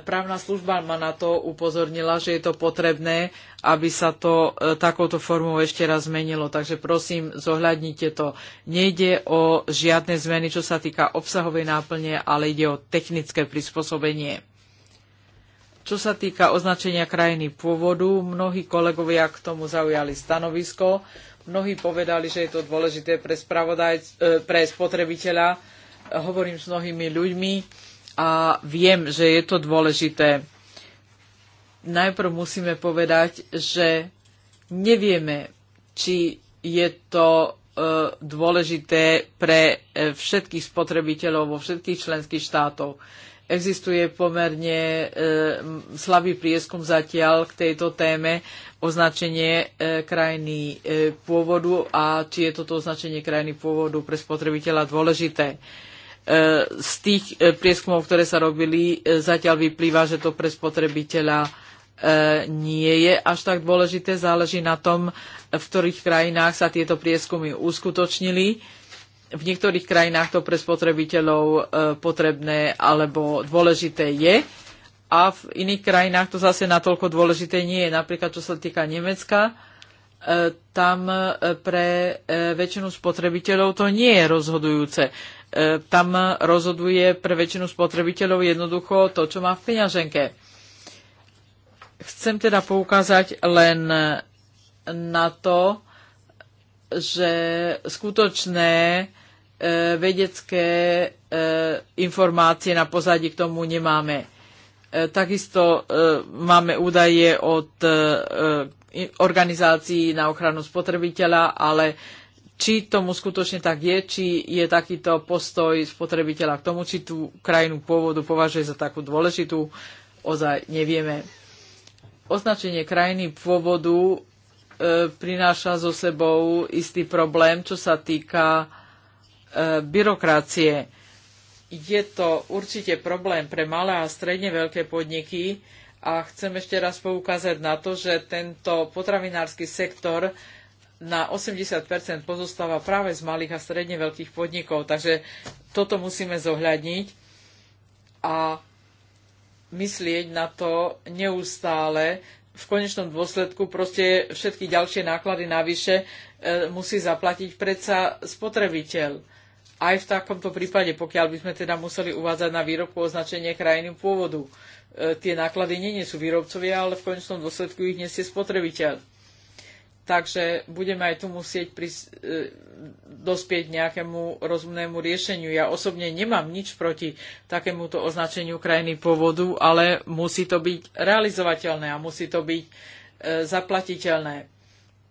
S1: právna služba ma na to upozornila, že je to potrebné, aby sa to e, takouto formou ešte raz zmenilo. Takže prosím, zohľadnite to. Nejde o žiadne zmeny, čo sa týka obsahovej náplne, ale ide o technické prispôsobenie. Čo sa týka označenia krajiny pôvodu, mnohí kolegovia k tomu zaujali stanovisko. Mnohí povedali, že je to dôležité pre, e, pre spotrebiteľa. Hovorím s mnohými ľuďmi a viem, že je to dôležité. Najprv musíme povedať, že nevieme, či je to e, dôležité pre e, všetkých spotrebiteľov vo všetkých členských štátov. Existuje pomerne e, slabý prieskum zatiaľ k tejto téme označenie krajiny pôvodu a či je toto označenie krajiny pôvodu pre spotrebiteľa dôležité. E, E, z tých e, prieskumov, ktoré sa robili, e, zatiaľ vyplýva, že to pre spotrebiteľa nie je až tak dôležité. Záleží na tom, v ktorých krajinách sa tieto prieskumy uskutočnili. V niektorých krajinách to pre spotrebiteľov potrebné alebo dôležité je a v iných krajinách to zase natoľko dôležité nie je. Napríklad, čo sa týka Nemecka, tam pre väčšinu spotrebiteľov to nie je rozhodujúce. E, tam rozhoduje pre väčšinu spotrebiteľov jednoducho to, čo má v peňaženke. Chcem teda poukázať len na to, že skutočné e, vedecké e, informácie na pozadí k tomu nemáme. Takisto máme údaje od organizácií na ochranu spotrebiteľa, ale či tomu skutočne tak je, či je takýto postoj spotrebiteľa k tomu, či tú krajinu pôvodu považuje za takú dôležitú, ozaj nevieme. Označenie krajiny pôvodu e, prináša so sebou istý problém, čo sa týka e, byrokracie. Je to určite problém pre malé a stredne veľké podniky a chcem ešte raz poukázať na to, že tento potravinársky sektor na 80 pozostáva práve z malých a stredne veľkých podnikov, takže toto musíme zohľadniť a myslieť na to neustále. V konečnom dôsledku proste všetky ďalšie náklady navyše e, musí zaplatiť predsa spotrebiteľ. Aj v takomto prípade, pokiaľ by sme teda museli uvádzať na výrobku označenie krajiny pôvodu. E, tie náklady nie, nie sú výrobcovia, ale v konečnom dôsledku ich nesie spotrebiteľ Takže budeme aj tu musieť pris- e, dospieť nejakému rozumnému riešeniu. Ja osobne nemám nič proti takémuto označeniu krajiny pôvodu, ale musí to byť realizovateľné a musí to byť e, zaplatiteľné.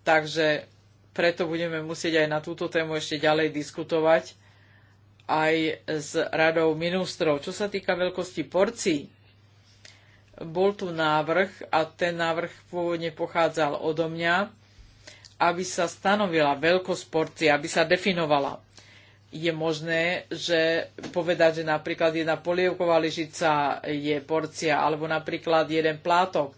S1: Takže preto budeme musieť aj na túto tému ešte ďalej diskutovať aj s radou ministrov. Čo sa týka veľkosti porcií, bol tu návrh a ten návrh pôvodne pochádzal odo mňa aby sa stanovila veľkosť porcie, aby sa definovala. Je možné, že povedať, že napríklad jedna polievková lyžica je porcia, alebo napríklad jeden plátok. E,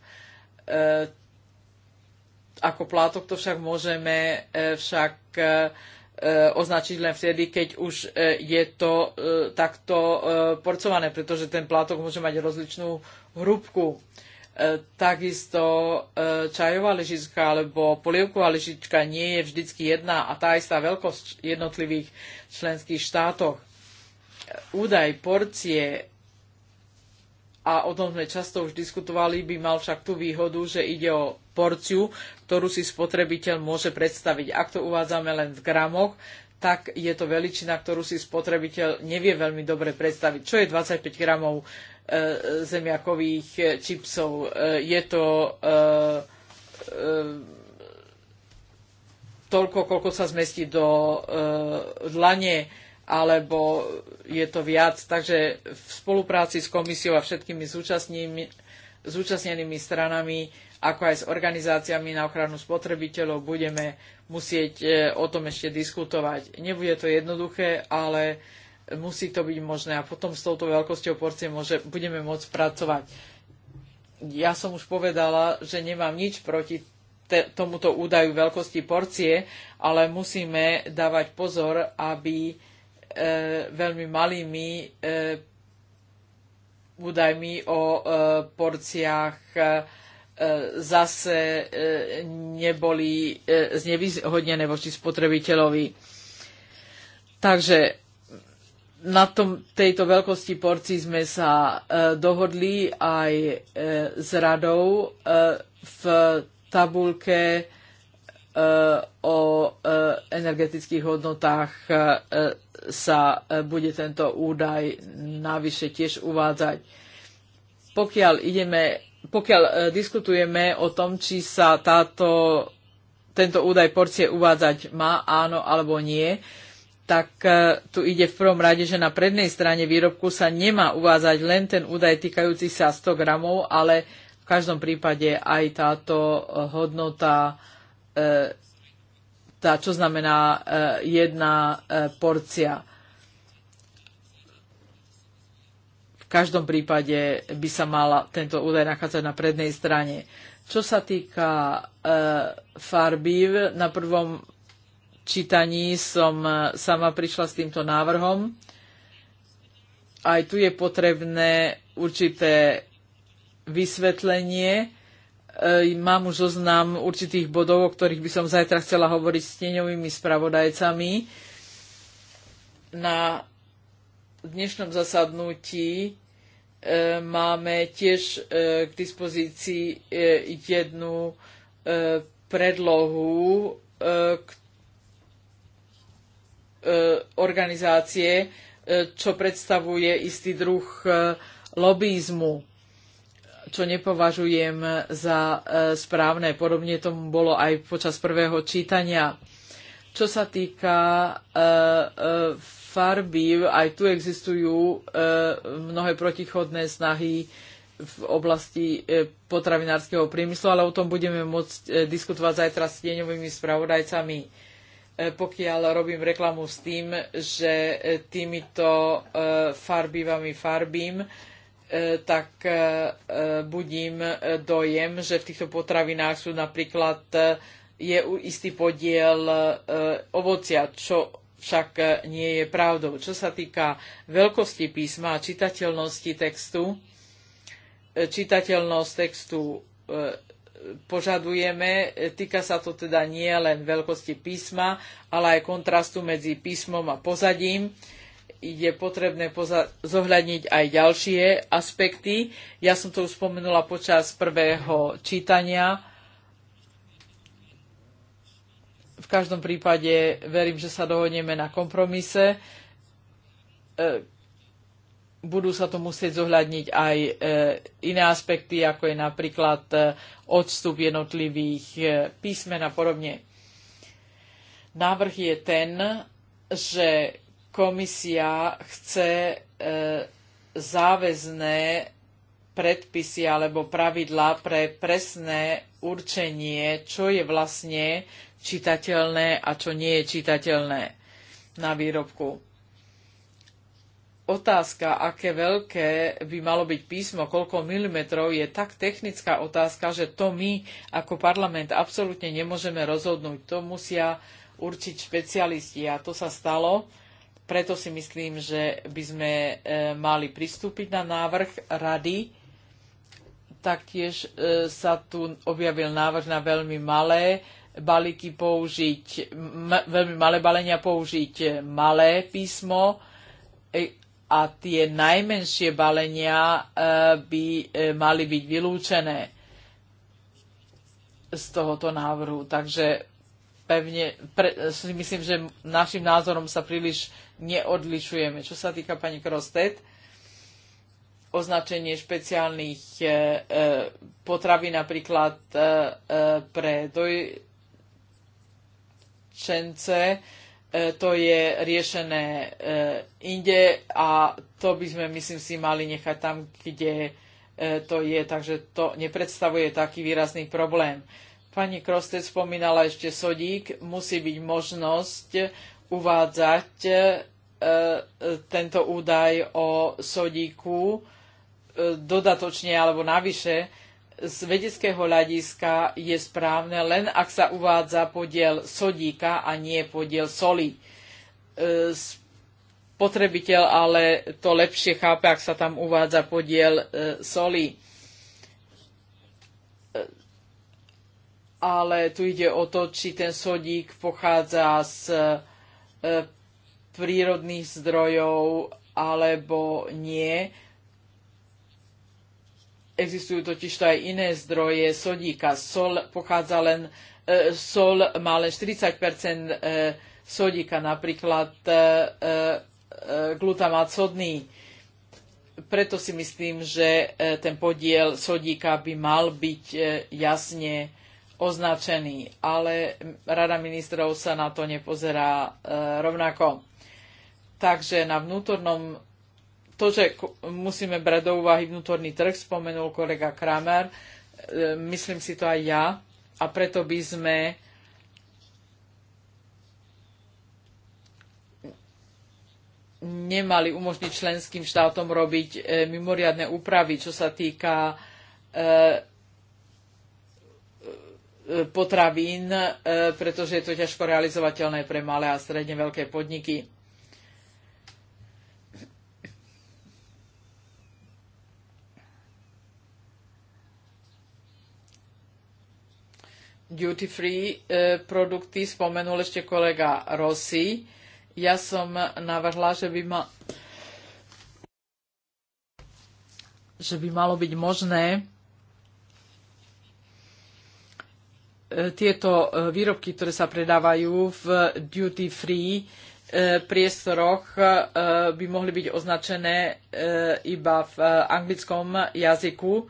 S1: ako plátok to však môžeme e, však e, e označiť len vtedy, keď už e, je to e, takto porcované, pretože ten plátok môže mať rozličnú hrúbku. E, E, takisto e, čajová lyžička alebo polievková lyžička nie je vždycky jedna a tá istá veľkosť jednotlivých členských štátoch. E, údaj porcie a o tom sme často už diskutovali, by mal však tú výhodu, že ide o porciu, ktorú si spotrebiteľ môže predstaviť. Ak to uvádzame len v gramoch, tak je to veličina, ktorú si spotrebiteľ nevie veľmi dobre predstaviť. Čo je 25 gramov E, zemiakových e, čipsov. E, je to toľko, koľko sa zmestí do dlane, alebo je to viac. Takže v spolupráci s komisiou a všetkými zúčastnenými stranami, ako aj s organizáciami na ochranu spotrebiteľov, budeme musieť o tom ešte diskutovať. Nebude to jednoduché, ale musí to byť možné a potom s touto veľkosťou porcie môže, budeme môcť pracovať. Ja som už povedala, že nemám nič proti te, tomuto údaju veľkosti porcie, ale musíme dávať pozor, aby e, veľmi malými e, údajmi o e, porciách e, zase e, neboli e, znevýhodnené voči spotrebiteľovi. Takže na tom, tejto veľkosti porcii sme sa e, dohodli aj e, s radou e, v tabulke e, o e, energetických hodnotách e, sa e, bude tento údaj navyše tiež uvádzať. Pokiaľ, ideme, pokiaľ e, diskutujeme o tom, či sa táto, tento údaj porcie uvádzať má, áno alebo nie, e, tak e, tu ide v prvom rade, že na prednej strane výrobku sa nemá uvádzať len ten údaj týkajúci sa 100 gramov, ale v každom prípade aj táto e, hodnota, e, tá, čo znamená jedna porcia. V každom prípade by sa mala tento údaj nachádzať na prednej strane. Čo sa týka farbív, na prvom čítaní som e, sama prišla s týmto návrhom. Aj tu je potrebné určité vysvetlenie. E, mám už zoznam určitých bodov, o ktorých by som zajtra chcela hovoriť s tieňovými spravodajcami. Na dnešnom zasadnutí e, máme tiež k dispozícii jednu predlohu, Eh, organizácie, eh, čo predstavuje istý druh eh, lobizmu, čo nepovažujem za správne. Podobne tomu bolo aj počas prvého čítania. Čo sa týka farby, aj tu existujú mnohé protichodné snahy v oblasti potravinárskeho priemyslu, ale o tom budeme môcť diskutovať zajtra s tieňovými spravodajcami E, pokiaľ robím reklamu s tým, že e, týmito e, farbivami farbím, tak budím dojem, že v týchto potravinách sú napríklad je istý podiel ovocia, čo však nie je pravdou. Čo sa týka veľkosti písma a čitateľnosti textu, čitateľnosť textu požadujeme. Týka sa to teda nie len veľkosti písma, ale aj kontrastu medzi písmom a pozadím. Je potrebné poza- zohľadniť aj ďalšie aspekty. Ja som to už spomenula počas prvého čítania. V každom prípade verím, že sa dohodneme na kompromise e, budú sa tu musieť zohľadniť aj e, iné aspekty, ako je napríklad e, odstup jednotlivých e, písmen a podobne. Návrh je ten, že komisia chce záväzné predpisy alebo pravidlá pre presné určenie, čo je vlastne čitateľné a čo nie je čitateľné na výrobku otázka, aké veľké by malo byť písmo, koľko milimetrov, je tak technická otázka, že to my ako parlament absolútne nemôžeme rozhodnúť. To musia určiť špecialisti a to sa stalo. Preto si myslím, že by sme e, mali pristúpiť na návrh rady. Taktiež e, sa tu objavil návrh na veľmi malé balíky použiť, veľmi malé balenia použiť malé písmo e, a tie najmenšie balenia e, by e, mali byť vylúčené z tohoto návrhu. Takže pevne, pre, myslím, že našim názorom sa príliš neodlišujeme. Čo sa týka pani Krostet, označenie špeciálnych e, e potravín napríklad e, pre dojčence, E, to je riešené e, inde a to by sme, myslím si, mali nechať tam, kde e, to je, takže to nepredstavuje taký výrazný problém. Pani Krostec spomínala ešte sodík, musí byť možnosť uvádzať tento údaj o sodíku dodatočne alebo navyše, z vedeckého hľadiska je správne len ak sa uvádza podiel sodíka a nie podiel soli. E, Spotrebiteľ ale to lepšie chápe, ak sa tam uvádza podiel e, soli. E, ale tu ide o to, či ten sodík pochádza z prírodných zdrojov alebo nie Existujú totiž to aj iné zdroje sodíka. Sol pochádza len, e, sol má len 40 e, sodíka, napríklad e, e, e, glutamát sodný. Preto si myslím, že e, ten podiel sodíka by mal byť e, jasne označený, ale Rada ministrov sa na to nepozerá e, rovnako. Takže na vnútornom to, že musíme brať do úvahy vnútorný trh, spomenul kolega Kramer, e, myslím si to aj ja, a preto by sme nemali umožniť členským štátom robiť e, mimoriadne úpravy, čo sa týka e, potravín, pretože je to ťažko realizovateľné pre malé a stredne veľké podniky. duty free e, produkty spomenul ešte kolega Rossi. Ja som navrhla, že by ma že by malo byť možné e, tieto e, výrobky, ktoré sa predávajú v duty free priestoroch, by mohli byť označené iba v anglickom jazyku.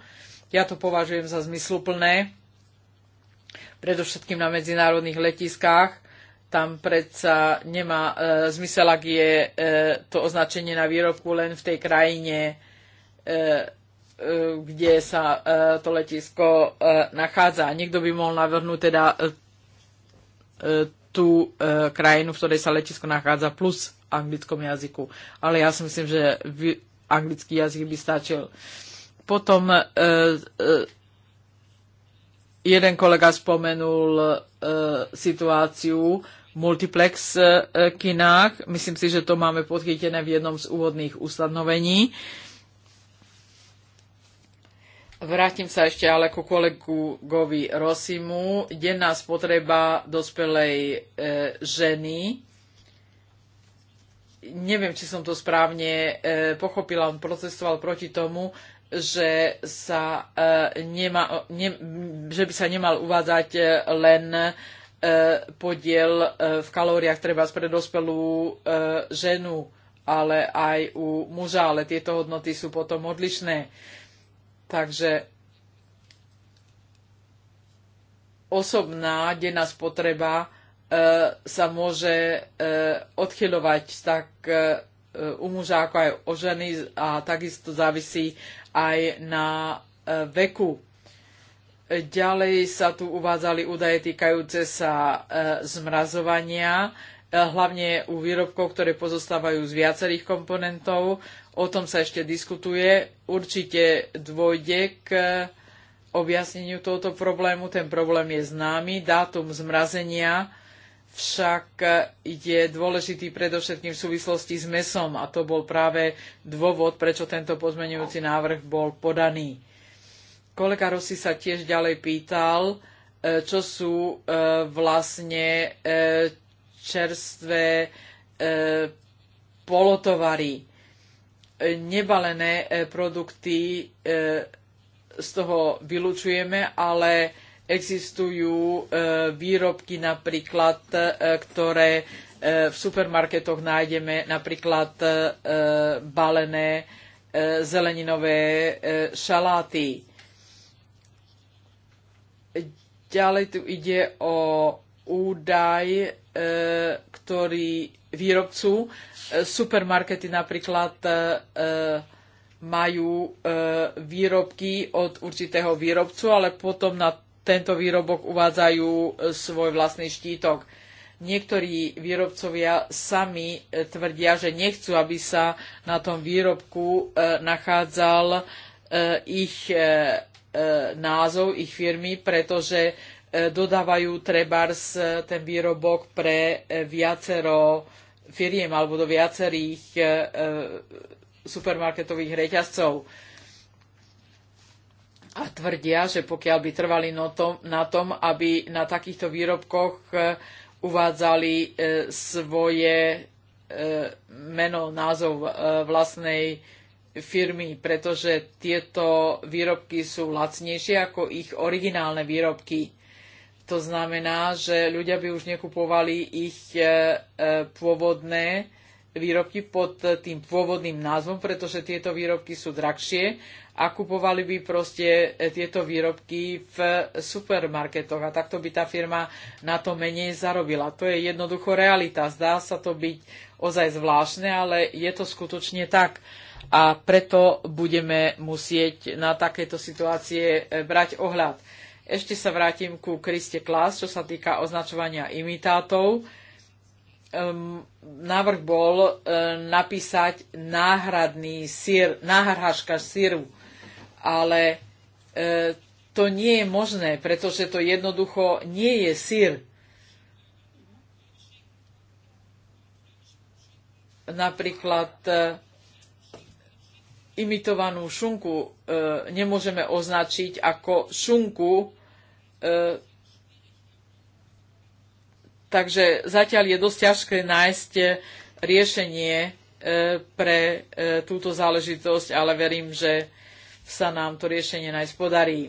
S1: Ja to považujem za zmysluplné predovšetkým na medzinárodných letiskách. Tam predsa nemá e, zmysel, ak je e, to označenie na výrobku len v tej krajine, e, e, kde sa e, to letisko e, nachádza. Niekto by mohol navrhnúť teda e, e tú e, krajinu, v ktorej sa letisko nachádza, plus v anglickom jazyku. Ale ja si myslím, že vy, anglický jazyk by stačil. Potom e, e, jeden kolega spomenul e, situáciu v multiplex e, e, kinách. Myslím si, že to máme podchytené v jednom z úvodných ustanovení. Vrátim sa ešte ale ku kolegovi Rosimu. Denná spotreba dospelej e, ženy. Neviem, či som to správne e, pochopila, on procesoval proti tomu, že, sa, e, nema, ne, že by sa nemal uvádzať e, len e, podiel v kalóriách treba pre dospelú ženu, ale aj u muža, ale tieto hodnoty sú potom odlišné. Takže osobná denná spotreba sa môže odchylovať tak u muža ako aj o ženy a takisto závisí aj na e, veku. Ďalej sa tu uvádzali údaje týkajúce sa e, zmrazovania, e, hlavne u výrobkov, ktoré pozostávajú z viacerých komponentov. O tom sa ešte diskutuje. Určite dôjde k objasneniu tohoto problému. Ten problém je známy. Dátum zmrazenia však je dôležitý predovšetkým v súvislosti s mesom a to bol práve dôvod, prečo tento pozmenujúci návrh bol podaný. Kolega Rossi sa tiež ďalej pýtal, e, čo sú e, vlastne e, čerstvé polotovary. Nebalené produkty z toho vylučujeme, ale Existujú e, výrobky napríklad, e, ktoré e, v supermarketoch nájdeme, napríklad balené zeleninové šaláty. Ďalej tu ide o údaj, ktorý výrobcu supermarkety napríklad majú výrobky od určitého výrobcu, ale potom na tento výrobok uvádzajú e, svoj vlastný štítok. Niektorí výrobcovia sami e, tvrdia, že nechcú, aby sa na tom výrobku e, nachádzal ich názov, ich firmy, pretože dodávajú trebárs ten výrobok pre viacero firiem alebo do viacerých supermarketových reťazcov a tvrdia, že pokiaľ by trvali no na tom, aby na takýchto výrobkoch e, uvádzali e, svoje e, meno, názov vlastnej firmy, pretože tieto výrobky sú lacnejšie ako ich originálne výrobky. To znamená, že ľudia by už nekupovali ich pôvodné výrobky pod e, tým pôvodným názvom, pretože tieto výrobky sú drahšie a kupovali by proste e, tieto výrobky v supermarketoch a takto by tá firma na to menej zarobila. To je jednoducho realita. Zdá sa to byť ozaj zvláštne, ale je to skutočne tak. A preto budeme musieť na takéto situácie e, brať ohľad. Ešte sa vrátim ku Kriste Klas, čo sa týka označovania imitátov návrh bol e, napísať náhradný sír, náhražka síru, ale e, to nie je možné, pretože to jednoducho nie je sír. Napríklad e, imitovanú šunku e, nemôžeme označiť ako šunku e, Takže zatiaľ je dosť ťažké nájsť eh, riešenie eh, pre eh, túto záležitosť, ale verím, že sa nám to riešenie nájsť podarí.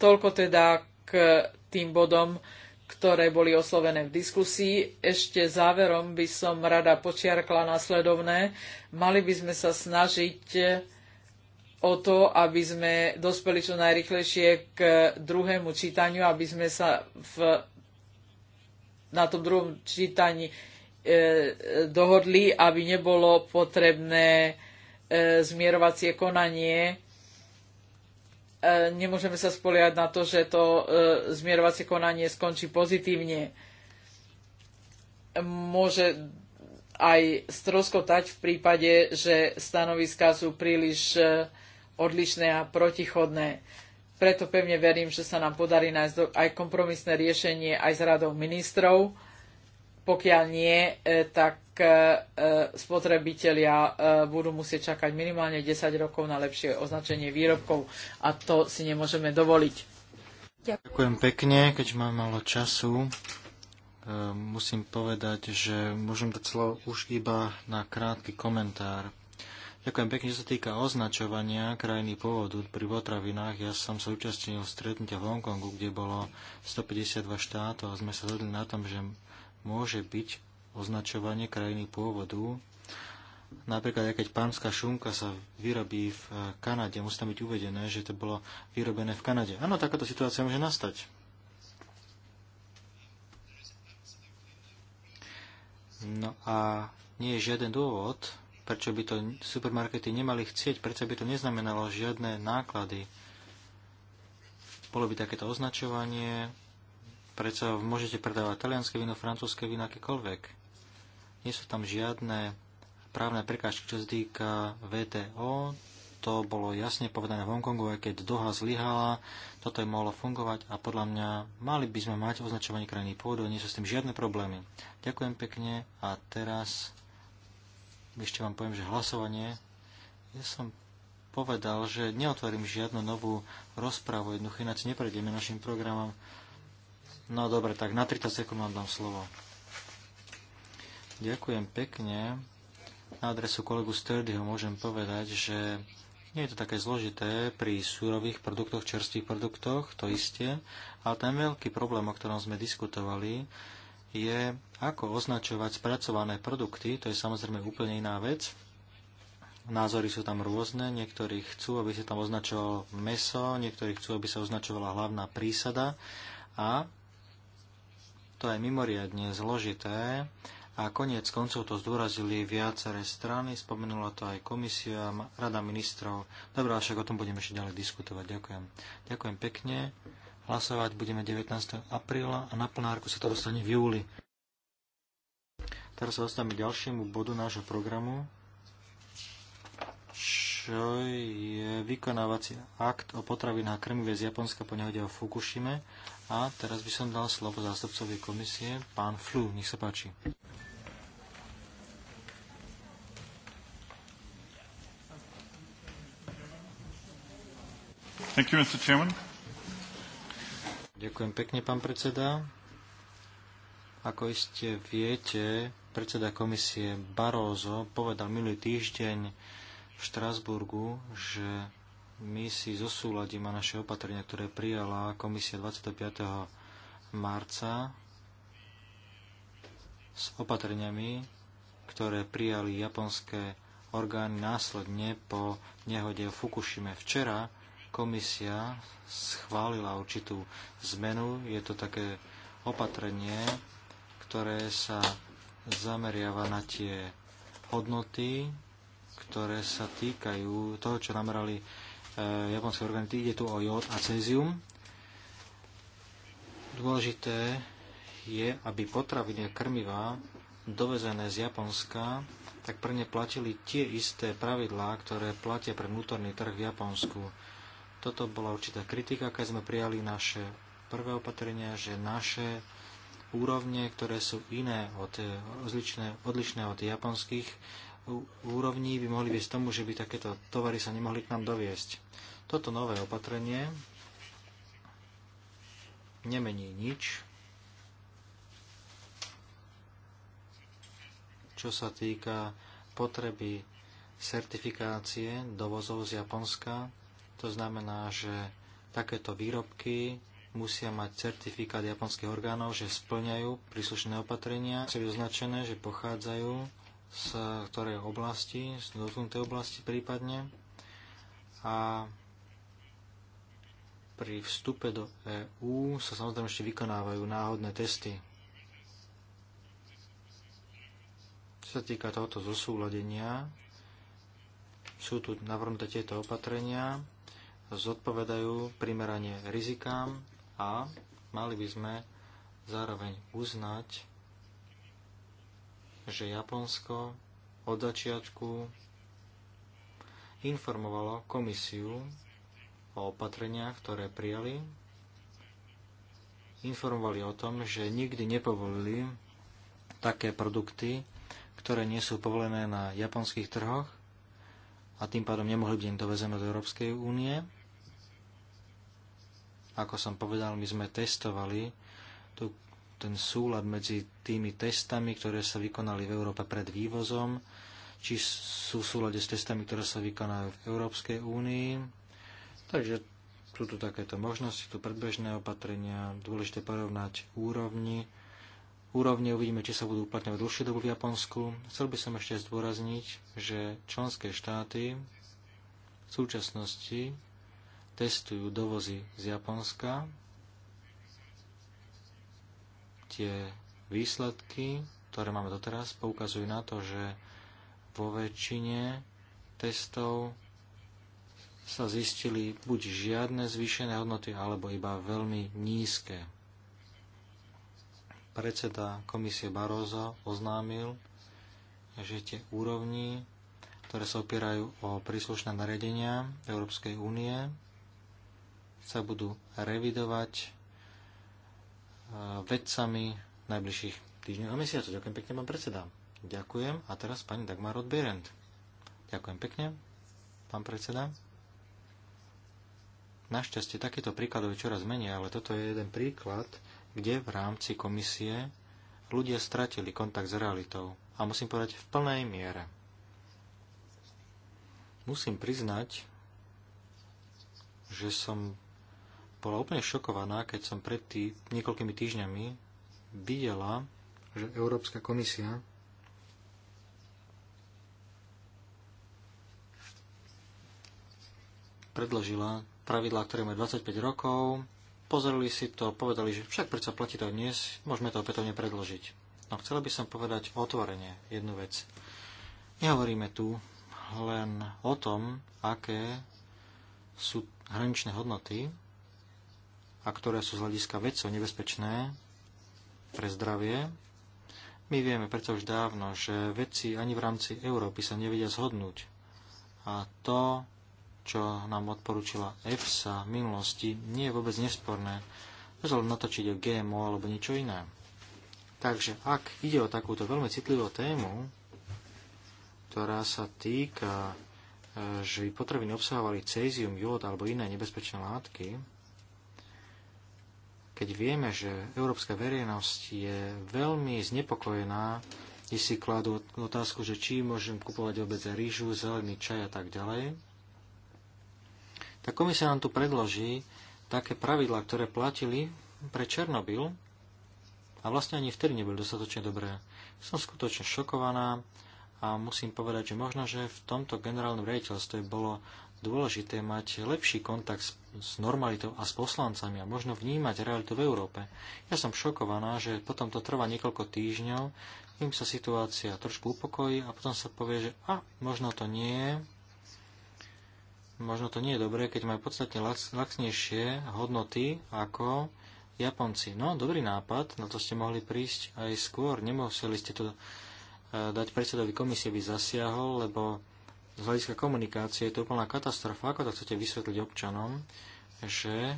S1: Toľko teda k tým bodom, ktoré boli oslovené v diskusii. Ešte záverom by som rada počiarkla následovné. Mali by sme sa snažiť o to, aby sme dospeli čo najrychlejšie k druhému čítaniu, aby sme sa v na tom druhom čítaní e, dohodli, aby nebolo potrebné e, zmierovacie konanie. E, nemôžeme sa spoliať na to, že to zmierovacie konanie skončí pozitívne. Môže aj stroskotať v prípade, že stanoviská sú príliš odlišné a protichodné. Preto pevne verím, že sa nám podarí nájsť aj kompromisné riešenie aj s radou ministrov. Pokiaľ nie, e, tak e, e, spotrebitelia budú musieť čakať minimálne 10 rokov na lepšie označenie výrobkov a to si nemôžeme dovoliť.
S3: Ďakujem pekne, keď mám malo času. Musím povedať, že môžem dať slovo už iba na krátky komentár Ďakujem pekne, čo sa týka označovania krajiny pôvodu pri potravinách. Ja som sa účastnil v stretnutia v Hongkongu, kde bolo 152 štátov a sme sa zhodli na tom, že môže byť označovanie krajiny pôvodu. Napríklad, aj keď pánska šunka sa vyrobí v eh, Kanade, musí tam byť uvedené, že to bolo vyrobené v Kanade. Áno, takáto situácia môže nastať. No a nie je žiaden dôvod, prečo by to supermarkety nemali chcieť, prečo by to neznamenalo žiadne náklady. Bolo by takéto označovanie, prečo môžete predávať talianské víno, francúzske víno, akékoľvek. Nie sú tam žiadne právne prekážky, čo sa týka VTO. To bolo jasne povedané v Hongkongu, aj keď Doha zlyhala, toto je mohlo fungovať a podľa mňa mali by sme mať označovanie krajiny pôdu, nie sú s tým žiadne problémy. Ďakujem pekne a teraz ešte vám poviem, že hlasovanie, ja som povedal, že neotvorím žiadnu novú rozprávu, jednoducho ináč neprejdeme našim programom. No dobre, tak na 30 sekúnd vám dám slovo. Ďakujem pekne. Na adresu kolegu Sturdyho môžem povedať, že nie je to také zložité pri súrových produktoch, čerstvých produktoch, to isté, ale ten veľký problém, o ktorom sme diskutovali, je, ako označovať spracované produkty. To je samozrejme úplne iná vec. Názory sú tam rôzne. Niektorí chcú, aby sa tam označovalo meso, niektorí chcú, aby sa označovala hlavná prísada. A to je mimoriadne zložité. A koniec koncov to zdôrazili viaceré strany, spomenula to aj komisia, rada ministrov. Dobre, však o tom budeme ešte ďalej diskutovať. Ďakujem. Ďakujem pekne. Hlasovať budeme 19. apríla a na plnárku sa to dostane v júli. Teraz sa dostaneme k ďalšiemu bodu nášho programu, čo je vykonávací akt o potravinách krmive z Japonska po nehode o Fukushime. A teraz by som dal slovo zástupcovi komisie, pán Flu, nech sa páči.
S1: Thank you, Mr. Chairman.
S3: Ďakujem pekne, pán predseda. Ako iste viete, predseda komisie Barózo povedal minulý týždeň v Štrasburgu, že my si zosúladíme naše opatrenia, ktoré prijala komisia 25. marca s opatreniami, ktoré prijali japonské orgány následne po nehode v Fukushime. Včera komisia schválila určitú zmenu. Je to také opatrenie, ktoré sa zameriava na tie hodnoty, ktoré sa týkajú toho, čo namerali e, japonské orgány. Ide tu o jód a cezium. Dôležité je, aby potraviny a krmivá dovezené z Japonska, tak pre ne platili tie isté pravidlá, ktoré platia pre vnútorný trh v Japonsku. Toto bola určitá kritika, keď sme prijali naše prvé opatrenia, že naše úrovne, ktoré sú iné od, odlišné, odlišné od japonských úrovní, by mohli viesť tomu, že by takéto tovary sa nemohli k nám doviesť. Toto nové opatrenie nemení nič, čo sa týka potreby certifikácie dovozov z Japonska to znamená, že takéto výrobky musia mať certifikát japonských orgánov, že splňajú príslušné opatrenia, sú označené, že pochádzajú z ktorej oblasti, z dotknutej oblasti prípadne. A pri vstupe do EÚ sa samozrejme ešte vykonávajú náhodné testy. Čo sa týka tohoto zosúladenia, sú tu navrhnuté tieto opatrenia zodpovedajú primeranie rizikám a mali by sme zároveň uznať, že Japonsko od začiatku informovalo komisiu o opatreniach, ktoré prijali. Informovali o tom, že nikdy nepovolili také produkty, ktoré nie sú povolené na japonských trhoch a tým pádom nemohli byť dovezené do Európskej únie. Ako som povedal, my sme testovali tu, ten súlad medzi tými testami, ktoré sa vykonali v Európe pred vývozom, či sú v súlade s testami, ktoré sa vykonajú v Európskej únii. Takže sú tu takéto možnosti, tu predbežné opatrenia, dôležité porovnať úrovni. Úrovne uvidíme, či sa budú uplatňovať dlhšie dobu v Japonsku. Chcel by som ešte zdôrazniť, že členské štáty v súčasnosti testujú dovozy z Japonska. Tie výsledky, ktoré máme doteraz, poukazujú na to, že vo väčšine testov sa zistili buď žiadne zvýšené hodnoty, alebo iba veľmi nízke. Predseda komisie Barroso oznámil, že tie úrovni, ktoré sa opierajú o príslušné nariadenia Európskej únie, sa budú revidovať e, vedcami najbližších týždňov a mesiacov. Ďakujem pekne, pán predseda. Ďakujem. A teraz pani Dagmar Odbierend. Ďakujem pekne, pán predseda. Našťastie takéto príkladov je čoraz menej, ale toto je jeden príklad, kde v rámci komisie ľudia stratili kontakt s realitou. A musím povedať v plnej miere. Musím priznať, že som bola úplne šokovaná, keď som pred tý, niekoľkými týždňami videla, že Európska komisia predložila pravidlá, ktoré majú 25 rokov. Pozreli si to, povedali, že však prečo platí to dnes, môžeme to opätovne predložiť. No chcela by som povedať otvorene jednu vec. Nehovoríme tu len o tom, aké sú hraničné hodnoty a ktoré sú z hľadiska vedcov nebezpečné pre zdravie. My vieme preto už dávno, že vedci ani v rámci Európy sa nevedia zhodnúť. A to, čo nám odporúčila EFSA v minulosti, nie je vôbec nesporné, vzhľadom natočiť o GMO alebo niečo iné. Takže ak ide o takúto veľmi citlivú tému, ktorá sa týka, eh, že by potraviny obsahovali cézium, jód alebo iné nebezpečné látky, keď vieme, že európska verejnosť je veľmi znepokojená, kde si kladú otázku, že či môžem kupovať obec rýžu, zelený čaj a tak ďalej, tak komisia nám tu predloží také pravidlá, ktoré platili pre Černobyl a vlastne ani vtedy neboli dostatočne dobré. Som skutočne šokovaná a musím povedať, že možno, že v tomto generálnom riaditeľstve bolo dôležité mať lepší kontakt s s normalitou a s poslancami a možno vnímať realitu v Európe. Ja som šokovaná, že potom to trvá niekoľko týždňov, im sa situácia trošku upokojí a potom sa povie, že a, možno to nie je, možno to nie je dobré, keď majú podstatne laxnejšie hodnoty ako Japonci. No, dobrý nápad, na to ste mohli prísť aj skôr, nemuseli ste to eh, dať predsedovi komisie, by zasiahol, lebo z hľadiska komunikácie je to úplná katastrofa. Ako to chcete vysvetliť občanom, že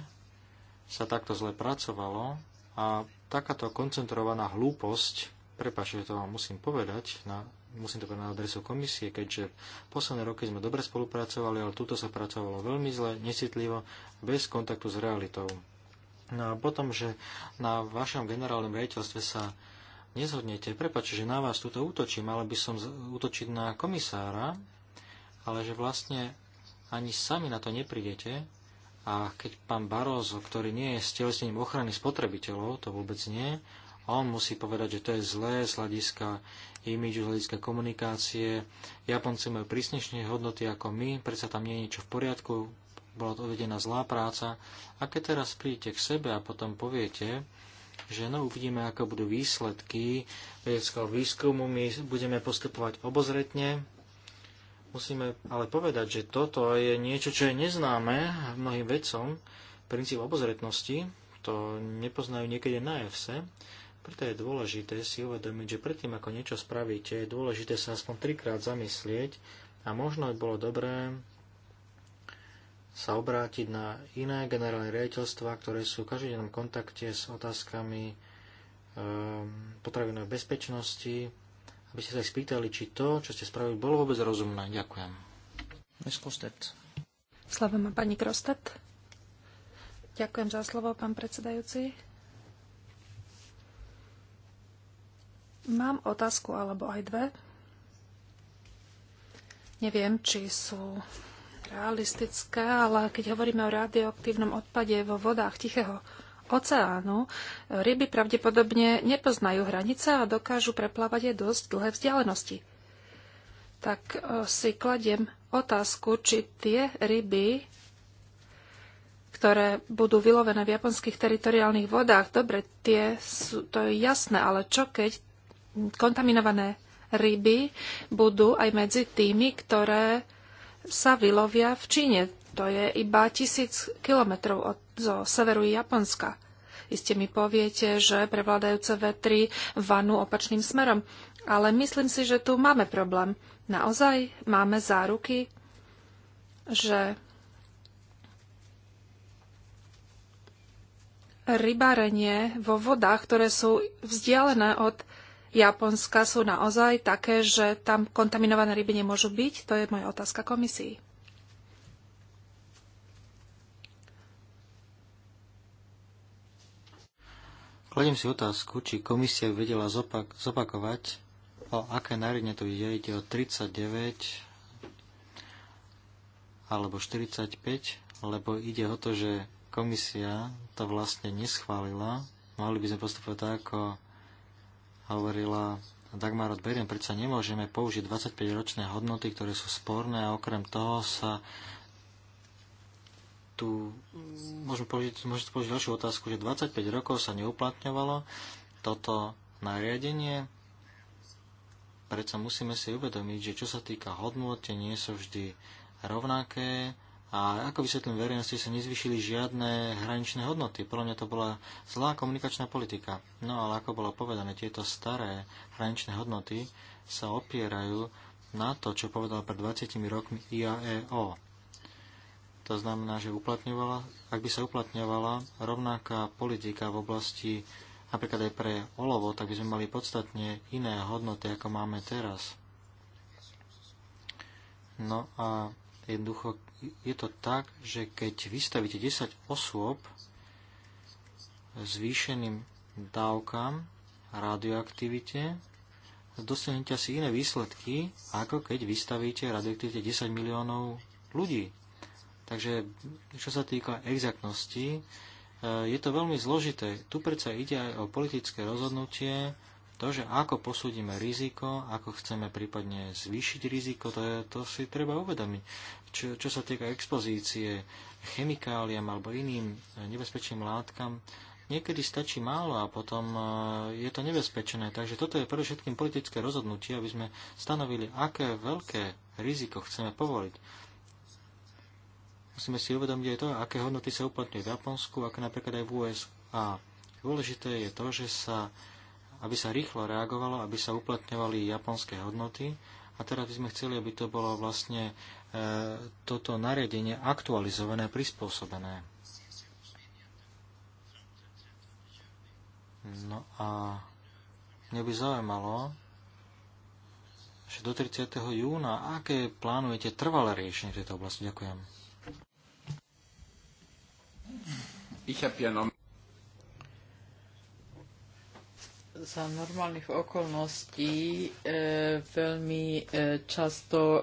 S3: sa takto zle pracovalo a takáto koncentrovaná hlúposť, prepáč, že to vám musím povedať, na, musím to povedať na adresu komisie, keďže posledné roky sme dobre spolupracovali, ale túto sa pracovalo veľmi zle, necitlivo, bez kontaktu s realitou. No a potom, že na vašom generálnom riaditeľstve sa nezhodnete, prepáčte, že na vás túto útočím, ale by som útočiť na komisára, ale že vlastne ani sami na to neprídete. A keď pán Barozo, ktorý nie je stelesnením ochrany spotrebiteľov, to vôbec nie, on musí povedať, že to je zlé z hľadiska imidžu, z hľadiska komunikácie. Japonci majú prísnejšie hodnoty ako my, predsa tam nie je niečo v poriadku, bola to odvedená zlá práca. A keď teraz prídete k sebe a potom poviete, že no uvidíme, ako budú výsledky vedeckého výskumu, my budeme postupovať obozretne, Musíme ale povedať, že toto je niečo, čo je neznáme mnohým vedcom. Princíp obozretnosti, to nepoznajú niekedy na EFSE, preto je dôležité si uvedomiť, že predtým, ako niečo spravíte, je dôležité sa aspoň trikrát zamyslieť a možno by bolo dobré sa obrátiť na iné generálne riaditeľstva, ktoré sú v každodennom kontakte s otázkami ehm, potravinovej bezpečnosti, aby ste sa spýtali, či to, čo ste spravili, bolo vôbec rozumné. Ďakujem.
S2: Slava má pani Krostet. Ďakujem za slovo, pán predsedajúci. Mám otázku alebo aj dve. Neviem, či sú realistické, ale keď hovoríme o radioaktívnom odpade vo vodách Tichého oceánu, ryby pravdepodobne nepoznajú hranice a dokážu preplávať aj dosť dlhé vzdialenosti. Tak e, si kladiem otázku, či tie ryby, ktoré budú vylovené v japonských teritoriálnych vodách, dobre, tie sú, to je jasné, ale čo keď kontaminované ryby budú aj medzi tými, ktoré sa vylovia v Číne. To je iba tisíc kilometrov od, zo severu Japonska. Iste mi poviete, že prevládajúce vetry vanú opačným smerom. Ale myslím si, že tu máme problém. Naozaj máme záruky, že rybárenie vo vodách, ktoré sú vzdialené od Japonska, sú naozaj také, že tam kontaminované ryby nemôžu byť? To je moja otázka komisii.
S3: Kladím si otázku, či komisia vedela zopak- zopakovať, o aké nariadenie tu ide. Ide o 39 alebo 45, lebo ide o to, že komisia to vlastne neschválila. Mali by sme postupovať tak, ako hovorila Dagmar od predsa nemôžeme použiť 25-ročné hodnoty, ktoré sú sporné a okrem toho sa tu môžem položiť, môžete položiť ďalšiu otázku, že 25 rokov sa neuplatňovalo toto nariadenie, predsa musíme si uvedomiť, že čo sa týka hodnoty, nie sú vždy rovnaké a ako vysvetlím verejnosti, sa nezvyšili žiadne hraničné hodnoty. Podľa mňa to bola zlá komunikačná politika. No ale ako bolo povedané, tieto staré hraničné hodnoty sa opierajú na to, čo povedal pred 20 rokmi IAEO. To znamená, že uplatňovala, ak by sa uplatňovala rovnaká politika v oblasti napríklad aj pre olovo, tak by sme mali podstatne iné hodnoty, ako máme teraz. No a jednoducho je to tak, že keď vystavíte 10 osôb zvýšeným dávkam radioaktivite, dosiahnete asi iné výsledky, ako keď vystavíte radioaktivite 10 miliónov ľudí. Takže čo sa týka exaktnosti, e, je to veľmi zložité. Tu predsa ide aj o politické rozhodnutie, to, že ako posúdime riziko, ako chceme prípadne zvýšiť riziko, to, je, to si treba uvedomiť. Čo, čo sa týka expozície chemikáliam alebo iným nebezpečným látkam, niekedy stačí málo a potom e, je to nebezpečné. Takže toto je všetkým politické rozhodnutie, aby sme stanovili, aké veľké riziko chceme povoliť. Musíme si uvedomiť aj to, aké hodnoty sa uplatňujú v Japonsku, ako napríklad aj v USA. Dôležité je to, že sa, aby sa rýchlo reagovalo, aby sa uplatňovali japonské hodnoty a teraz by sme chceli, aby to bolo vlastne e, toto nariadenie aktualizované, prispôsobené. No a mňa by zaujímalo, že do 30. júna, aké plánujete trvalé riešenie v tejto oblasti? Ďakujem.
S1: za normálnych okolností e, veľmi e, často e,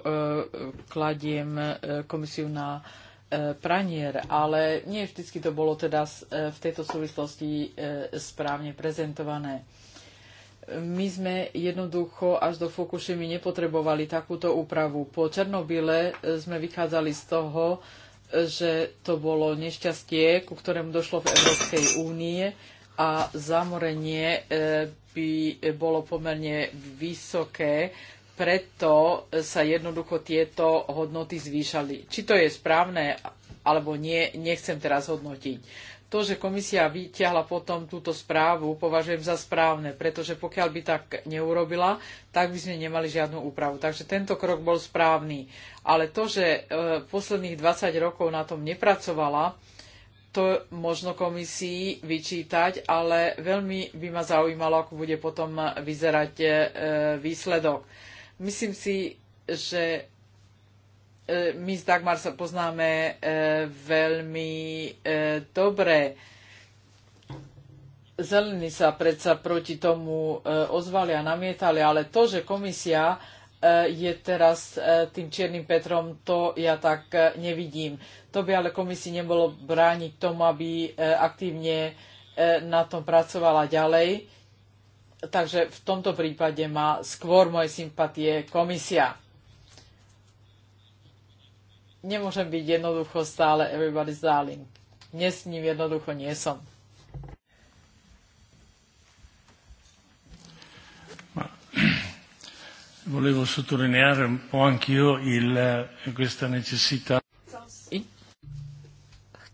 S1: kladiem e, komisiu na e, pranier, ale nie vždy to bolo teda s, e, v tejto súvislosti e, správne prezentované. My sme jednoducho až do Fukushimy nepotrebovali takúto úpravu. Po Černobyle e, sme vychádzali z toho, že to bolo nešťastie, ku ktorému došlo v Európskej únie a zamorenie e, by bolo pomerne vysoké, preto sa jednoducho tieto hodnoty zvýšali. Či to je správne alebo nie, nechcem teraz hodnotiť to, že komisia vyťahla potom túto správu, považujem za správne, pretože pokiaľ by tak neurobila, tak by sme nemali žiadnu úpravu. Takže tento krok bol správny. Ale to, že e, posledných 20 rokov na tom nepracovala, to možno komisii vyčítať, ale veľmi by ma zaujímalo, ako bude potom vyzerať e, e, výsledok. Myslím si, že E, my s Dagmar sa poznáme e, veľmi e, dobre. Zelení sa predsa proti tomu ozvali a namietali, ale to, že komisia je teraz tým Čiernym Petrom, to ja tak nevidím. To by ale komisii nebolo brániť tomu, aby aktívne na tom pracovala ďalej. Takže v tomto prípade má skôr moje sympatie komisia nemôžem byť jednoducho stále everybody's darling. Dnes s ním jednoducho nie som.
S3: Volevo sottolineare un po' anch'io il, eh, questa necessità.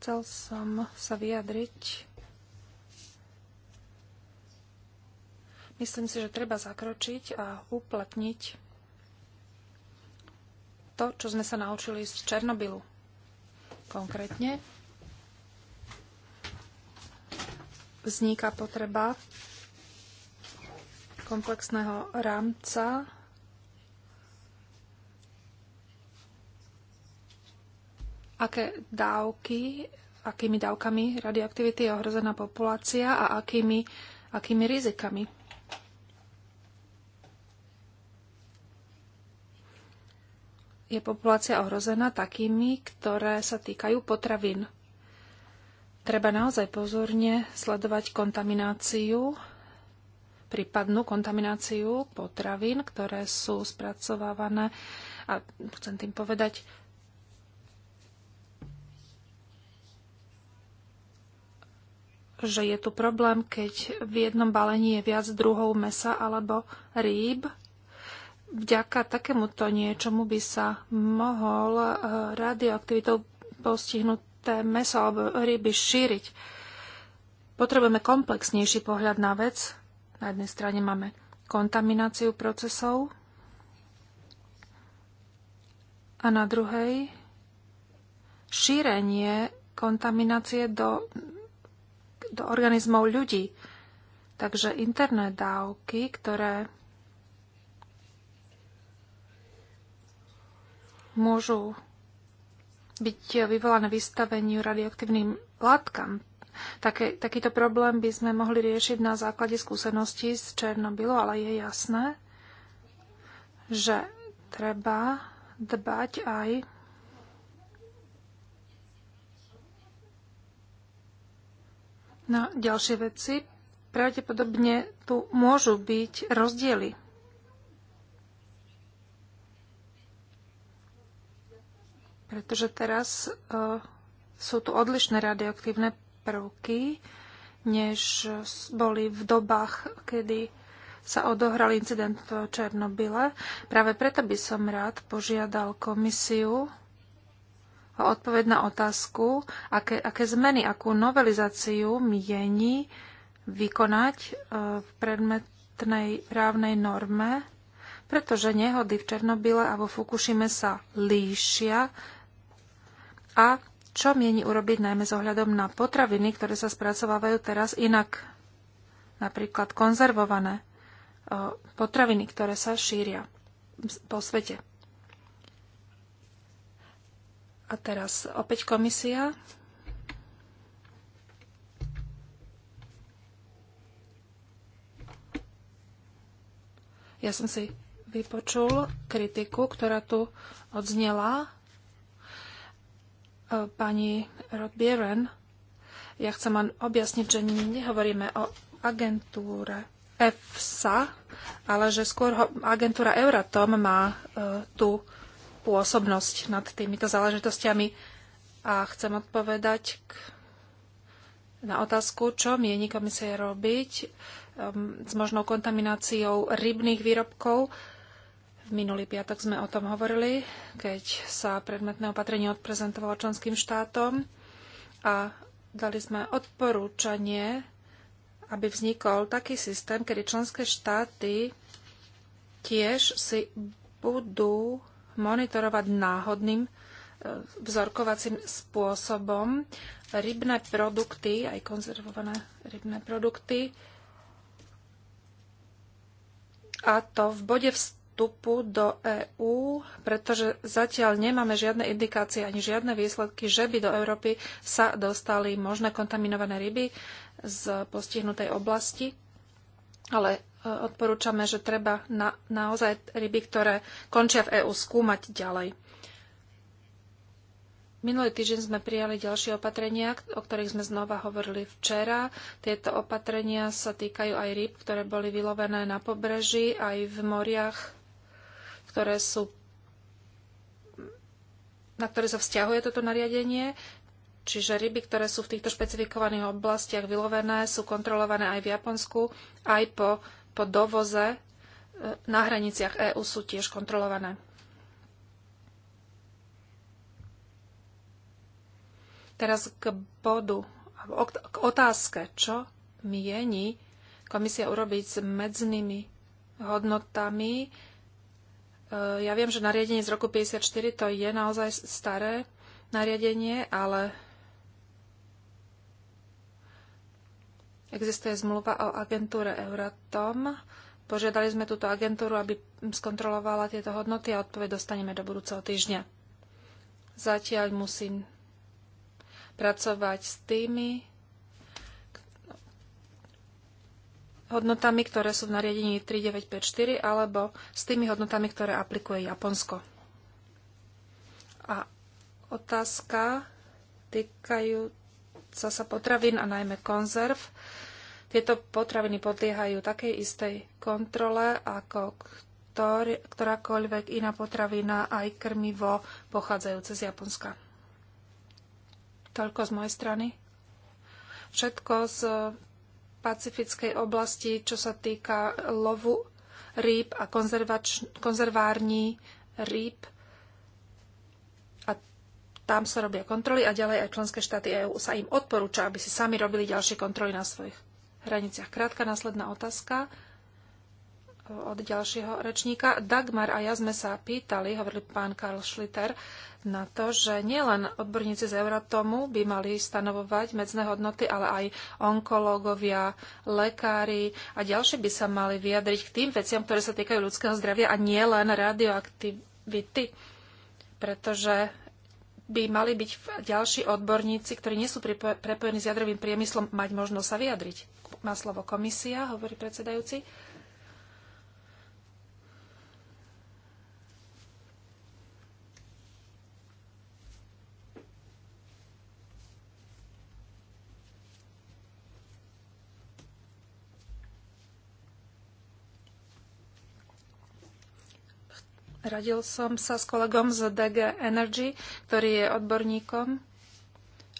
S2: Chcel som sa vyjadriť. Myslím si, že treba zakročiť a uplatniť to, čo sme sa naučili z Černobylu. Konkrétne vzniká potreba komplexného rámca aké dávky, akými dávkami radioaktivity je ohrozená populácia a akými, akými rizikami. je populácia ohrozená takými, ktoré sa týkajú potravín. Treba naozaj pozorne sledovať kontamináciu, prípadnú kontamináciu potravín, ktoré sú spracovávané a chcem tým povedať, že je tu problém, keď v jednom balení je viac druhov mesa alebo rýb, vďaka takémuto niečomu by sa mohol eh, radioaktivitou postihnuté meso alebo ryby šíriť. Potrebujeme komplexnejší pohľad na vec. Na jednej strane máme kontamináciu procesov a na druhej šírenie kontaminácie do, do organizmov ľudí. Takže interné dávky, ktoré môžu byť vyvolané vystaveniu radioaktívnym látkam. Také, takýto problém by sme mohli riešiť na základe skúseností z Černobylu, ale je jasné, že treba dbať aj na ďalšie veci. Pravdepodobne tu môžu byť rozdiely pretože teraz uh, sú tu odlišné radioaktívne prvky, než boli v dobách, kedy sa odohral incident v Černobyle. Práve preto by som rád požiadal komisiu o odpoveď na otázku, aké, aké zmeny, akú novelizáciu mieni vykonať e, v predmetnej právnej norme, pretože nehody v Černobyle a vo Fukushime sa líšia a čo mieni urobiť najmä s ohľadom na potraviny, ktoré sa spracovávajú teraz inak, napríklad konzervované e, potraviny, ktoré sa šíria po svete. A teraz opäť komisia. Ja som si vypočul kritiku, ktorá tu odznela pani Rodbieren, ja chcem len objasniť, že nehovoríme o agentúre EFSA, ale že skôr agentúra Euratom má e, tú pôsobnosť nad týmito záležitostiami. A chcem odpovedať k, na otázku, čo mieni komisie robiť e, s možnou kontamináciou rybných výrobkov. E, Minulý piatok sme o tom hovorili, keď sa predmetné opatrenie odprezentovalo členským štátom a dali sme odporúčanie, aby vznikol taký systém, kedy členské štáty tiež si budú monitorovať náhodným e, vzorkovacím spôsobom rybné produkty, aj konzervované rybné produkty, a to v bode vstupu vstupu do EÚ, pretože zatiaľ nemáme žiadne indikácie ani žiadne výsledky, že by do Európy sa dostali možné kontaminované ryby z postihnutej oblasti. Ale e, odporúčame, že treba na, naozaj ryby, ktoré končia v EÚ, skúmať ďalej. Minulý týždeň sme prijali ďalšie opatrenia, o ktorých sme znova hovorili včera. Tieto opatrenia sa týkajú aj rýb, ktoré boli vylovené na pobreží, aj v moriach ktoré sú, na ktoré sa vzťahuje toto nariadenie. Čiže ryby, ktoré sú v týchto špecifikovaných oblastiach vylovené, sú kontrolované aj v Japonsku, aj po, po dovoze e, na hraniciach EÚ sú tiež kontrolované. Teraz k bodu, k otázke, čo mieni komisia urobiť s medznými hodnotami Eh, ja viem, že nariadenie z roku 54 to je naozaj staré nariadenie, ale existuje zmluva o agentúre Euratom. Požiadali sme túto agentúru, aby skontrolovala tieto hodnoty a odpoveď dostaneme do budúceho týždňa. Zatiaľ musím pracovať s tými hodnotami, ktoré sú v nariadení 3954 alebo s tými hodnotami, ktoré aplikuje Japonsko. A otázka týkajúca sa potravín a najmä konzerv. Tieto potraviny podliehajú takej istej kontrole ako ktorý, ktorákoľvek iná potravina aj krmivo pochádzajúce z Japonska. Toľko z mojej strany. Všetko z pacifickej oblasti, čo sa týka lovu rýb a konzervární rýb. A tam sa robia kontroly a ďalej aj členské štáty EÚ sa im odporúča, aby si sami robili ďalšie kontroly na svojich hraniciach. Krátka následná otázka od ďalšieho rečníka. Dagmar a ja sme sa pýtali, hovoril pán Karl Schlitter, na to, že nielen odborníci z Euratomu by mali stanovovať medzné hodnoty, ale aj onkológovia, lekári a ďalší by sa mali vyjadriť k tým veciam, ktoré sa týkajú ľudského zdravia a nielen radioaktivity. Pretože by mali byť ďalší odborníci, ktorí nie sú prepojení s jadrovým priemyslom, mať možnosť sa vyjadriť. Má slovo komisia, hovorí predsedajúci. Radil som sa s kolegom z DG Energy, ktorý je odborníkom.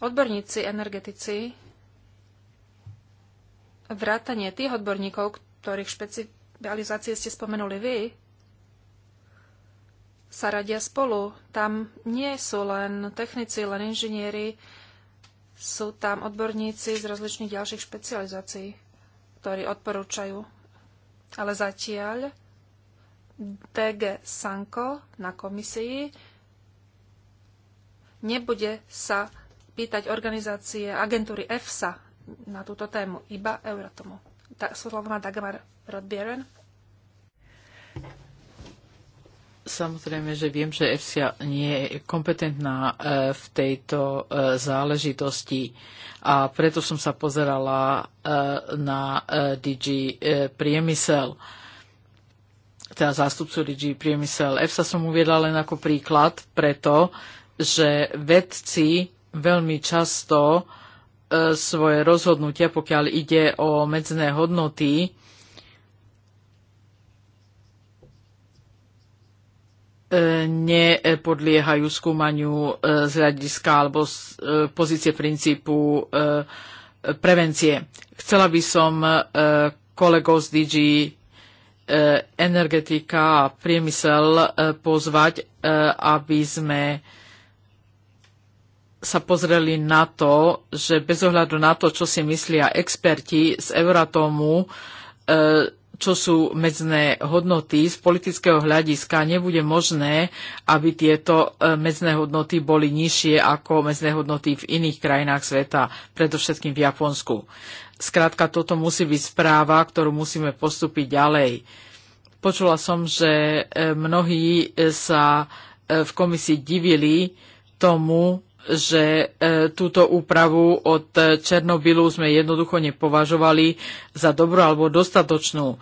S2: Odborníci energetici, vrátanie tých odborníkov, ktorých špecializácie ste spomenuli vy, sa radia spolu. Tam nie sú len technici, len inžinieri, sú tam odborníci z rozličných ďalších špecializácií, ktorí odporúčajú. Ale zatiaľ DG Sanko na komisii nebude sa pýtať organizácie agentúry EFSA na túto tému, iba Euratomu. Tak, slovo má Dagmar Rodbieren.
S1: Samozrejme, že viem, že EFSA nie je kompetentná e, v tejto e, záležitosti a preto som sa pozerala e, na DG Priemysel teda zástupcu DG Priemysel EFSA som uviedla len ako príklad, preto, že vedci veľmi často e, svoje rozhodnutia, pokiaľ ide o medzné hodnoty, e, nepodliehajú skúmaniu e, z hľadiska alebo z e, pozície princípu prevencie. Chcela by som kolegov z DG E, energetika a priemysel e, pozvať, e, aby sme sa pozreli na to, že bez ohľadu na to, čo si myslia experti z Euratomu, čo sú medzné hodnoty z politického hľadiska, nebude možné, aby tieto medzné hodnoty boli nižšie ako medzné hodnoty v iných krajinách sveta, predovšetkým v Japonsku. Skrátka, toto musí byť správa, ktorú musíme postúpiť ďalej. Počula som, že e, mnohí e, sa e, v komisii divili tomu, že túto úpravu od Černobylu sme jednoducho nepovažovali za dobrú alebo dostatočnú.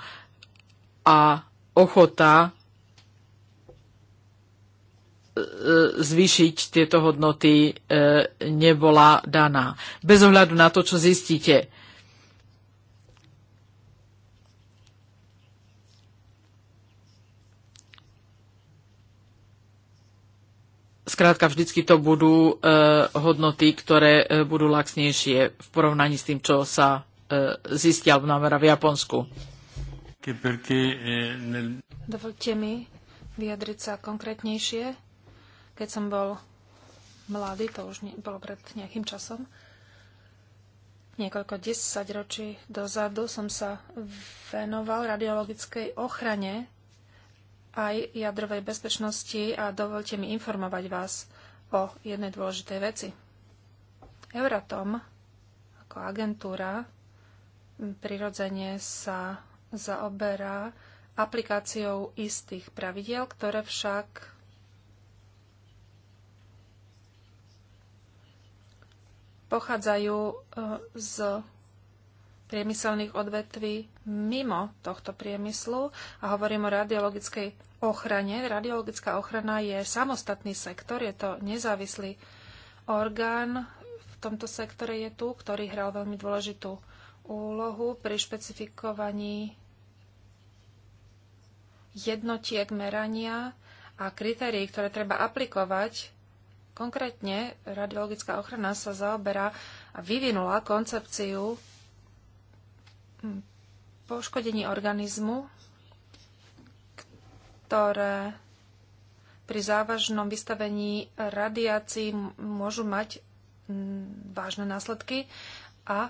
S1: A ochota zvýšiť tieto hodnoty nebola daná. Bez ohľadu na to, čo zistíte. Skrátka, vždycky to budú e, hodnoty, ktoré e, budú laxnejšie v porovnaní s tým, čo sa e, zistia v námera v Japonsku. Eh,
S2: Dovolte mi vyjadriť sa konkrétnejšie. Keď som bol mladý, to už bolo pred nejakým časom, niekoľko desaťročí dozadu som sa venoval radiologickej ochrane aj jadrovej bezpečnosti a dovolte mi informovať vás o jednej dôležitej veci. Euratom ako agentúra prirodzene sa zaoberá aplikáciou istých pravidiel, ktoré však pochádzajú e, z priemyselných odvetví mimo tohto priemyslu a hovorím o radiologickej ochrane. Radiologická ochrana je samostatný sektor, je to nezávislý orgán v tomto sektore je tu, ktorý hral veľmi dôležitú úlohu pri špecifikovaní jednotiek merania a kritérií, ktoré treba aplikovať. Konkrétne radiologická ochrana sa zaoberá a vyvinula koncepciu poškodení organizmu, ktoré pri závažnom vystavení radiácií môžu mať vážne následky a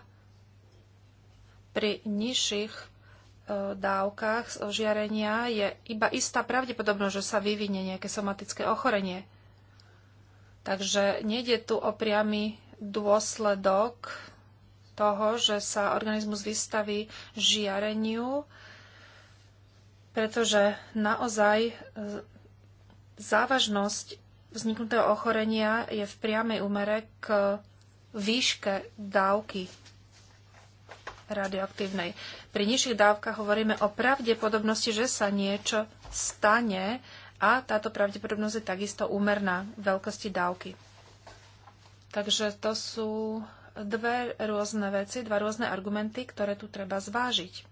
S2: pri nižších e, dávkach žiarenia je iba istá pravdepodobnosť, že sa vyvinie nejaké somatické ochorenie. Takže nejde tu o priamy dôsledok toho, že sa organizmus vystaví žiareniu, pretože naozaj e, závažnosť vzniknutého ochorenia je v priamej úmere k výške dávky radioaktívnej. Pri nižších dávkach hovoríme o pravdepodobnosti, že sa niečo stane a táto pravdepodobnosť je takisto úmerná veľkosti dávky. Takže to sú dve rôzne veci, dva rôzne argumenty, ktoré tu treba zvážiť.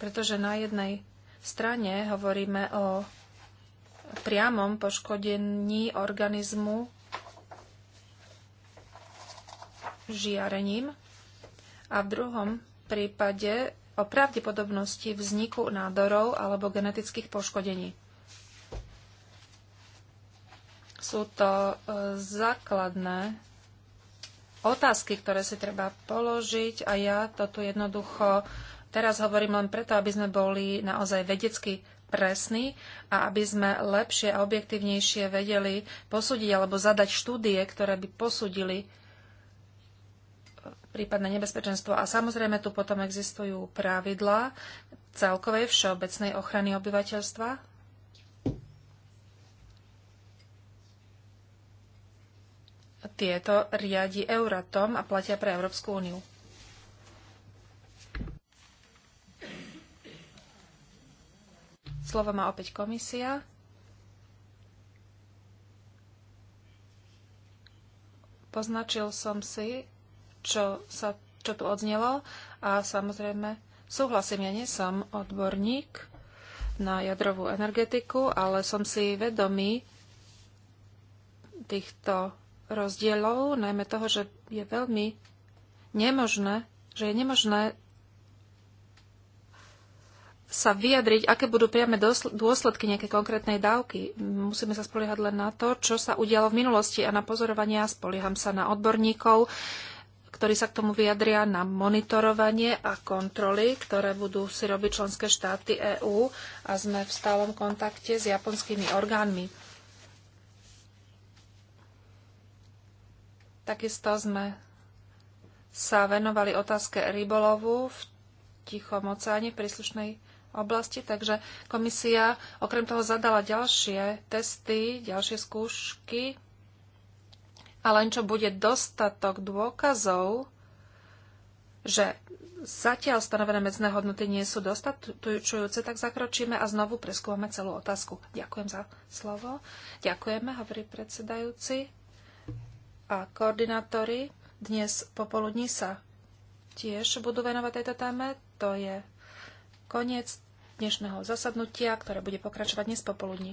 S2: Pretože na jednej strane hovoríme o priamom poškodení organizmu žiarením a v druhom prípade o pravdepodobnosti vzniku nádorov alebo genetických poškodení. Sú to e, základné otázky, ktoré si treba položiť a ja to tu jednoducho teraz hovorím len preto, aby sme boli naozaj vedecky presní a aby sme lepšie a objektívnejšie vedeli posúdiť alebo zadať štúdie, ktoré by posúdili eh, prípadné nebezpečenstvo. A samozrejme tu potom existujú pravidlá celkovej všeobecnej ochrany obyvateľstva, Tieto riadi Euratom a platia pre Európsku úniu. Slovo má opäť komisia. Poznačil som si, čo, sa, čo tu odznelo a samozrejme súhlasím, ja nie som odborník na jadrovú energetiku, ale som si vedomý týchto rozdielov, najmä toho, že je veľmi nemožné, že je nemožné sa vyjadriť, aké budú priame dôsledky nejakej konkrétnej dávky. Musíme sa spoliehať len na to, čo sa udialo v minulosti a na pozorovania. Spolieham sa na odborníkov, ktorí sa k tomu vyjadria, na monitorovanie a kontroly, ktoré budú si robiť členské štáty EÚ a sme v stálom kontakte s japonskými orgánmi. Takisto sme sa venovali otázke rybolovu v Tichom oceáne v príslušnej oblasti, takže komisia okrem toho zadala ďalšie testy, ďalšie skúšky a len čo bude dostatok dôkazov, že zatiaľ stanovené medzné hodnoty nie sú dostatujúce, tak zakročíme a znovu preskúvame celú otázku. Ďakujem za slovo. Ďakujeme, hovorí predsedajúci a koordinátori dnes popoludní sa tiež budú venovať tejto téme. To je koniec dnešného zasadnutia, ktoré bude pokračovať dnes popoludní.